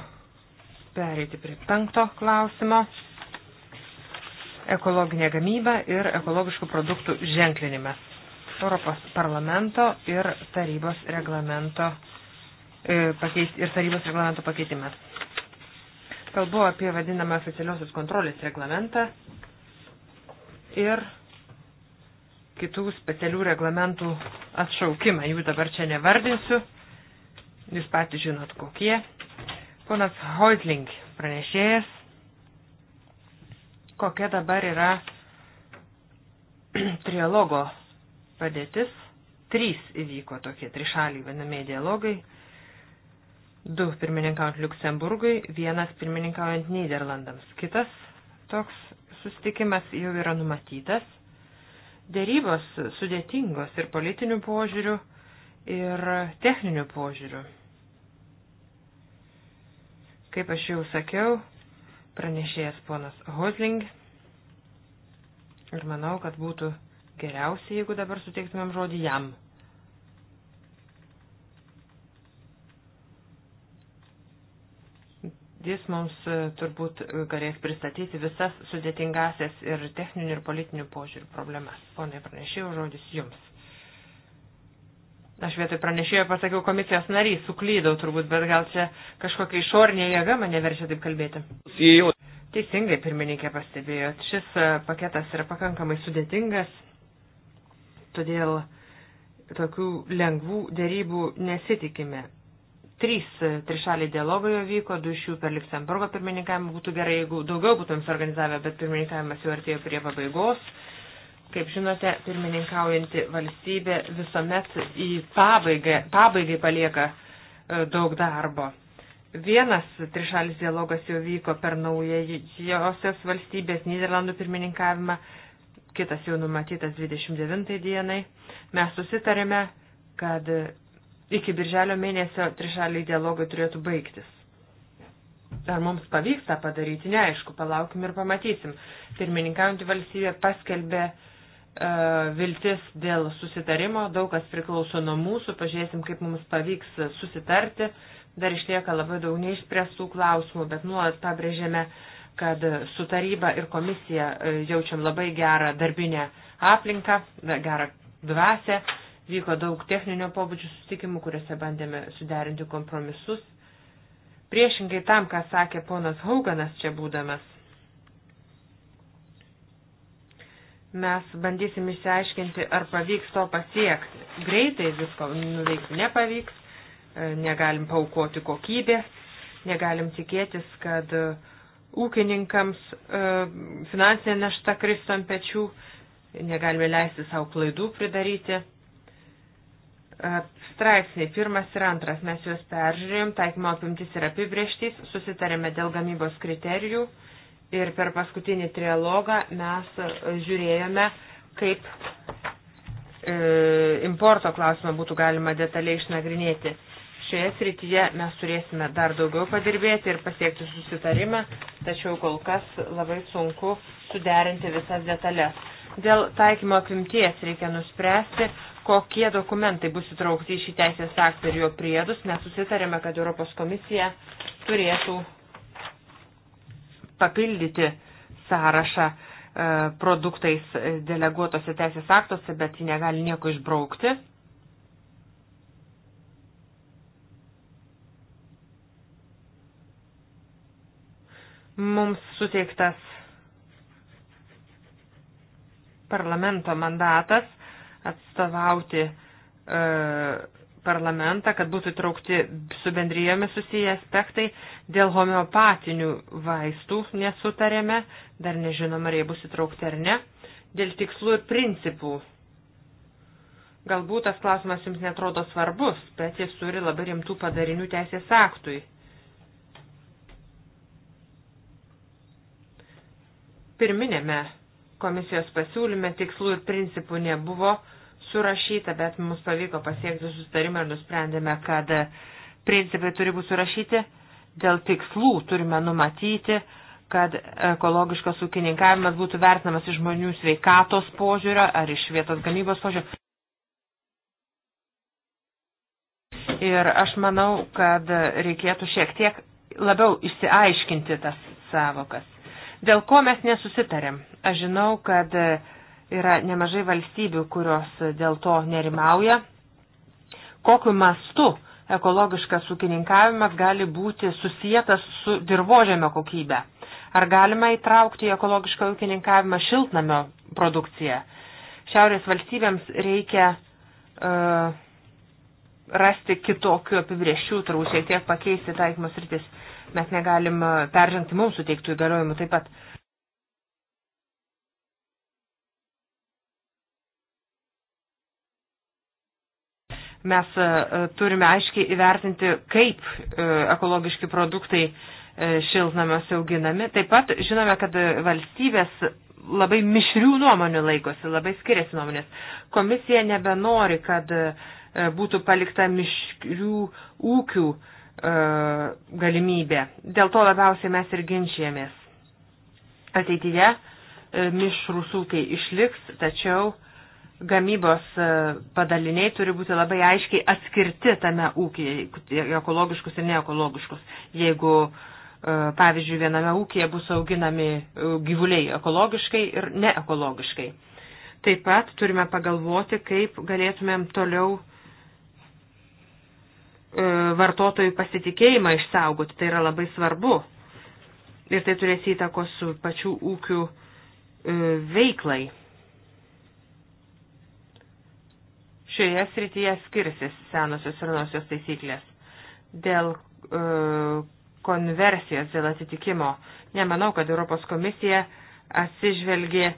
pereiti prie penkto klausimo - ekologinė gamyba ir ekologiškų produktų ženklinimas. Europos parlamento ir tarybos reglamento, e, pakeis, ir tarybos reglamento pakeitimas. Kalbu apie vadinamą oficialiosios kontrolės reglamentą ir kitų specialių reglamentų atšaukimą. Jų dabar čia nevardinsiu, jūs patys žinot kokie. Ponas Hoisling pranešėjas, kokia dabar yra trialogo padėtis. Trys įvyko tokie trišaliai vienamieji dialogai. Du pirmininkaujant Luksemburgui, vienas pirmininkaujant Niderlandams. Kitas toks susitikimas jau yra numatytas Dėrybos sudėtingos ir politinių požiūrių, ir techninių požiūrių. Kaip aš jau sakiau, pranešėjas ponas Hosling ir manau, kad būtų geriausia, jeigu dabar suteiktumėm žodį jam. jis mums e, turbūt e, galės pristatyti visas sudėtingasias ir techninių ir politinių požiūrių problemas. Pone pranešėjau, žodis jums. Aš vietoj pranešėjo pasakiau komisijos narys, suklydau turbūt, bet gal čia kažkokia išornė jėga mane verčia taip kalbėti. Teisingai, pirmininkė pastebėjot, šis e, paketas yra pakankamai sudėtingas, todėl tokių lengvų dėrybų nesitikime. Trys trišaliai dialogai jau vyko, du iš jų per Luxemburgo pirmininkavimą būtų gerai, jeigu daugiau būtum suorganizavę, bet pirmininkavimas jau artėjo prie pabaigos. Kaip žinote, pirmininkaujanti valstybė visuomet į pabaigą, pabaigai palieka e, daug darbo. Vienas trišalis dialogas jau vyko per naujosios valstybės Niderlandų pirmininkavimą, kitas jau numatytas 29 dienai. Mes susitarėme, kad iki birželio mėnesio trišaliai dialogai turėtų baigtis. Ar mums pavyks tą padaryti, neaišku, palaukim ir pamatysim. Pirmininkaujantį valstybę paskelbė e, viltis dėl susitarimo, daug kas priklauso nuo mūsų, pažiūrėsim, kaip mums pavyks susitarti. Dar išlieka labai daug neišspręstų klausimų, bet nuolat pabrėžėme, kad su taryba ir komisija e, jaučiam labai gerą darbinę aplinką, gerą dvasę Vyko daug techninio pobūdžio susitikimų, kuriuose bandėme suderinti kompromisus. Priešingai tam, ką sakė ponas Hauganas čia būdamas, mes bandysim išsiaiškinti, ar pavyks to pasiekti. Greitai visko nuveikti nepavyks, e, negalim paukoti kokybės, negalim tikėtis, kad e, ūkininkams e, finansinė našta kris ant pečių, negalime leisti savo klaidų pridaryti. Straipsniai pirmas ir antras mes juos peržiūrėjom, taikymo apimtis ir apibrieštys, susitarėme dėl gamybos kriterijų ir per paskutinį trialogą mes e, žiūrėjome, kaip e, importo klausimą būtų galima detaliai išnagrinėti. Šioje srityje mes turėsime dar daugiau padirbėti ir pasiekti susitarimą, tačiau kol kas labai sunku suderinti visas detalės. Dėl taikymo apimties reikia nuspręsti, kokie dokumentai bus įtraukti į šį teisės aktą ir jo priedus. Mes susitarėme, kad Europos komisija turėtų papildyti sąrašą e, produktais deleguotose teisės aktuose, bet ji negali nieko išbraukti. Mums suteiktas parlamento mandatas atstovauti e, parlamentą, kad būtų traukti su bendrijomis susiję aspektai. Dėl homeopatinių vaistų nesutarėme, dar nežinom, ar jie bus įtraukti ar ne. Dėl tikslų ir principų. Galbūt tas klausimas jums netrodo svarbus, bet jis turi labai rimtų padarinių teisės aktui. Pirminėme Komisijos pasiūlyme tikslų ir principų nebuvo surašyta, bet mums pavyko pasiekti sustarimą ir nusprendėme, kad principai turi būti surašyti. Dėl tikslų turime numatyti, kad ekologiškas ūkininkavimas būtų vertinamas iš žmonių sveikatos požiūrio ar iš vietos gamybos požiūrio. Ir aš manau, kad reikėtų šiek tiek labiau išsiaiškinti tas savokas. Dėl ko mes nesusitarėm? Aš žinau, kad yra nemažai valstybių, kurios dėl to nerimauja. Kokiu mastu ekologiškas ūkininkavimas gali būti susijęs su dirbožėmio kokybė? Ar galima įtraukti į ekologišką ūkininkavimą šiltnamio produkciją? Šiaurės valstybėms reikia uh, rasti kitokių apibriešių, turbūt šiek tiek pakeisti taikymus rytis. Mes negalim peržengti mums suteiktų įgaliojimų taip pat. Uh, Mes e, e, turime aiškiai įvertinti, kaip e, ekologiški produktai šiltnamiuose auginami. Taip pat žinome, kad valstybės labai mišrių nuomonių laikosi, labai skiriasi nuomonės. Komisija nebenori, kad būtų palikta mišrių ūkių galimybė. Dėl to labiausiai mes ir ginčijamės. Ateityje mišrus ūkiai išliks, tačiau uh, gamybos e, padaliniai turi būti labai aiškiai atskirti tame ūkyje, ekologiškus ir neekologiškus. Jeigu, e, pavyzdžiui, viename ūkyje bus auginami e, gyvuliai ekologiškai ir neekologiškai. Taip pat turime pagalvoti, kaip galėtumėm toliau vartotojų pasitikėjimą išsaugoti. Tai yra labai svarbu. Ir tai turės įtakos su pačių ūkių veiklai. Šioje srityje skirsis senosios ir naujosios taisyklės. Dėl e, konversijos, dėl atitikimo, nemanau, kad Europos komisija atsižvelgė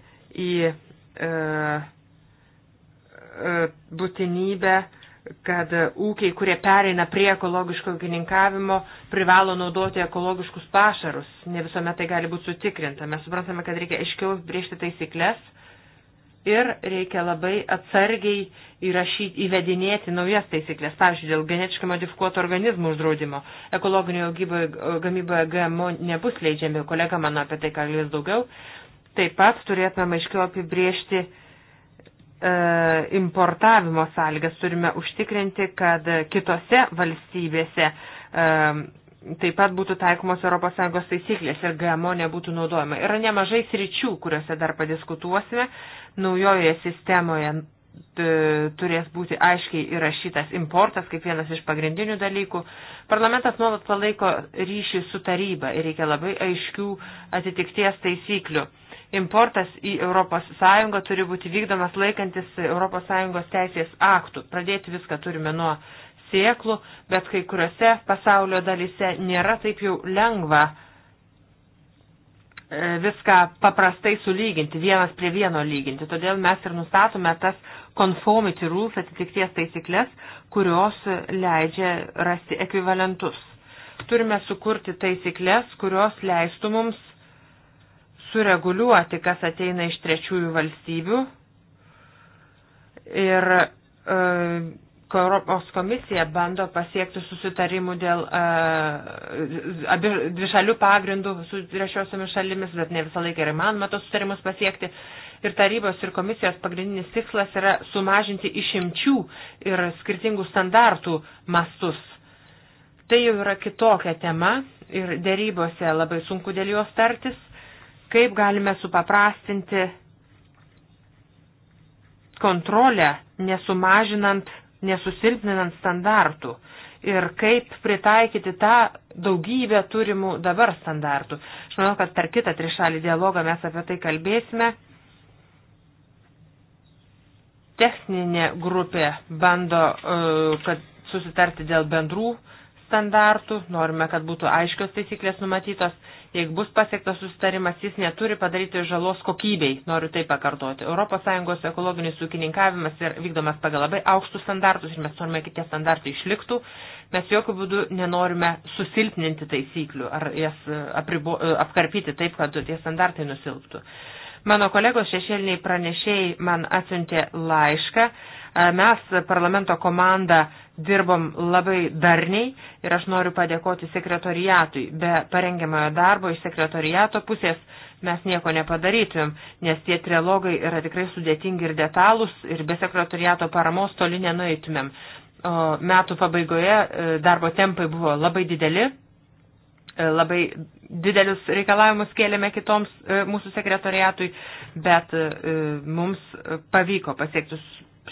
į e, e, būtinybę kad ūkiai, kurie pereina prie ekologiško ūkininkavimo, privalo naudoti ekologiškus pašarus. Ne visuomet tai gali būti sutikrinta. Mes suprantame, kad reikia aiškiau briežti taisyklės ir reikia labai atsargiai įrašyti, įvedinėti naujas taisyklės, pavyzdžiui, dėl genetiškai modifikuotų organizmų uždraudimo. Ekologinio gamyboje GMO nebus leidžiami, kolega mano apie tai kalbės daugiau. Taip pat turėtume aiškiau apibriežti e, importavimo sąlygas, turime užtikrinti, kad kitose valstybėse e, taip pat būtų taikomos ES taisyklės ir GMO nebūtų naudojama. Yra nemažai sričių, kuriuose dar padiskutuosime naujoje sistemoje e, turės būti aiškiai įrašytas importas kaip vienas iš pagrindinių dalykų. Parlamentas nuolat palaiko ryšį su taryba ir reikia labai aiškių atitikties taisyklių. Importas į ES turi būti vykdomas laikantis ES teisės aktų. Pradėti viską turime nuo sieklų, bet kai kuriuose pasaulio dalise nėra taip jau lengva uh, viską paprastai sulyginti, vienas prie vieno lyginti. Todėl mes ir nustatome tas conformity rules atitikties taisyklės, kurios leidžia rasti ekvivalentus. Turime sukurti taisyklės, kurios leistų mums sureguliuoti, kas ateina iš trečiųjų valstybių ir e, Europos komisija bando pasiekti susitarimų dėl uh, dvišalių pagrindų su trečiosiomis šalimis, bet ne visą laiką yra įmanoma tos susitarimus pasiekti. Ir tarybos ir komisijos pagrindinis tikslas yra sumažinti išimčių ir skirtingų standartų mastus. Tai jau yra kitokia tema ir dėrybose labai sunku dėl jos tartis, kaip galime supaprastinti kontrolę, nesumažinant nesusilpninant standartų ir kaip pritaikyti tą daugybę turimų dabar standartų. Aš manau, kad per kitą trišalį dialogą mes apie tai kalbėsime. Techninė grupė bando, uh, kad susitarti dėl bendrų uh, standartų, norime, kad būtų aiškios taisyklės numatytos. Jeigu bus pasiektas susitarimas, jis neturi padaryti žalos kokybei, noriu tai pakartoti. ES ekologinis ūkininkavimas yra vykdomas pagal labai aukštus standartus ir mes norime, kad tie standartai išliktų. Mes jokių būdų nenorime susilpninti taisyklių ar jas e, apribo, e, apkarpyti taip, kad tie standartai nusilptų. Mano kolegos šešėliniai pranešėjai man atsiuntė laišką E, mes parlamento komanda dirbom labai darniai ir aš noriu padėkoti sekretoriatui. Be parengiamojo darbo iš sekretoriato pusės mes nieko nepadarytumėm, nes tie trilogai yra tikrai sudėtingi ir detalūs ir be sekretoriato paramos toli nenueitumėm. O metų pabaigoje e, darbo tempai buvo labai dideli, e, labai didelius reikalavimus kėlėme kitoms mūsų sekretoriatui, bet mums pavyko pasiekti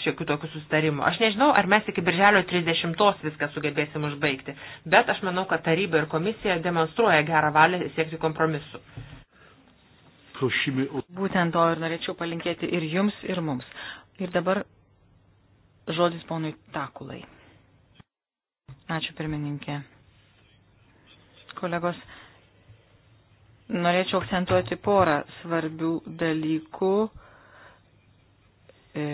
šiokių tokių sustarimų. Aš nežinau, ar mes iki birželio 30 viską sugebėsim užbaigti, bet aš manau, kad taryba ir komisija demonstruoja gerą valią siekti kompromisu. Būtent to ir norėčiau palinkėti ir jums, ir mums. Ir dabar žodis ponui Takulai. Ačiū pirmininkė. Kolegos, norėčiau akcentuoti porą svarbių dalykų e,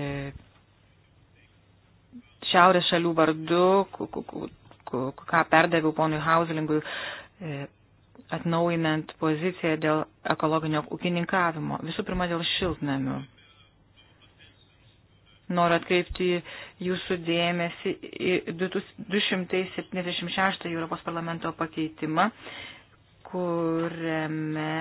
šiaurės šalių vardu, ką perdaviau ponui Hauslingui, e, atnaujinant poziciją dėl ekologinio ūkininkavimo. Visų pirma, dėl šiltnamių. Noriu atkreipti jūsų dėmesį į 276 Europos parlamento pakeitimą, kuriame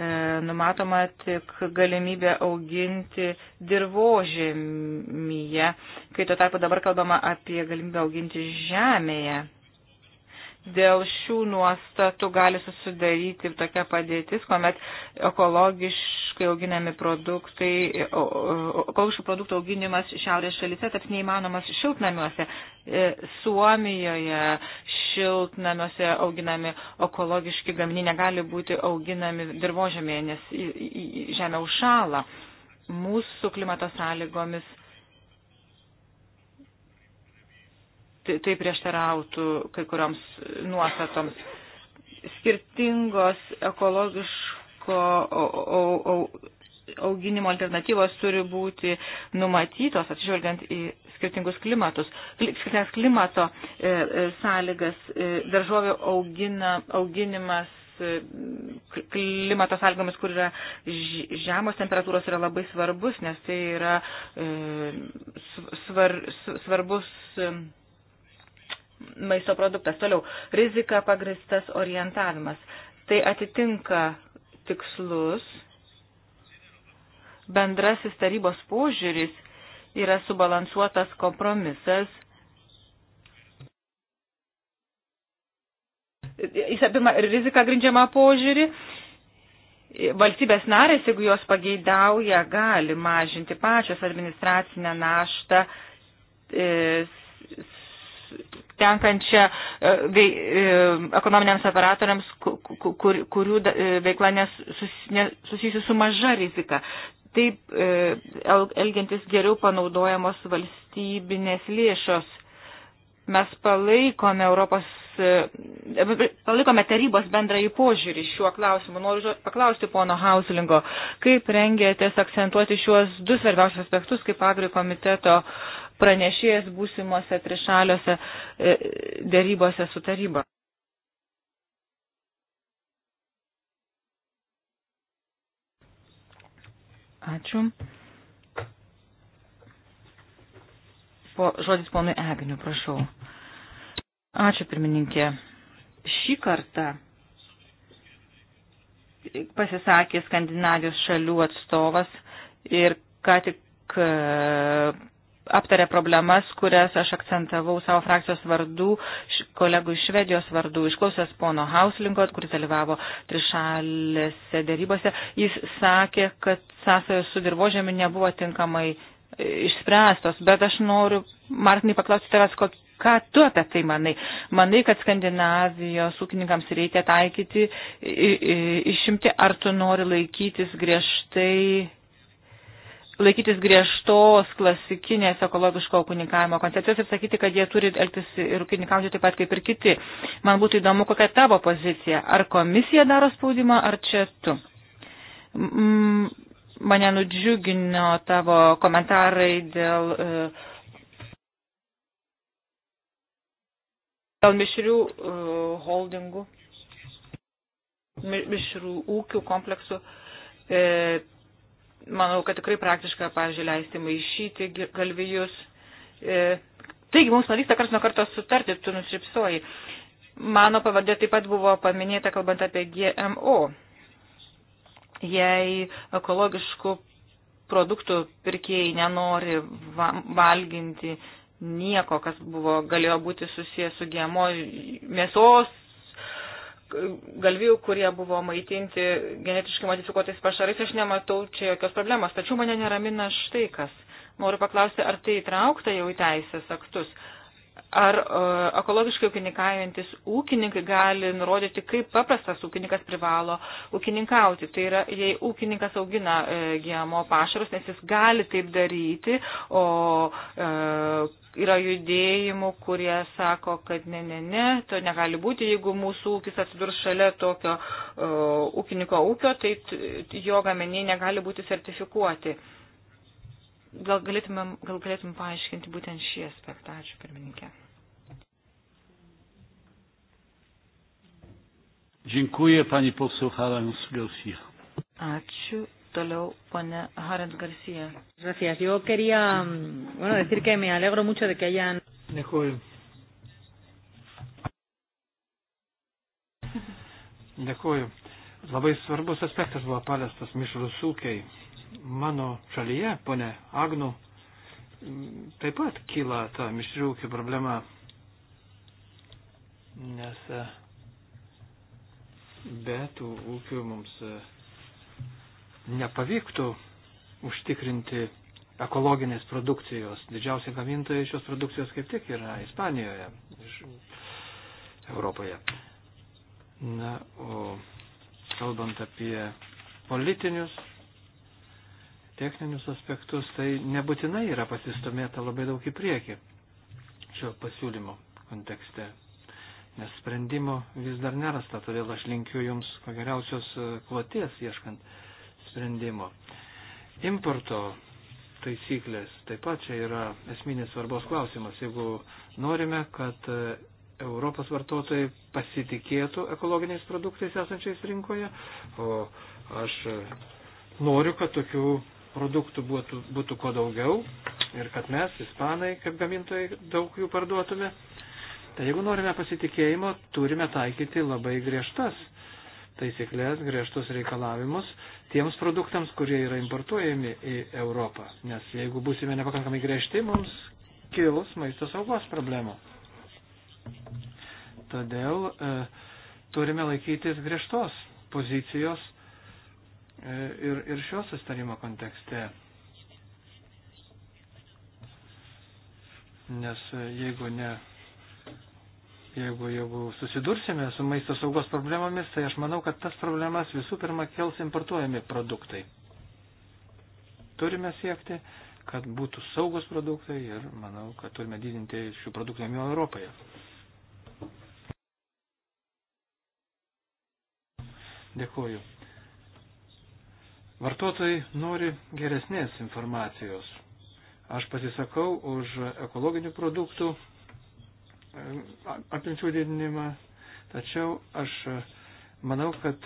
E, numatoma tik galimybė auginti dirbožėmyje, kai tuo tarpu dabar kalbama apie galimybę auginti žemėje. Dėl šių nuostatų gali susidaryti tokia padėtis, kuomet ekologiškai auginami produktai, ekologiškų produktų auginimas šiaurės šalyse taps neįmanomas šiltnamiuose. E, Suomijoje, šiltnamiuose auginami ekologiški gaminiai negali būti auginami dirbožėmėje, nes žemė užšala. Mūsų klimato sąlygomis tai, tai prieštarautų kai kurioms nuostatoms. Skirtingos ekologiško auginimo alternatyvos turi būti numatytos, atsižvelgiant į skirtingus klimatus, skirtingas klimato e, e, sąlygas, e, daržovių augina, auginimas e, klimato sąlygomis, kur yra žemos temperatūros, yra labai svarbus, nes tai yra e, svar, svarbus maisto produktas. Toliau, rizika pagristas orientavimas. Tai atitinka tikslus bendrasis tarybos požiūris yra subalansuotas kompromisas. Jis apima riziką grindžiamą požiūrį. Valstybės narės, jeigu jos pageidauja, gali mažinti pačios administracinę naštą e, tenkančią e, e, ekonominiams operatoriams, kurių veikla nesusijusi su maža rizika taip e, elgiantis geriau panaudojamos valstybinės lėšos. Mes palaikome Europos, e, palaikome tarybos bendrąjį požiūrį šiuo klausimu. Noriu paklausti pono Hauslingo, kaip rengėtės akcentuoti šiuos du svarbiausius aspektus kaip agri komiteto pranešėjas būsimuose trišaliuose e, dėrybose su taryba. Ačiū. Po, žodis ponui Egniu, prašau. Ačiū, pirmininkė. Šį kartą pasisakė Skandinavijos šalių atstovas ir ką tik e, aptarė problemas, kurias aš akcentavau savo frakcijos vardų, kolegų iš Švedijos vardų, išklausęs pono Hauslingo, kuris dalyvavo trišalėse dėrybose. Jis sakė, kad sąsajos su dirbožėmi nebuvo tinkamai e, išspręstos, bet aš noriu, Martinai, paklausti tavęs, kokį ką tu apie tai manai? Manai, kad Skandinavijos ūkininkams reikia taikyti išimti, ar tu nori laikytis griežtai laikytis griežtos klasikinės ekologiško ūkininkavimo koncepcijos ir sakyti, kad jie turi elgtis ir ūkininkauti taip pat kaip ir kiti. Man būtų įdomu, kokia tavo pozicija. Ar komisija daro spaudimą, ar čia tu? Mm, mane nudžiugino tavo komentarai dėl. E, dėl mišrių uh, holdingų, mišrių ūkių kompleksų, e, manau, kad tikrai praktiška, pavyzdžiui, leisti maišyti galvijus. E, taigi mums pavyksta karts nuo karto sutarti, tu nušipsoji. Mano pavardė taip pat buvo paminėta, kalbant apie GMO. Jei ekologiškų produktų pirkėjai nenori valginti nieko, kas buvo, galėjo būti susijęs su GMO mėsos, galvijų, kurie buvo maitinti genetiškai modifikuotais pašarais, aš nematau čia jokios problemos. Tačiau mane neramina štai kas. Noriu paklausti, ar tai įtraukta jau į teisės aktus, Ar e, ekologiškai ūkininkaujantis ūkininkai gali nurodyti, kaip paprastas ūkininkas privalo ūkininkauti. Tai yra, jei ūkininkas augina e, GMO pašarus, nes jis gali taip daryti, o e, yra judėjimų, kurie sako, kad ne, ne, ne, to negali būti, jeigu mūsų ūkis atsidurs šalia tokio e, ūkininko ūkio, tai jo gaminiai negali būti sertifikuoti. E, Gal galėtumėm, gal galėtumėm paaiškinti būtent šį aspektą. Ačiū, pirmininkė. Dziękuję pani poseł Harans Garcia. Ačiū. Toliau, ponia Harens Garcia. Gracias. Yo quería, mm, bueno, decir que me alegro mucho de que hayan. Dėkuoju. Dėkuoju. Labai svarbus aspektas buvo paliestas mišrus ūkiai mano šalyje, ponė Agnu, taip pat kyla ta mišrių ūkių problema, nes e, be tų ūkių mums e, nepavyktų užtikrinti ekologinės produkcijos. Didžiausia gamintojai šios produkcijos kaip tik yra Ispanijoje, iš Europoje. Na, o kalbant apie politinius techninius aspektus, tai nebūtinai yra pasistumėta labai daug į priekį šio pasiūlymo kontekste, nes sprendimo vis dar nerasta, todėl aš linkiu Jums ko geriausios e, kloties ieškant sprendimo. Importo taisyklės taip pat čia yra esminės svarbos klausimas. Jeigu norime, kad e, Europos vartotojai pasitikėtų ekologiniais produktais esančiais rinkoje, o aš e, noriu, kad tokių produktų būtų, būtų kuo daugiau ir kad mes, ispanai, kaip gamintojai, daug jų parduotume. Tai jeigu norime pasitikėjimo, turime taikyti labai griežtas taisyklės, griežtus reikalavimus tiems produktams, kurie yra importuojami į Europą. Nes jeigu būsime nepakankamai griežti, mums kilus maisto saugos problemų. Todėl e, turime laikytis griežtos pozicijos E, ir, ir šio sustarimo kontekste. Nes jeigu ne, jeigu, jeigu susidursime su maisto saugos problemomis, tai aš manau, kad tas problemas visų pirma kels importuojami produktai. Turime siekti, kad būtų saugus produktai ir manau, kad turime didinti šių produktų gamybą Europoje. Dėkuoju. Vartotojai nori geresnės informacijos. Aš pasisakau už ekologinių produktų e, apimčių didinimą, tačiau aš e, manau, kad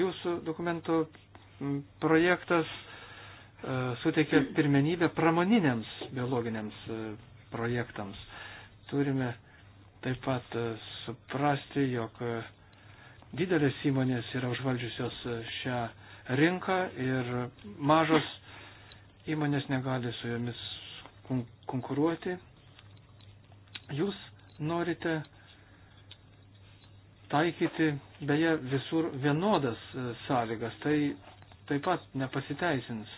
jūsų dokumento projektas e, suteikia pirmenybę pramoniniams biologiniams projektams. Turime taip pat suprasti, jog didelės įmonės yra užvaldžiusios šią rinką ir mažos įmonės negali su jomis konkuruoti. Jūs norite taikyti beje visur vienodas e, sąlygas, tai taip pat nepasiteisins.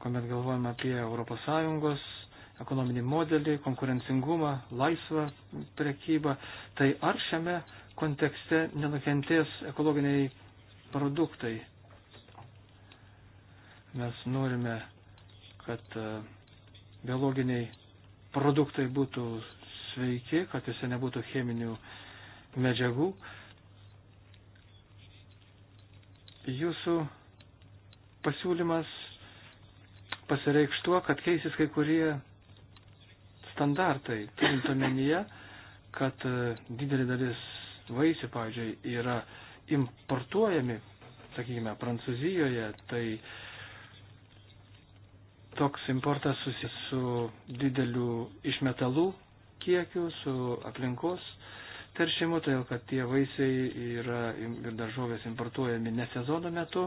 Komet galvojame apie ES ekonominį modelį, konkurencingumą, laisvą prekybą, tai ar šiame kontekste nenukentės ekologiniai produktai. Mes norime, kad e, biologiniai produktai būtų sveiki, kad jose nebūtų cheminių medžiagų. Jūsų pasiūlymas pasireikš tuo, kad keisis kai kurie standartai, turint omenyje, kad e, didelė dalis vaisių, pavyzdžiui, yra importuojami, sakykime, Prancūzijoje, tai toks importas susijęs su dideliu išmetalų kiekiu, su aplinkos teršimu, todėl tai kad tie vaisiai yra ir daržovės importuojami ne sezono metu.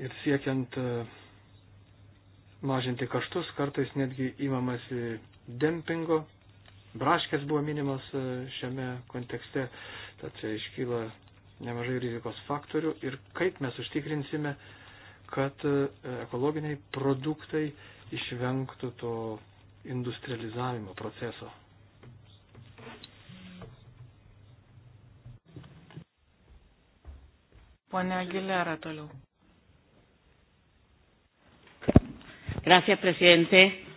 Ir siekiant e, mažinti kaštus, kartais netgi įmamasi dempingo braškės buvo minimas e, šiame kontekste, tad čia iškyla nemažai rizikos faktorių ir kaip mes užtikrinsime, kad e, ekologiniai produktai išvengtų to industrializavimo proceso. Pone Aguilera toliau. Gracias, presidente.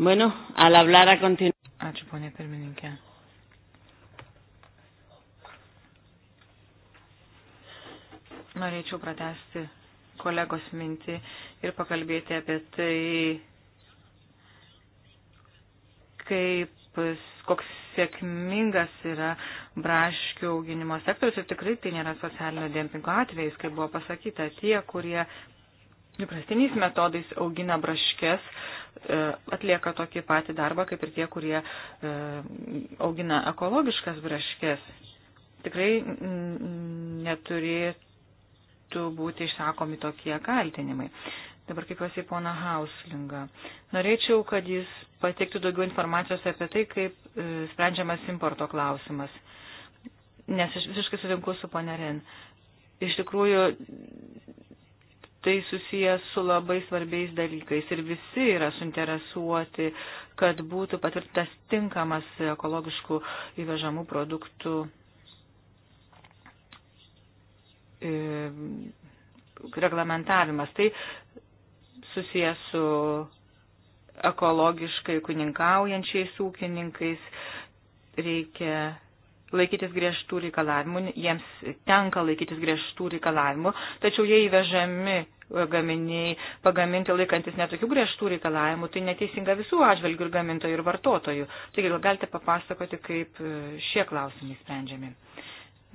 Bueno, al hablar a continuación. Ačiū, ponė pirmininkė. Norėčiau pratesti kolegos mintį ir pakalbėti apie tai, kaip, koks sėkmingas yra braškių auginimo sektorius ir tikrai tai nėra socialinio dempingo atvejais, kaip buvo pasakyta, tie, kurie įprastiniais metodais augina braškes, E, atlieka tokį patį darbą, kaip ir tie, kurie e, augina ekologiškas braškės. Tikrai neturėtų būti išsakomi tokie kaltinimai. Dabar kreipiuosi į poną Hauslingą. Norėčiau, kad jis pateiktų daugiau informacijos apie tai, kaip e, sprendžiamas importo klausimas. Nes visiškai sutinku su ponerin. Iš tikrųjų, tai susijęs su labai svarbiais dalykais ir visi yra suinteresuoti, kad būtų patvirtintas tinkamas ekologiškų įvežamų produktų e, reglamentavimas. Tai susijęs su ekologiškai kuninkaujančiais ūkininkais reikia laikytis griežtų reikalavimų, jiems tenka laikytis griežtų reikalavimų, tačiau jie įvežami e, gaminiai pagaminti laikantis netokių griežtų reikalavimų, tai neteisinga visų atžvilgių ir gamintojų ir vartotojų. Taigi gal galite papasakoti, kaip e, šie klausimai sprendžiami.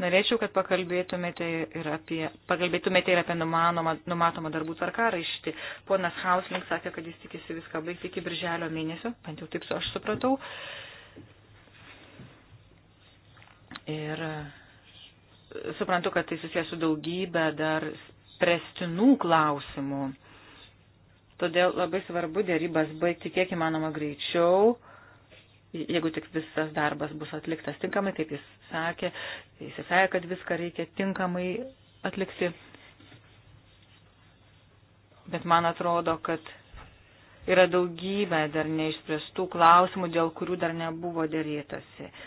Norėčiau, kad pakalbėtumėte ir apie, pakalbėtumėte ir apie numanomą, numatomą darbų tvarkaraštį. Ponas Hauslink sakė, kad jis tikisi viską baigti iki birželio mėnesio, bent jau taip su aš supratau. Uh, Ir e, suprantu, kad tai susijęs su daugybė dar prestinų klausimų. Todėl labai svarbu dėrybas baigti kiek įmanoma greičiau, jeigu tik visas darbas bus atliktas tinkamai, kaip jis sakė, jis sakė, kad viską reikia tinkamai atlikti. Bet man atrodo, kad yra daugybė dar neišspręstų klausimų, dėl kurių dar nebuvo dėrėtasi. Uh,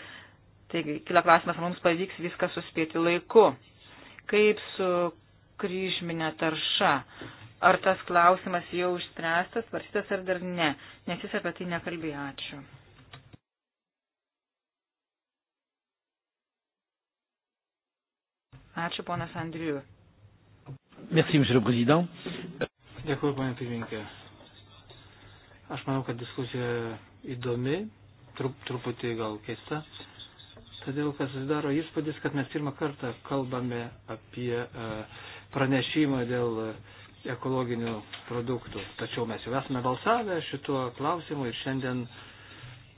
Taigi, kila klausimas, ar mums pavyks viską suspėti laiku. Kaip su kryžminė tarša? Ar tas klausimas jau išspręstas, varstytas ar dar ne? Nes jis apie tai nekalbėjo. Ačiū. Ačiū, ponas Andriu. Merci, monsieur le président. Dėkuoju, ponė pirmininkė. Aš manau, kad diskusija įdomi, trup, truputį gal keista todėl kad susidaro įspūdis, kad mes pirmą kartą kalbame apie e, pranešimą dėl ekologinių produktų. Tačiau mes jau esame balsavę šituo klausimu ir šiandien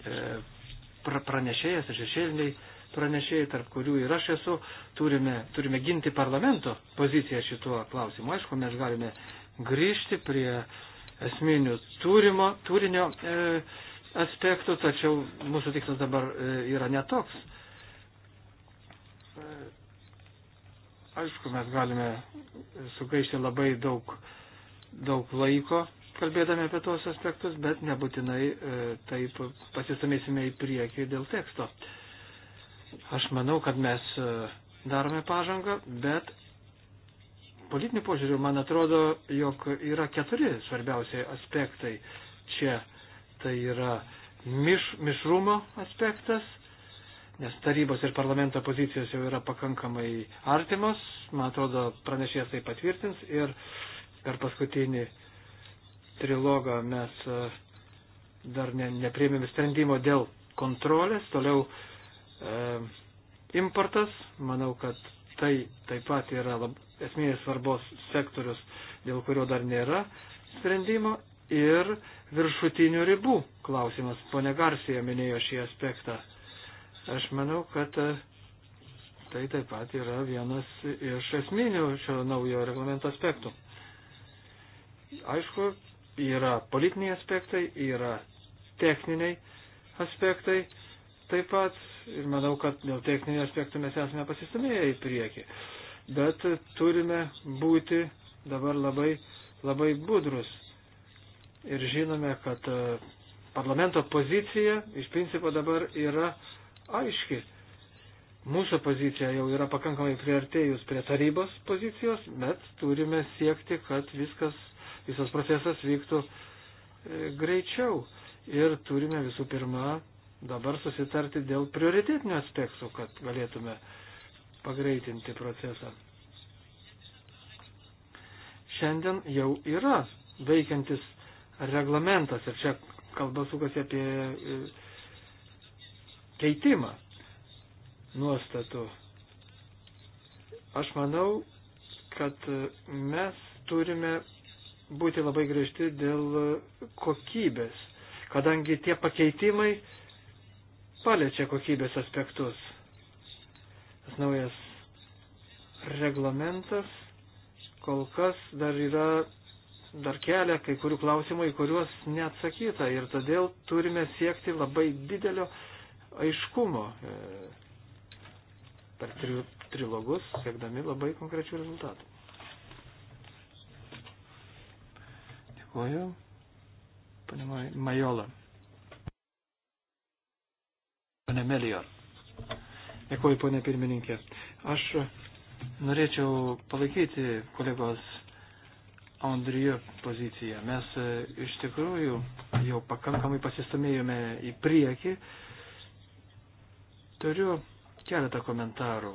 e, pranešėjas ir šešėliniai pranešėjai, tarp kurių ir aš esu, turime, turime ginti parlamento poziciją šituo klausimu. Aišku, mes galime grįžti prie esminių turimo, turinio e, aspektų, tačiau mūsų tikslas dabar e, yra netoks. Aišku, mes galime sugaišti labai daug, daug laiko kalbėdami apie tos aspektus, bet nebūtinai e, taip pasistumėsime į priekį dėl teksto. Aš manau, kad mes e, darome pažangą, bet politinių požiūrių man atrodo, jog yra keturi svarbiausiai aspektai čia. Tai yra miš, mišrumo aspektas, nes tarybos ir parlamento pozicijos jau yra pakankamai artimos, man atrodo, pranešėjas tai patvirtins ir per paskutinį trilogą mes e, dar ne, neprieimėme sprendimo dėl kontrolės, toliau e, importas, manau, kad tai taip pat yra lab, esminės svarbos sektorius, dėl kurio dar nėra sprendimo ir viršutinių ribų klausimas, ponė Garsija minėjo šį aspektą. Aš manau, kad e, tai taip pat yra vienas iš esminių šio naujo reglamento aspektų. Aišku, yra politiniai aspektai, yra techniniai aspektai taip pat ir manau, kad dėl techninių aspektų mes esame pasistumėję į priekį. Bet turime būti dabar labai, labai budrus. Ir žinome, kad e, parlamento pozicija iš principo dabar yra aiški. Mūsų pozicija jau yra pakankamai priartėjus prie tarybos pozicijos, bet turime siekti, kad viskas, visas procesas vyktų e, greičiau. Ir turime visų pirma dabar susitarti dėl prioritetinių aspektų, kad galėtume pagreitinti procesą. Šiandien jau yra veikiantis reglamentas ir čia kalba sukasi apie e, keitimą nuostatų. Aš manau, kad mes turime būti labai griežti dėl kokybės, kadangi tie pakeitimai paliečia kokybės aspektus. Tas naujas reglamentas kol kas dar yra, dar kelia kai kurių klausimų, į kuriuos neatsakyta ir todėl turime siekti labai didelio aiškumo e, per tri, trilogus, siekdami labai konkrečių rezultatų. Dėkuoju. Pane Majola. Pane Melior. Dėkuoju, ponė pirmininkė. Aš norėčiau palaikyti kolegos Andrijo poziciją. Mes e, iš tikrųjų jau pakankamai pasistumėjome į priekį Turiu keletą komentarų.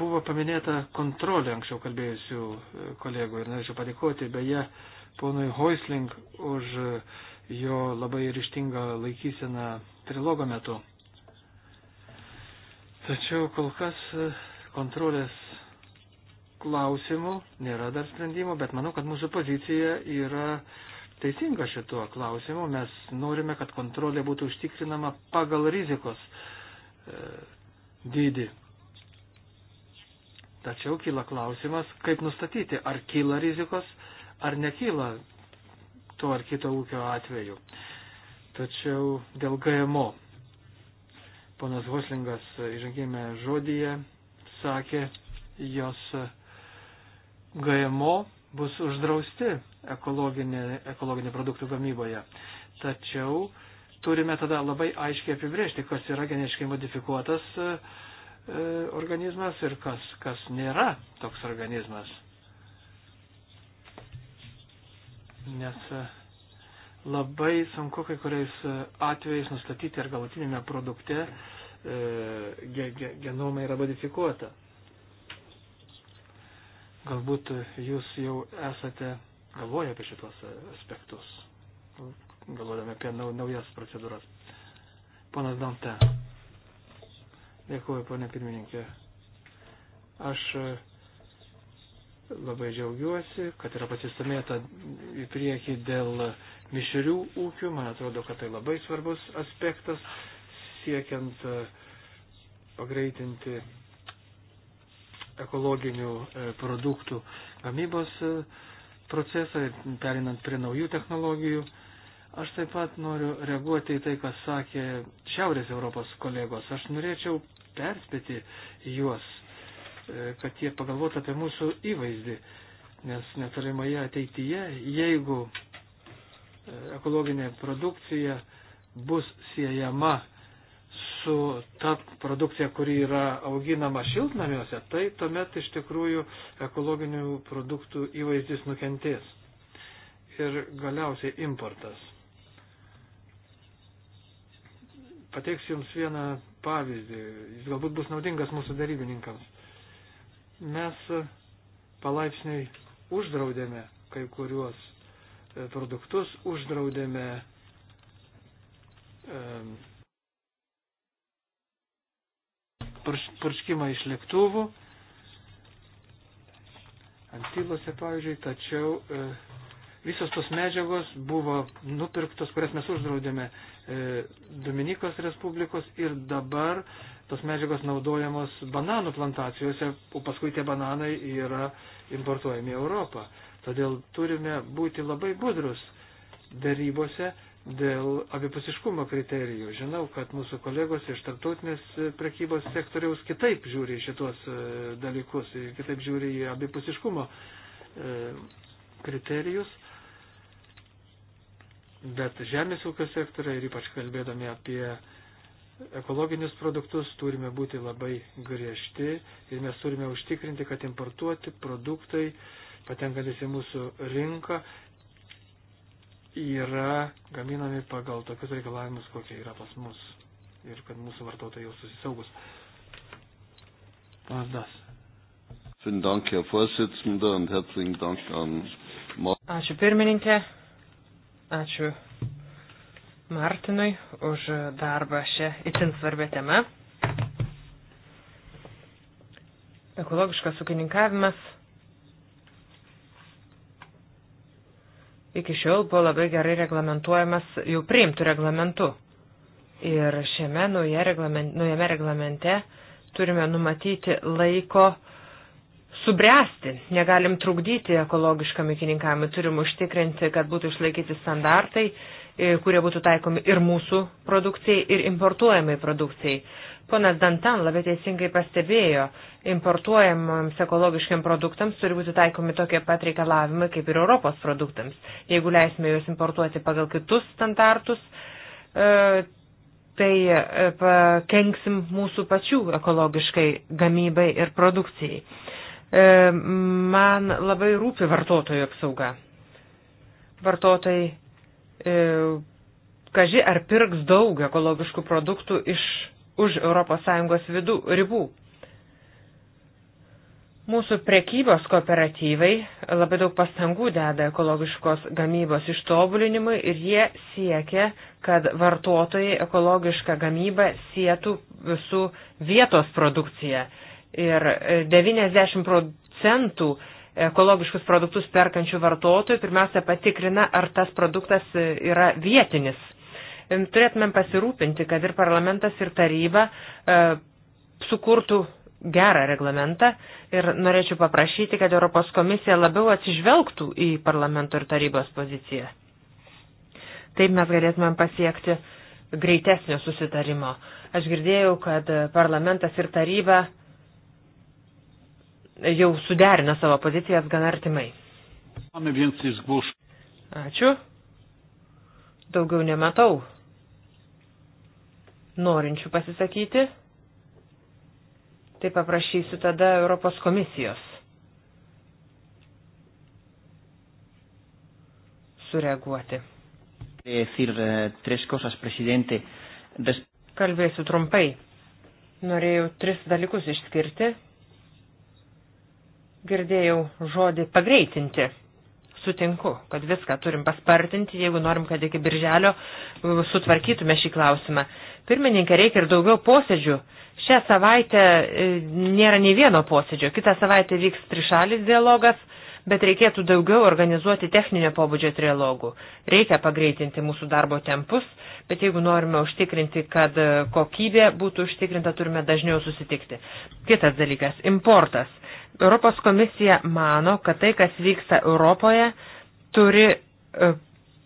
Buvo paminėta kontrolė anksčiau kalbėjusių e, kolegų ir norėčiau padėkoti beje ponui Hoisling už e, jo labai ryštingą laikyseną trilogo metu. Tačiau kol kas e, kontrolės klausimų nėra dar sprendimų, bet manau, kad mūsų pozicija yra teisinga šituo klausimu. Mes norime, kad kontrolė būtų užtikrinama pagal rizikos e, dydį. Tačiau kyla klausimas, kaip nustatyti, ar kyla rizikos, ar nekyla to ar kito ūkio atveju. Tačiau dėl GMO. Ponas Voslingas įžengėme žodyje, sakė, jos GMO bus uždrausti ekologinį, ekologinį produktų gamyboje. Tačiau turime tada labai aiškiai apibrėžti, kas yra geniškai modifikuotas e, e, organizmas ir kas, kas nėra toks organizmas. Nes e, labai sunku kai kuriais e, atvejais nustatyti, ar galutinėme produkte e, ge, ge, genoma yra modifikuota. Galbūt jūs jau esate galvoja apie šitos aspektus, galvodami apie naujas procedūras. Ponas Dante. Dėkuoju, ponė pirmininkė. Aš e, labai džiaugiuosi, kad yra pasistumėta į priekį dėl mišrių ūkių. Man atrodo, kad tai labai svarbus aspektas siekiant e, pagreitinti ekologinių e, produktų gamybos procesą ir perinant prie naujų technologijų. Aš taip pat noriu reaguoti į tai, kas sakė Šiaurės Europos kolegos. Aš norėčiau perspėti juos, e, kad jie pagalvotų apie mūsų įvaizdį, nes netolimoje ateityje, jeigu e, ekologinė produkcija bus siejama su ta produkcija, kuri yra auginama šiltnamiuose, tai tuomet iš tikrųjų ekologinių produktų įvaizdis nukentės. Ir galiausiai importas. Pateiksiu Jums vieną pavyzdį, jis galbūt bus naudingas mūsų darybininkams. Mes palaipsniui uždraudėme kai kuriuos e, produktus, uždraudėme um, purškimą iš lėktuvų. Antilose, pavyzdžiui, tačiau e, visos tos medžiagos buvo nupirktos, kurias mes uždraudėme e, Dominikos Respublikos ir dabar tos medžiagos naudojamos bananų plantacijose, o paskui tie bananai yra importuojami į Europą. Todėl turime būti labai budrus darybose dėl abipusiškumo kriterijų. Žinau, kad mūsų kolegos iš tarptautinės prekybos sektoriaus kitaip žiūri šitos e, dalykus ir e, kitaip žiūri į abipusiškumo e, kriterijus. Bet žemės ūkio sektoriai ir ypač kalbėdami apie ekologinius produktus turime būti labai griežti ir mes turime užtikrinti, kad importuoti produktai patenkantis į mūsų rinką yra gaminami pagal tokius reikalavimus, kokie yra pas mus ir kad mūsų vartotojai jau susisaugus. Pazdas. Vielen Dank, Herr Vorsitzender, und herzlichen Dank an Martin. Ačiū pirmininkė, ačiū Martinui už darbą šią itin svarbę temą. Ekologiškas ūkininkavimas iki šiol buvo labai gerai reglamentuojamas jau priimtų reglamentu. Ir šiame reglament, naujame reglamente turime numatyti laiko subręsti, negalim trukdyti ekologiškam įkininkavimui, turim užtikrinti, kad būtų išlaikyti standartai E, kurie būtų taikomi ir mūsų produkcijai, ir importuojamai produkcijai. Ponas Dantan labai teisingai pastebėjo, importuojamams ekologiškiam produktams turi būti taikomi tokie pat reikalavimai kaip ir Europos produktams. Jeigu leisime juos importuoti pagal kitus standartus, e, tai e, kenksim mūsų pačių ekologiškai gamybai ir produkcijai. Man labai rūpi vartotojų apsauga. Vartotojai E, kaži ar pirks daug ekologiškų produktų iš už ES vidų ribų. Mūsų prekybos kooperatyvai labai daug pastangų deda ekologiškos gamybos ištobulinimui ir jie siekia, kad vartotojai ekologišką gamybą sėtų su vietos produkcija. Ir 90 e, procentų ekologiškus produktus perkančių vartotojų pirmiausia patikrina, ar tas produktas yra vietinis. Turėtumėm pasirūpinti, kad ir parlamentas, ir taryba e, sukurtų gerą reglamentą ir norėčiau paprašyti, kad Europos komisija labiau atsižvelgtų į parlamento ir tarybos poziciją. Taip mes galėtumėm pasiekti greitesnio susitarimo. Aš girdėjau, kad parlamentas ir taryba jau suderina savo pozicijas gan artimai. Ačiū. Daugiau nematau. Norinčių pasisakyti. Tai paprašysiu tada Europos komisijos sureaguoti. Eh, Kalbėsiu trumpai. Norėjau tris dalykus išskirti. Girdėjau žodį pagreitinti. Sutinku, kad viską turim paspartinti, jeigu norim, kad iki birželio e, sutvarkytume šį klausimą. Pirmininkė, reikia ir daugiau posėdžių. Šią savaitę e, nėra nei vieno posėdžio. Kitą savaitę vyks trišalis dialogas bet reikėtų daugiau organizuoti techninio pobūdžio trialogų. Reikia pagreitinti mūsų darbo tempus, bet jeigu norime užtikrinti, kad e, kokybė būtų užtikrinta, turime dažniau susitikti. Kitas dalykas - importas. Europos komisija mano, kad tai, kas vyksta Europoje, turi e,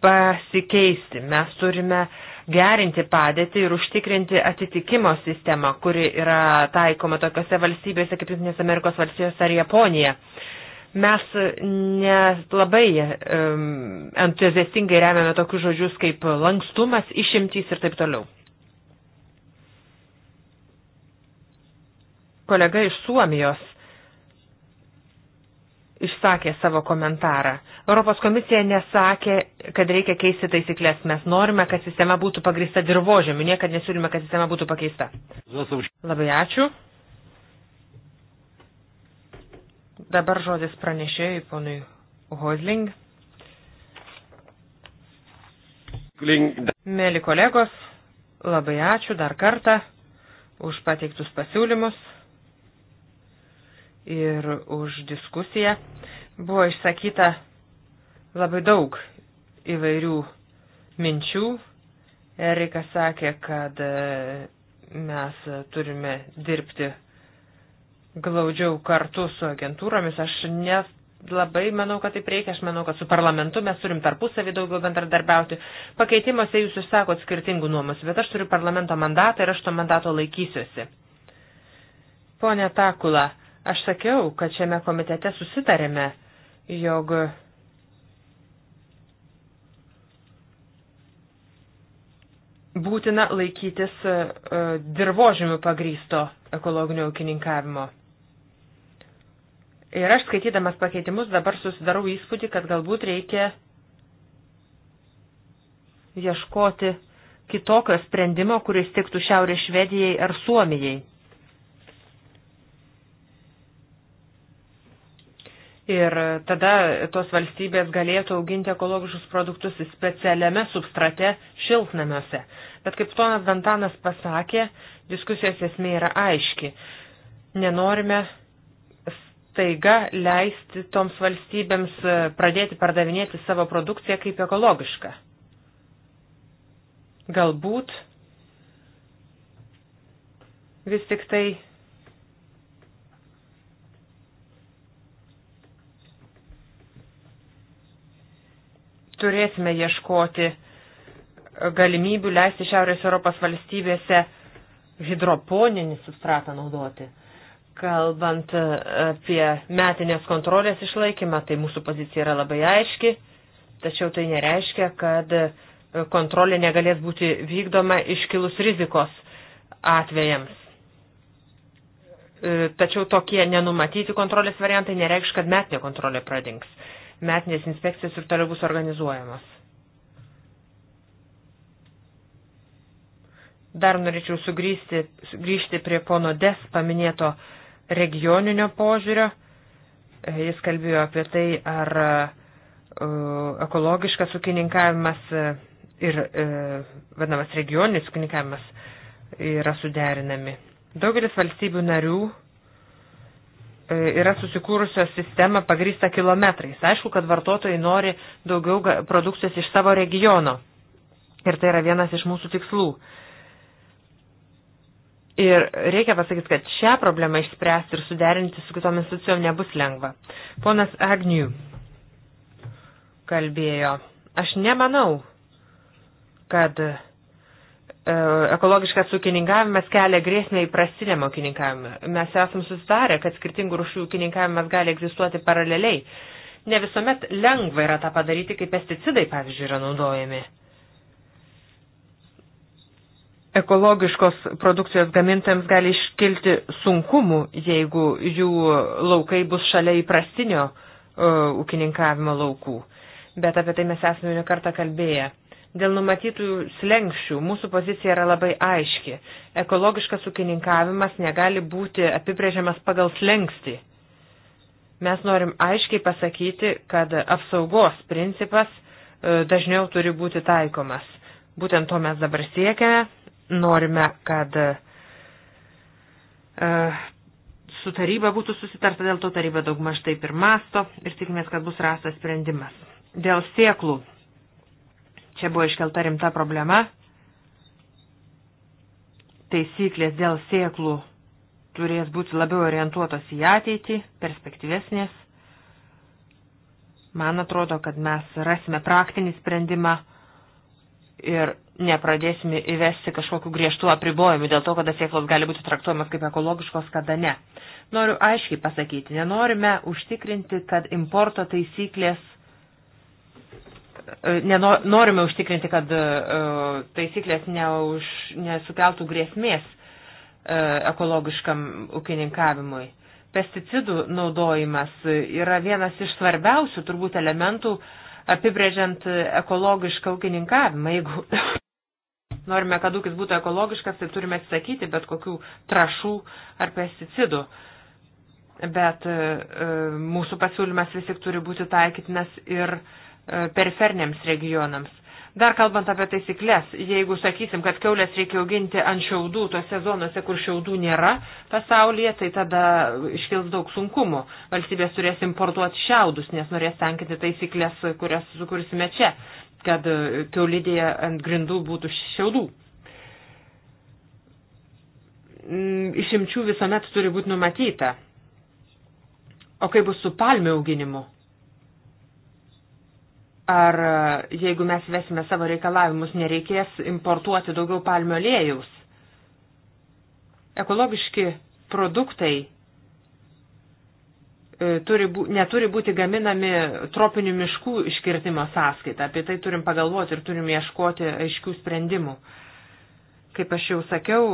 pasikeisti. Mes turime gerinti padėtį ir užtikrinti atitikimo sistemą, kuri yra taikoma tokiose valstybėse kaip Junktinės Amerikos valstijos ar Japonija. Mes nelabai um, entuziastingai remiame tokius žodžius kaip lankstumas, išimtys ir taip toliau. Kolega iš Suomijos išsakė savo komentarą. Europos komisija nesakė, kad reikia keisti taisyklės. Mes norime, kad sistema būtų pagrįsta dirbožėmiu, niekad nesiūlyme, kad sistema būtų pakeista. Labai ačiū. Dabar žodis pranešėjai ponui Hozling. Mėly kolegos, labai ačiū dar kartą už pateiktus pasiūlymus ir už diskusiją. Buvo išsakyta labai daug įvairių minčių. Erika sakė, kad e, mes turime dirbti glaudžiau kartu su agentūromis. Aš nelabai manau, kad taip reikia. Aš manau, kad su parlamentu mes turim tarpusavį daugiau bendradarbiauti. Pakeitimuose jūs išsakot skirtingų nuomus, bet aš turiu parlamento mandatą ir aš to mandato laikysiuosi. Pone Takula, Aš sakiau, kad šiame komitete susitarėme, jog būtina laikytis e, e, dirbožimių pagrysto ekologinio ūkininkavimo. Ir aš skaitydamas pakeitimus dabar susidarau įspūdį, kad galbūt reikia ieškoti kitokio sprendimo, kuris tiktų Šiaurės Švedijai ar Suomijai. Ir tada tos valstybės galėtų auginti ekologiškus produktus specialiame substrate šiltnamiuose. Bet kaip tonas Dantanas pasakė, diskusijos esmė yra aiški. Nenorime staiga leisti toms valstybėms pradėti pardavinėti savo produkciją kaip ekologišką. Galbūt vis tik tai turėsime ieškoti galimybių leisti Šiaurės Europos valstybėse hidroponinį substratą naudoti. Kalbant apie metinės kontrolės išlaikymą, tai mūsų pozicija yra labai aiški, tačiau tai nereiškia, kad kontrolė negalės būti vykdoma iškilus rizikos atvejams. Tačiau tokie nenumatyti kontrolės variantai nereikš, kad metinė kontrolė pradings metinės inspekcijos ir toliau bus organizuojamos. Dar norėčiau sugrįžti, sugrįžti prie pono Des paminėto regioninio požiūrio. Jis kalbėjo apie tai, ar e, ekologiškas ūkininkavimas e, ir e, vadinamas regioninis ūkininkavimas yra suderinami. Daugelis valstybių narių E, yra susikūrusios sistema pagrįsta kilometrais. Aišku, kad vartotojai nori daugiau produkcijos iš savo regiono. Ir tai yra vienas iš mūsų tikslų. Ir reikia pasakyti, kad šią problemą išspręsti ir suderinti su kitom institucijom nebus lengva. Ponas Agnių kalbėjo. Aš nemanau, kad E, ekologiškas ūkininkavimas kelia grėsmę įprastiniam ūkininkavimui. Mes esam susidarę, kad skirtingų rušių ūkininkavimas gali egzistuoti paraleliai. Ne visuomet lengva yra tą padaryti, kai pesticidai, pavyzdžiui, yra naudojami. Ekologiškos produkcijos gamintams gali iškilti sunkumų, jeigu jų laukai bus šalia įprastinio uh, ūkininkavimo laukų. Bet apie tai mes esame ne kartą kalbėję Dėl numatytų slengščių mūsų pozicija yra labai aiški. Ekologiškas ūkininkavimas negali būti apibrėžiamas pagal slengsti. Mes norim aiškiai pasakyti, kad apsaugos principas e, dažniau turi būti taikomas. Būtent to mes dabar siekiame. Norime, kad e, su taryba būtų susitarta, dėl to taryba daugmaž taip ir masto ir tikimės, kad bus rastas sprendimas. Dėl sieklų Čia buvo iškelta rimta problema. Taisyklės dėl sėklų turės būti labiau orientuotos į ateitį, perspektyvesnės. Man atrodo, kad mes rasime praktinį sprendimą ir nepradėsime įvesti kažkokių griežtų apribojimų dėl to, kada sėklos gali būti traktuojamas kaip ekologiškos, kada ne. Noriu aiškiai pasakyti, nenorime užtikrinti, kad importo taisyklės E, norime užtikrinti, kad e, taisyklės neuž, nesukeltų grėsmės e, ekologiškam ūkininkavimui. Pesticidų naudojimas yra vienas iš svarbiausių turbūt elementų apibrėžiant ekologišką ūkininkavimą. Jeigu norime, kad ūkis būtų ekologiškas, tai turime atsisakyti bet kokių trašų ar pesticidų. Bet mūsų pasiūlymas vis tik turi būti taikytinas ir uh, periferiniams regionams. Dar kalbant apie taisyklės, jeigu sakysim, kad keulės reikia auginti ant šiaudų, tose zonose, kur šiaudų nėra pasaulyje, tai tada iškils daug sunkumų. Valstybės turės importuoti šiaudus, nes norės tenkinti taisyklės, kurias sukursime čia, kad keulidėje ant grindų būtų šiaudų. Mm, išimčių visuomet turi būti numatyta. O kaip bus su palmių auginimu? ar e, jeigu mes vesime savo reikalavimus, nereikės importuoti daugiau palmių aliejaus. Ekologiški produktai e, turi bū, neturi būti gaminami tropinių miškų iškirtimo sąskaitą. Apie tai turim pagalvoti ir turim ieškoti aiškių sprendimų. Kaip aš jau sakiau,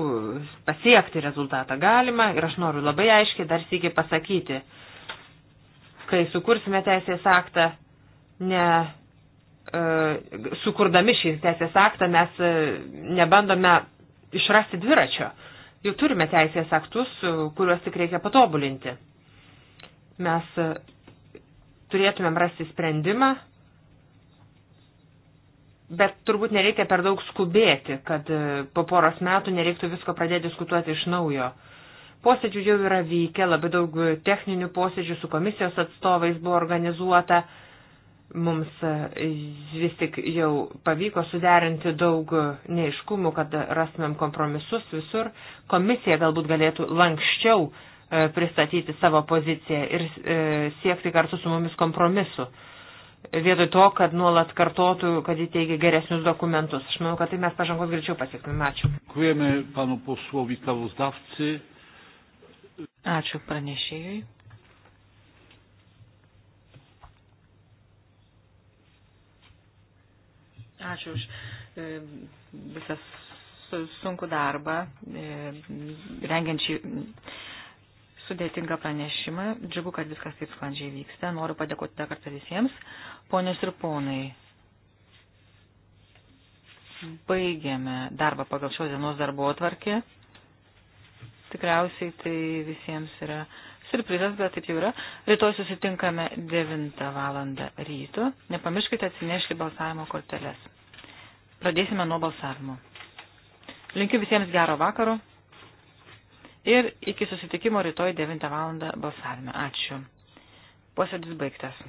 pasiekti rezultatą galima ir aš noriu labai aiškiai dar sėkiai pasakyti, kai sukursime teisės aktą, ne E, sukurdami šį teisės aktą mes e, nebandome išrasti dviračio. Jau turime teisės aktus, e, kuriuos tik reikia patobulinti. Mes turėtumėm rasti sprendimą, bet turbūt nereikia per daug skubėti, kad po poros metų nereiktų visko pradėti diskutuoti iš naujo. Posėdžių jau yra vykę, labai daug techninių posėdžių su komisijos atstovais buvo organizuota Mums e, vis tik jau pavyko suderinti daug neiškumų, kad rastumėm kompromisus visur. Komisija galbūt galėtų lankščiau e, pristatyti savo poziciją ir e, siekti kartu su mumis kompromisu. Vietoj to, kad nuolat kartotų, kad jį teigia geresnius dokumentus. Aš manau, kad tai mes pažangos greičiau pasiekime. Ačiū. Ačiū pranešėjui. Ačiū už e, visas sunku darbą, e, rengiant šį sudėtingą pranešimą. Džiugu, kad viskas taip sklandžiai vyksta. Noriu padėkoti dar kartą visiems. Ponios ir ponai, baigėme darbą pagal šios dienos darbo atvarkę. Tikriausiai tai visiems yra surprizas, bet taip jau yra. Rytoj susitinkame 9 val. ryto. Nepamirškite atsinešti balsavimo korteles. Pradėsime nuo balsavimo. Linkiu visiems gero vakaro ir iki susitikimo rytoj 9 val. balsavime. Ačiū. Posėdis baigtas.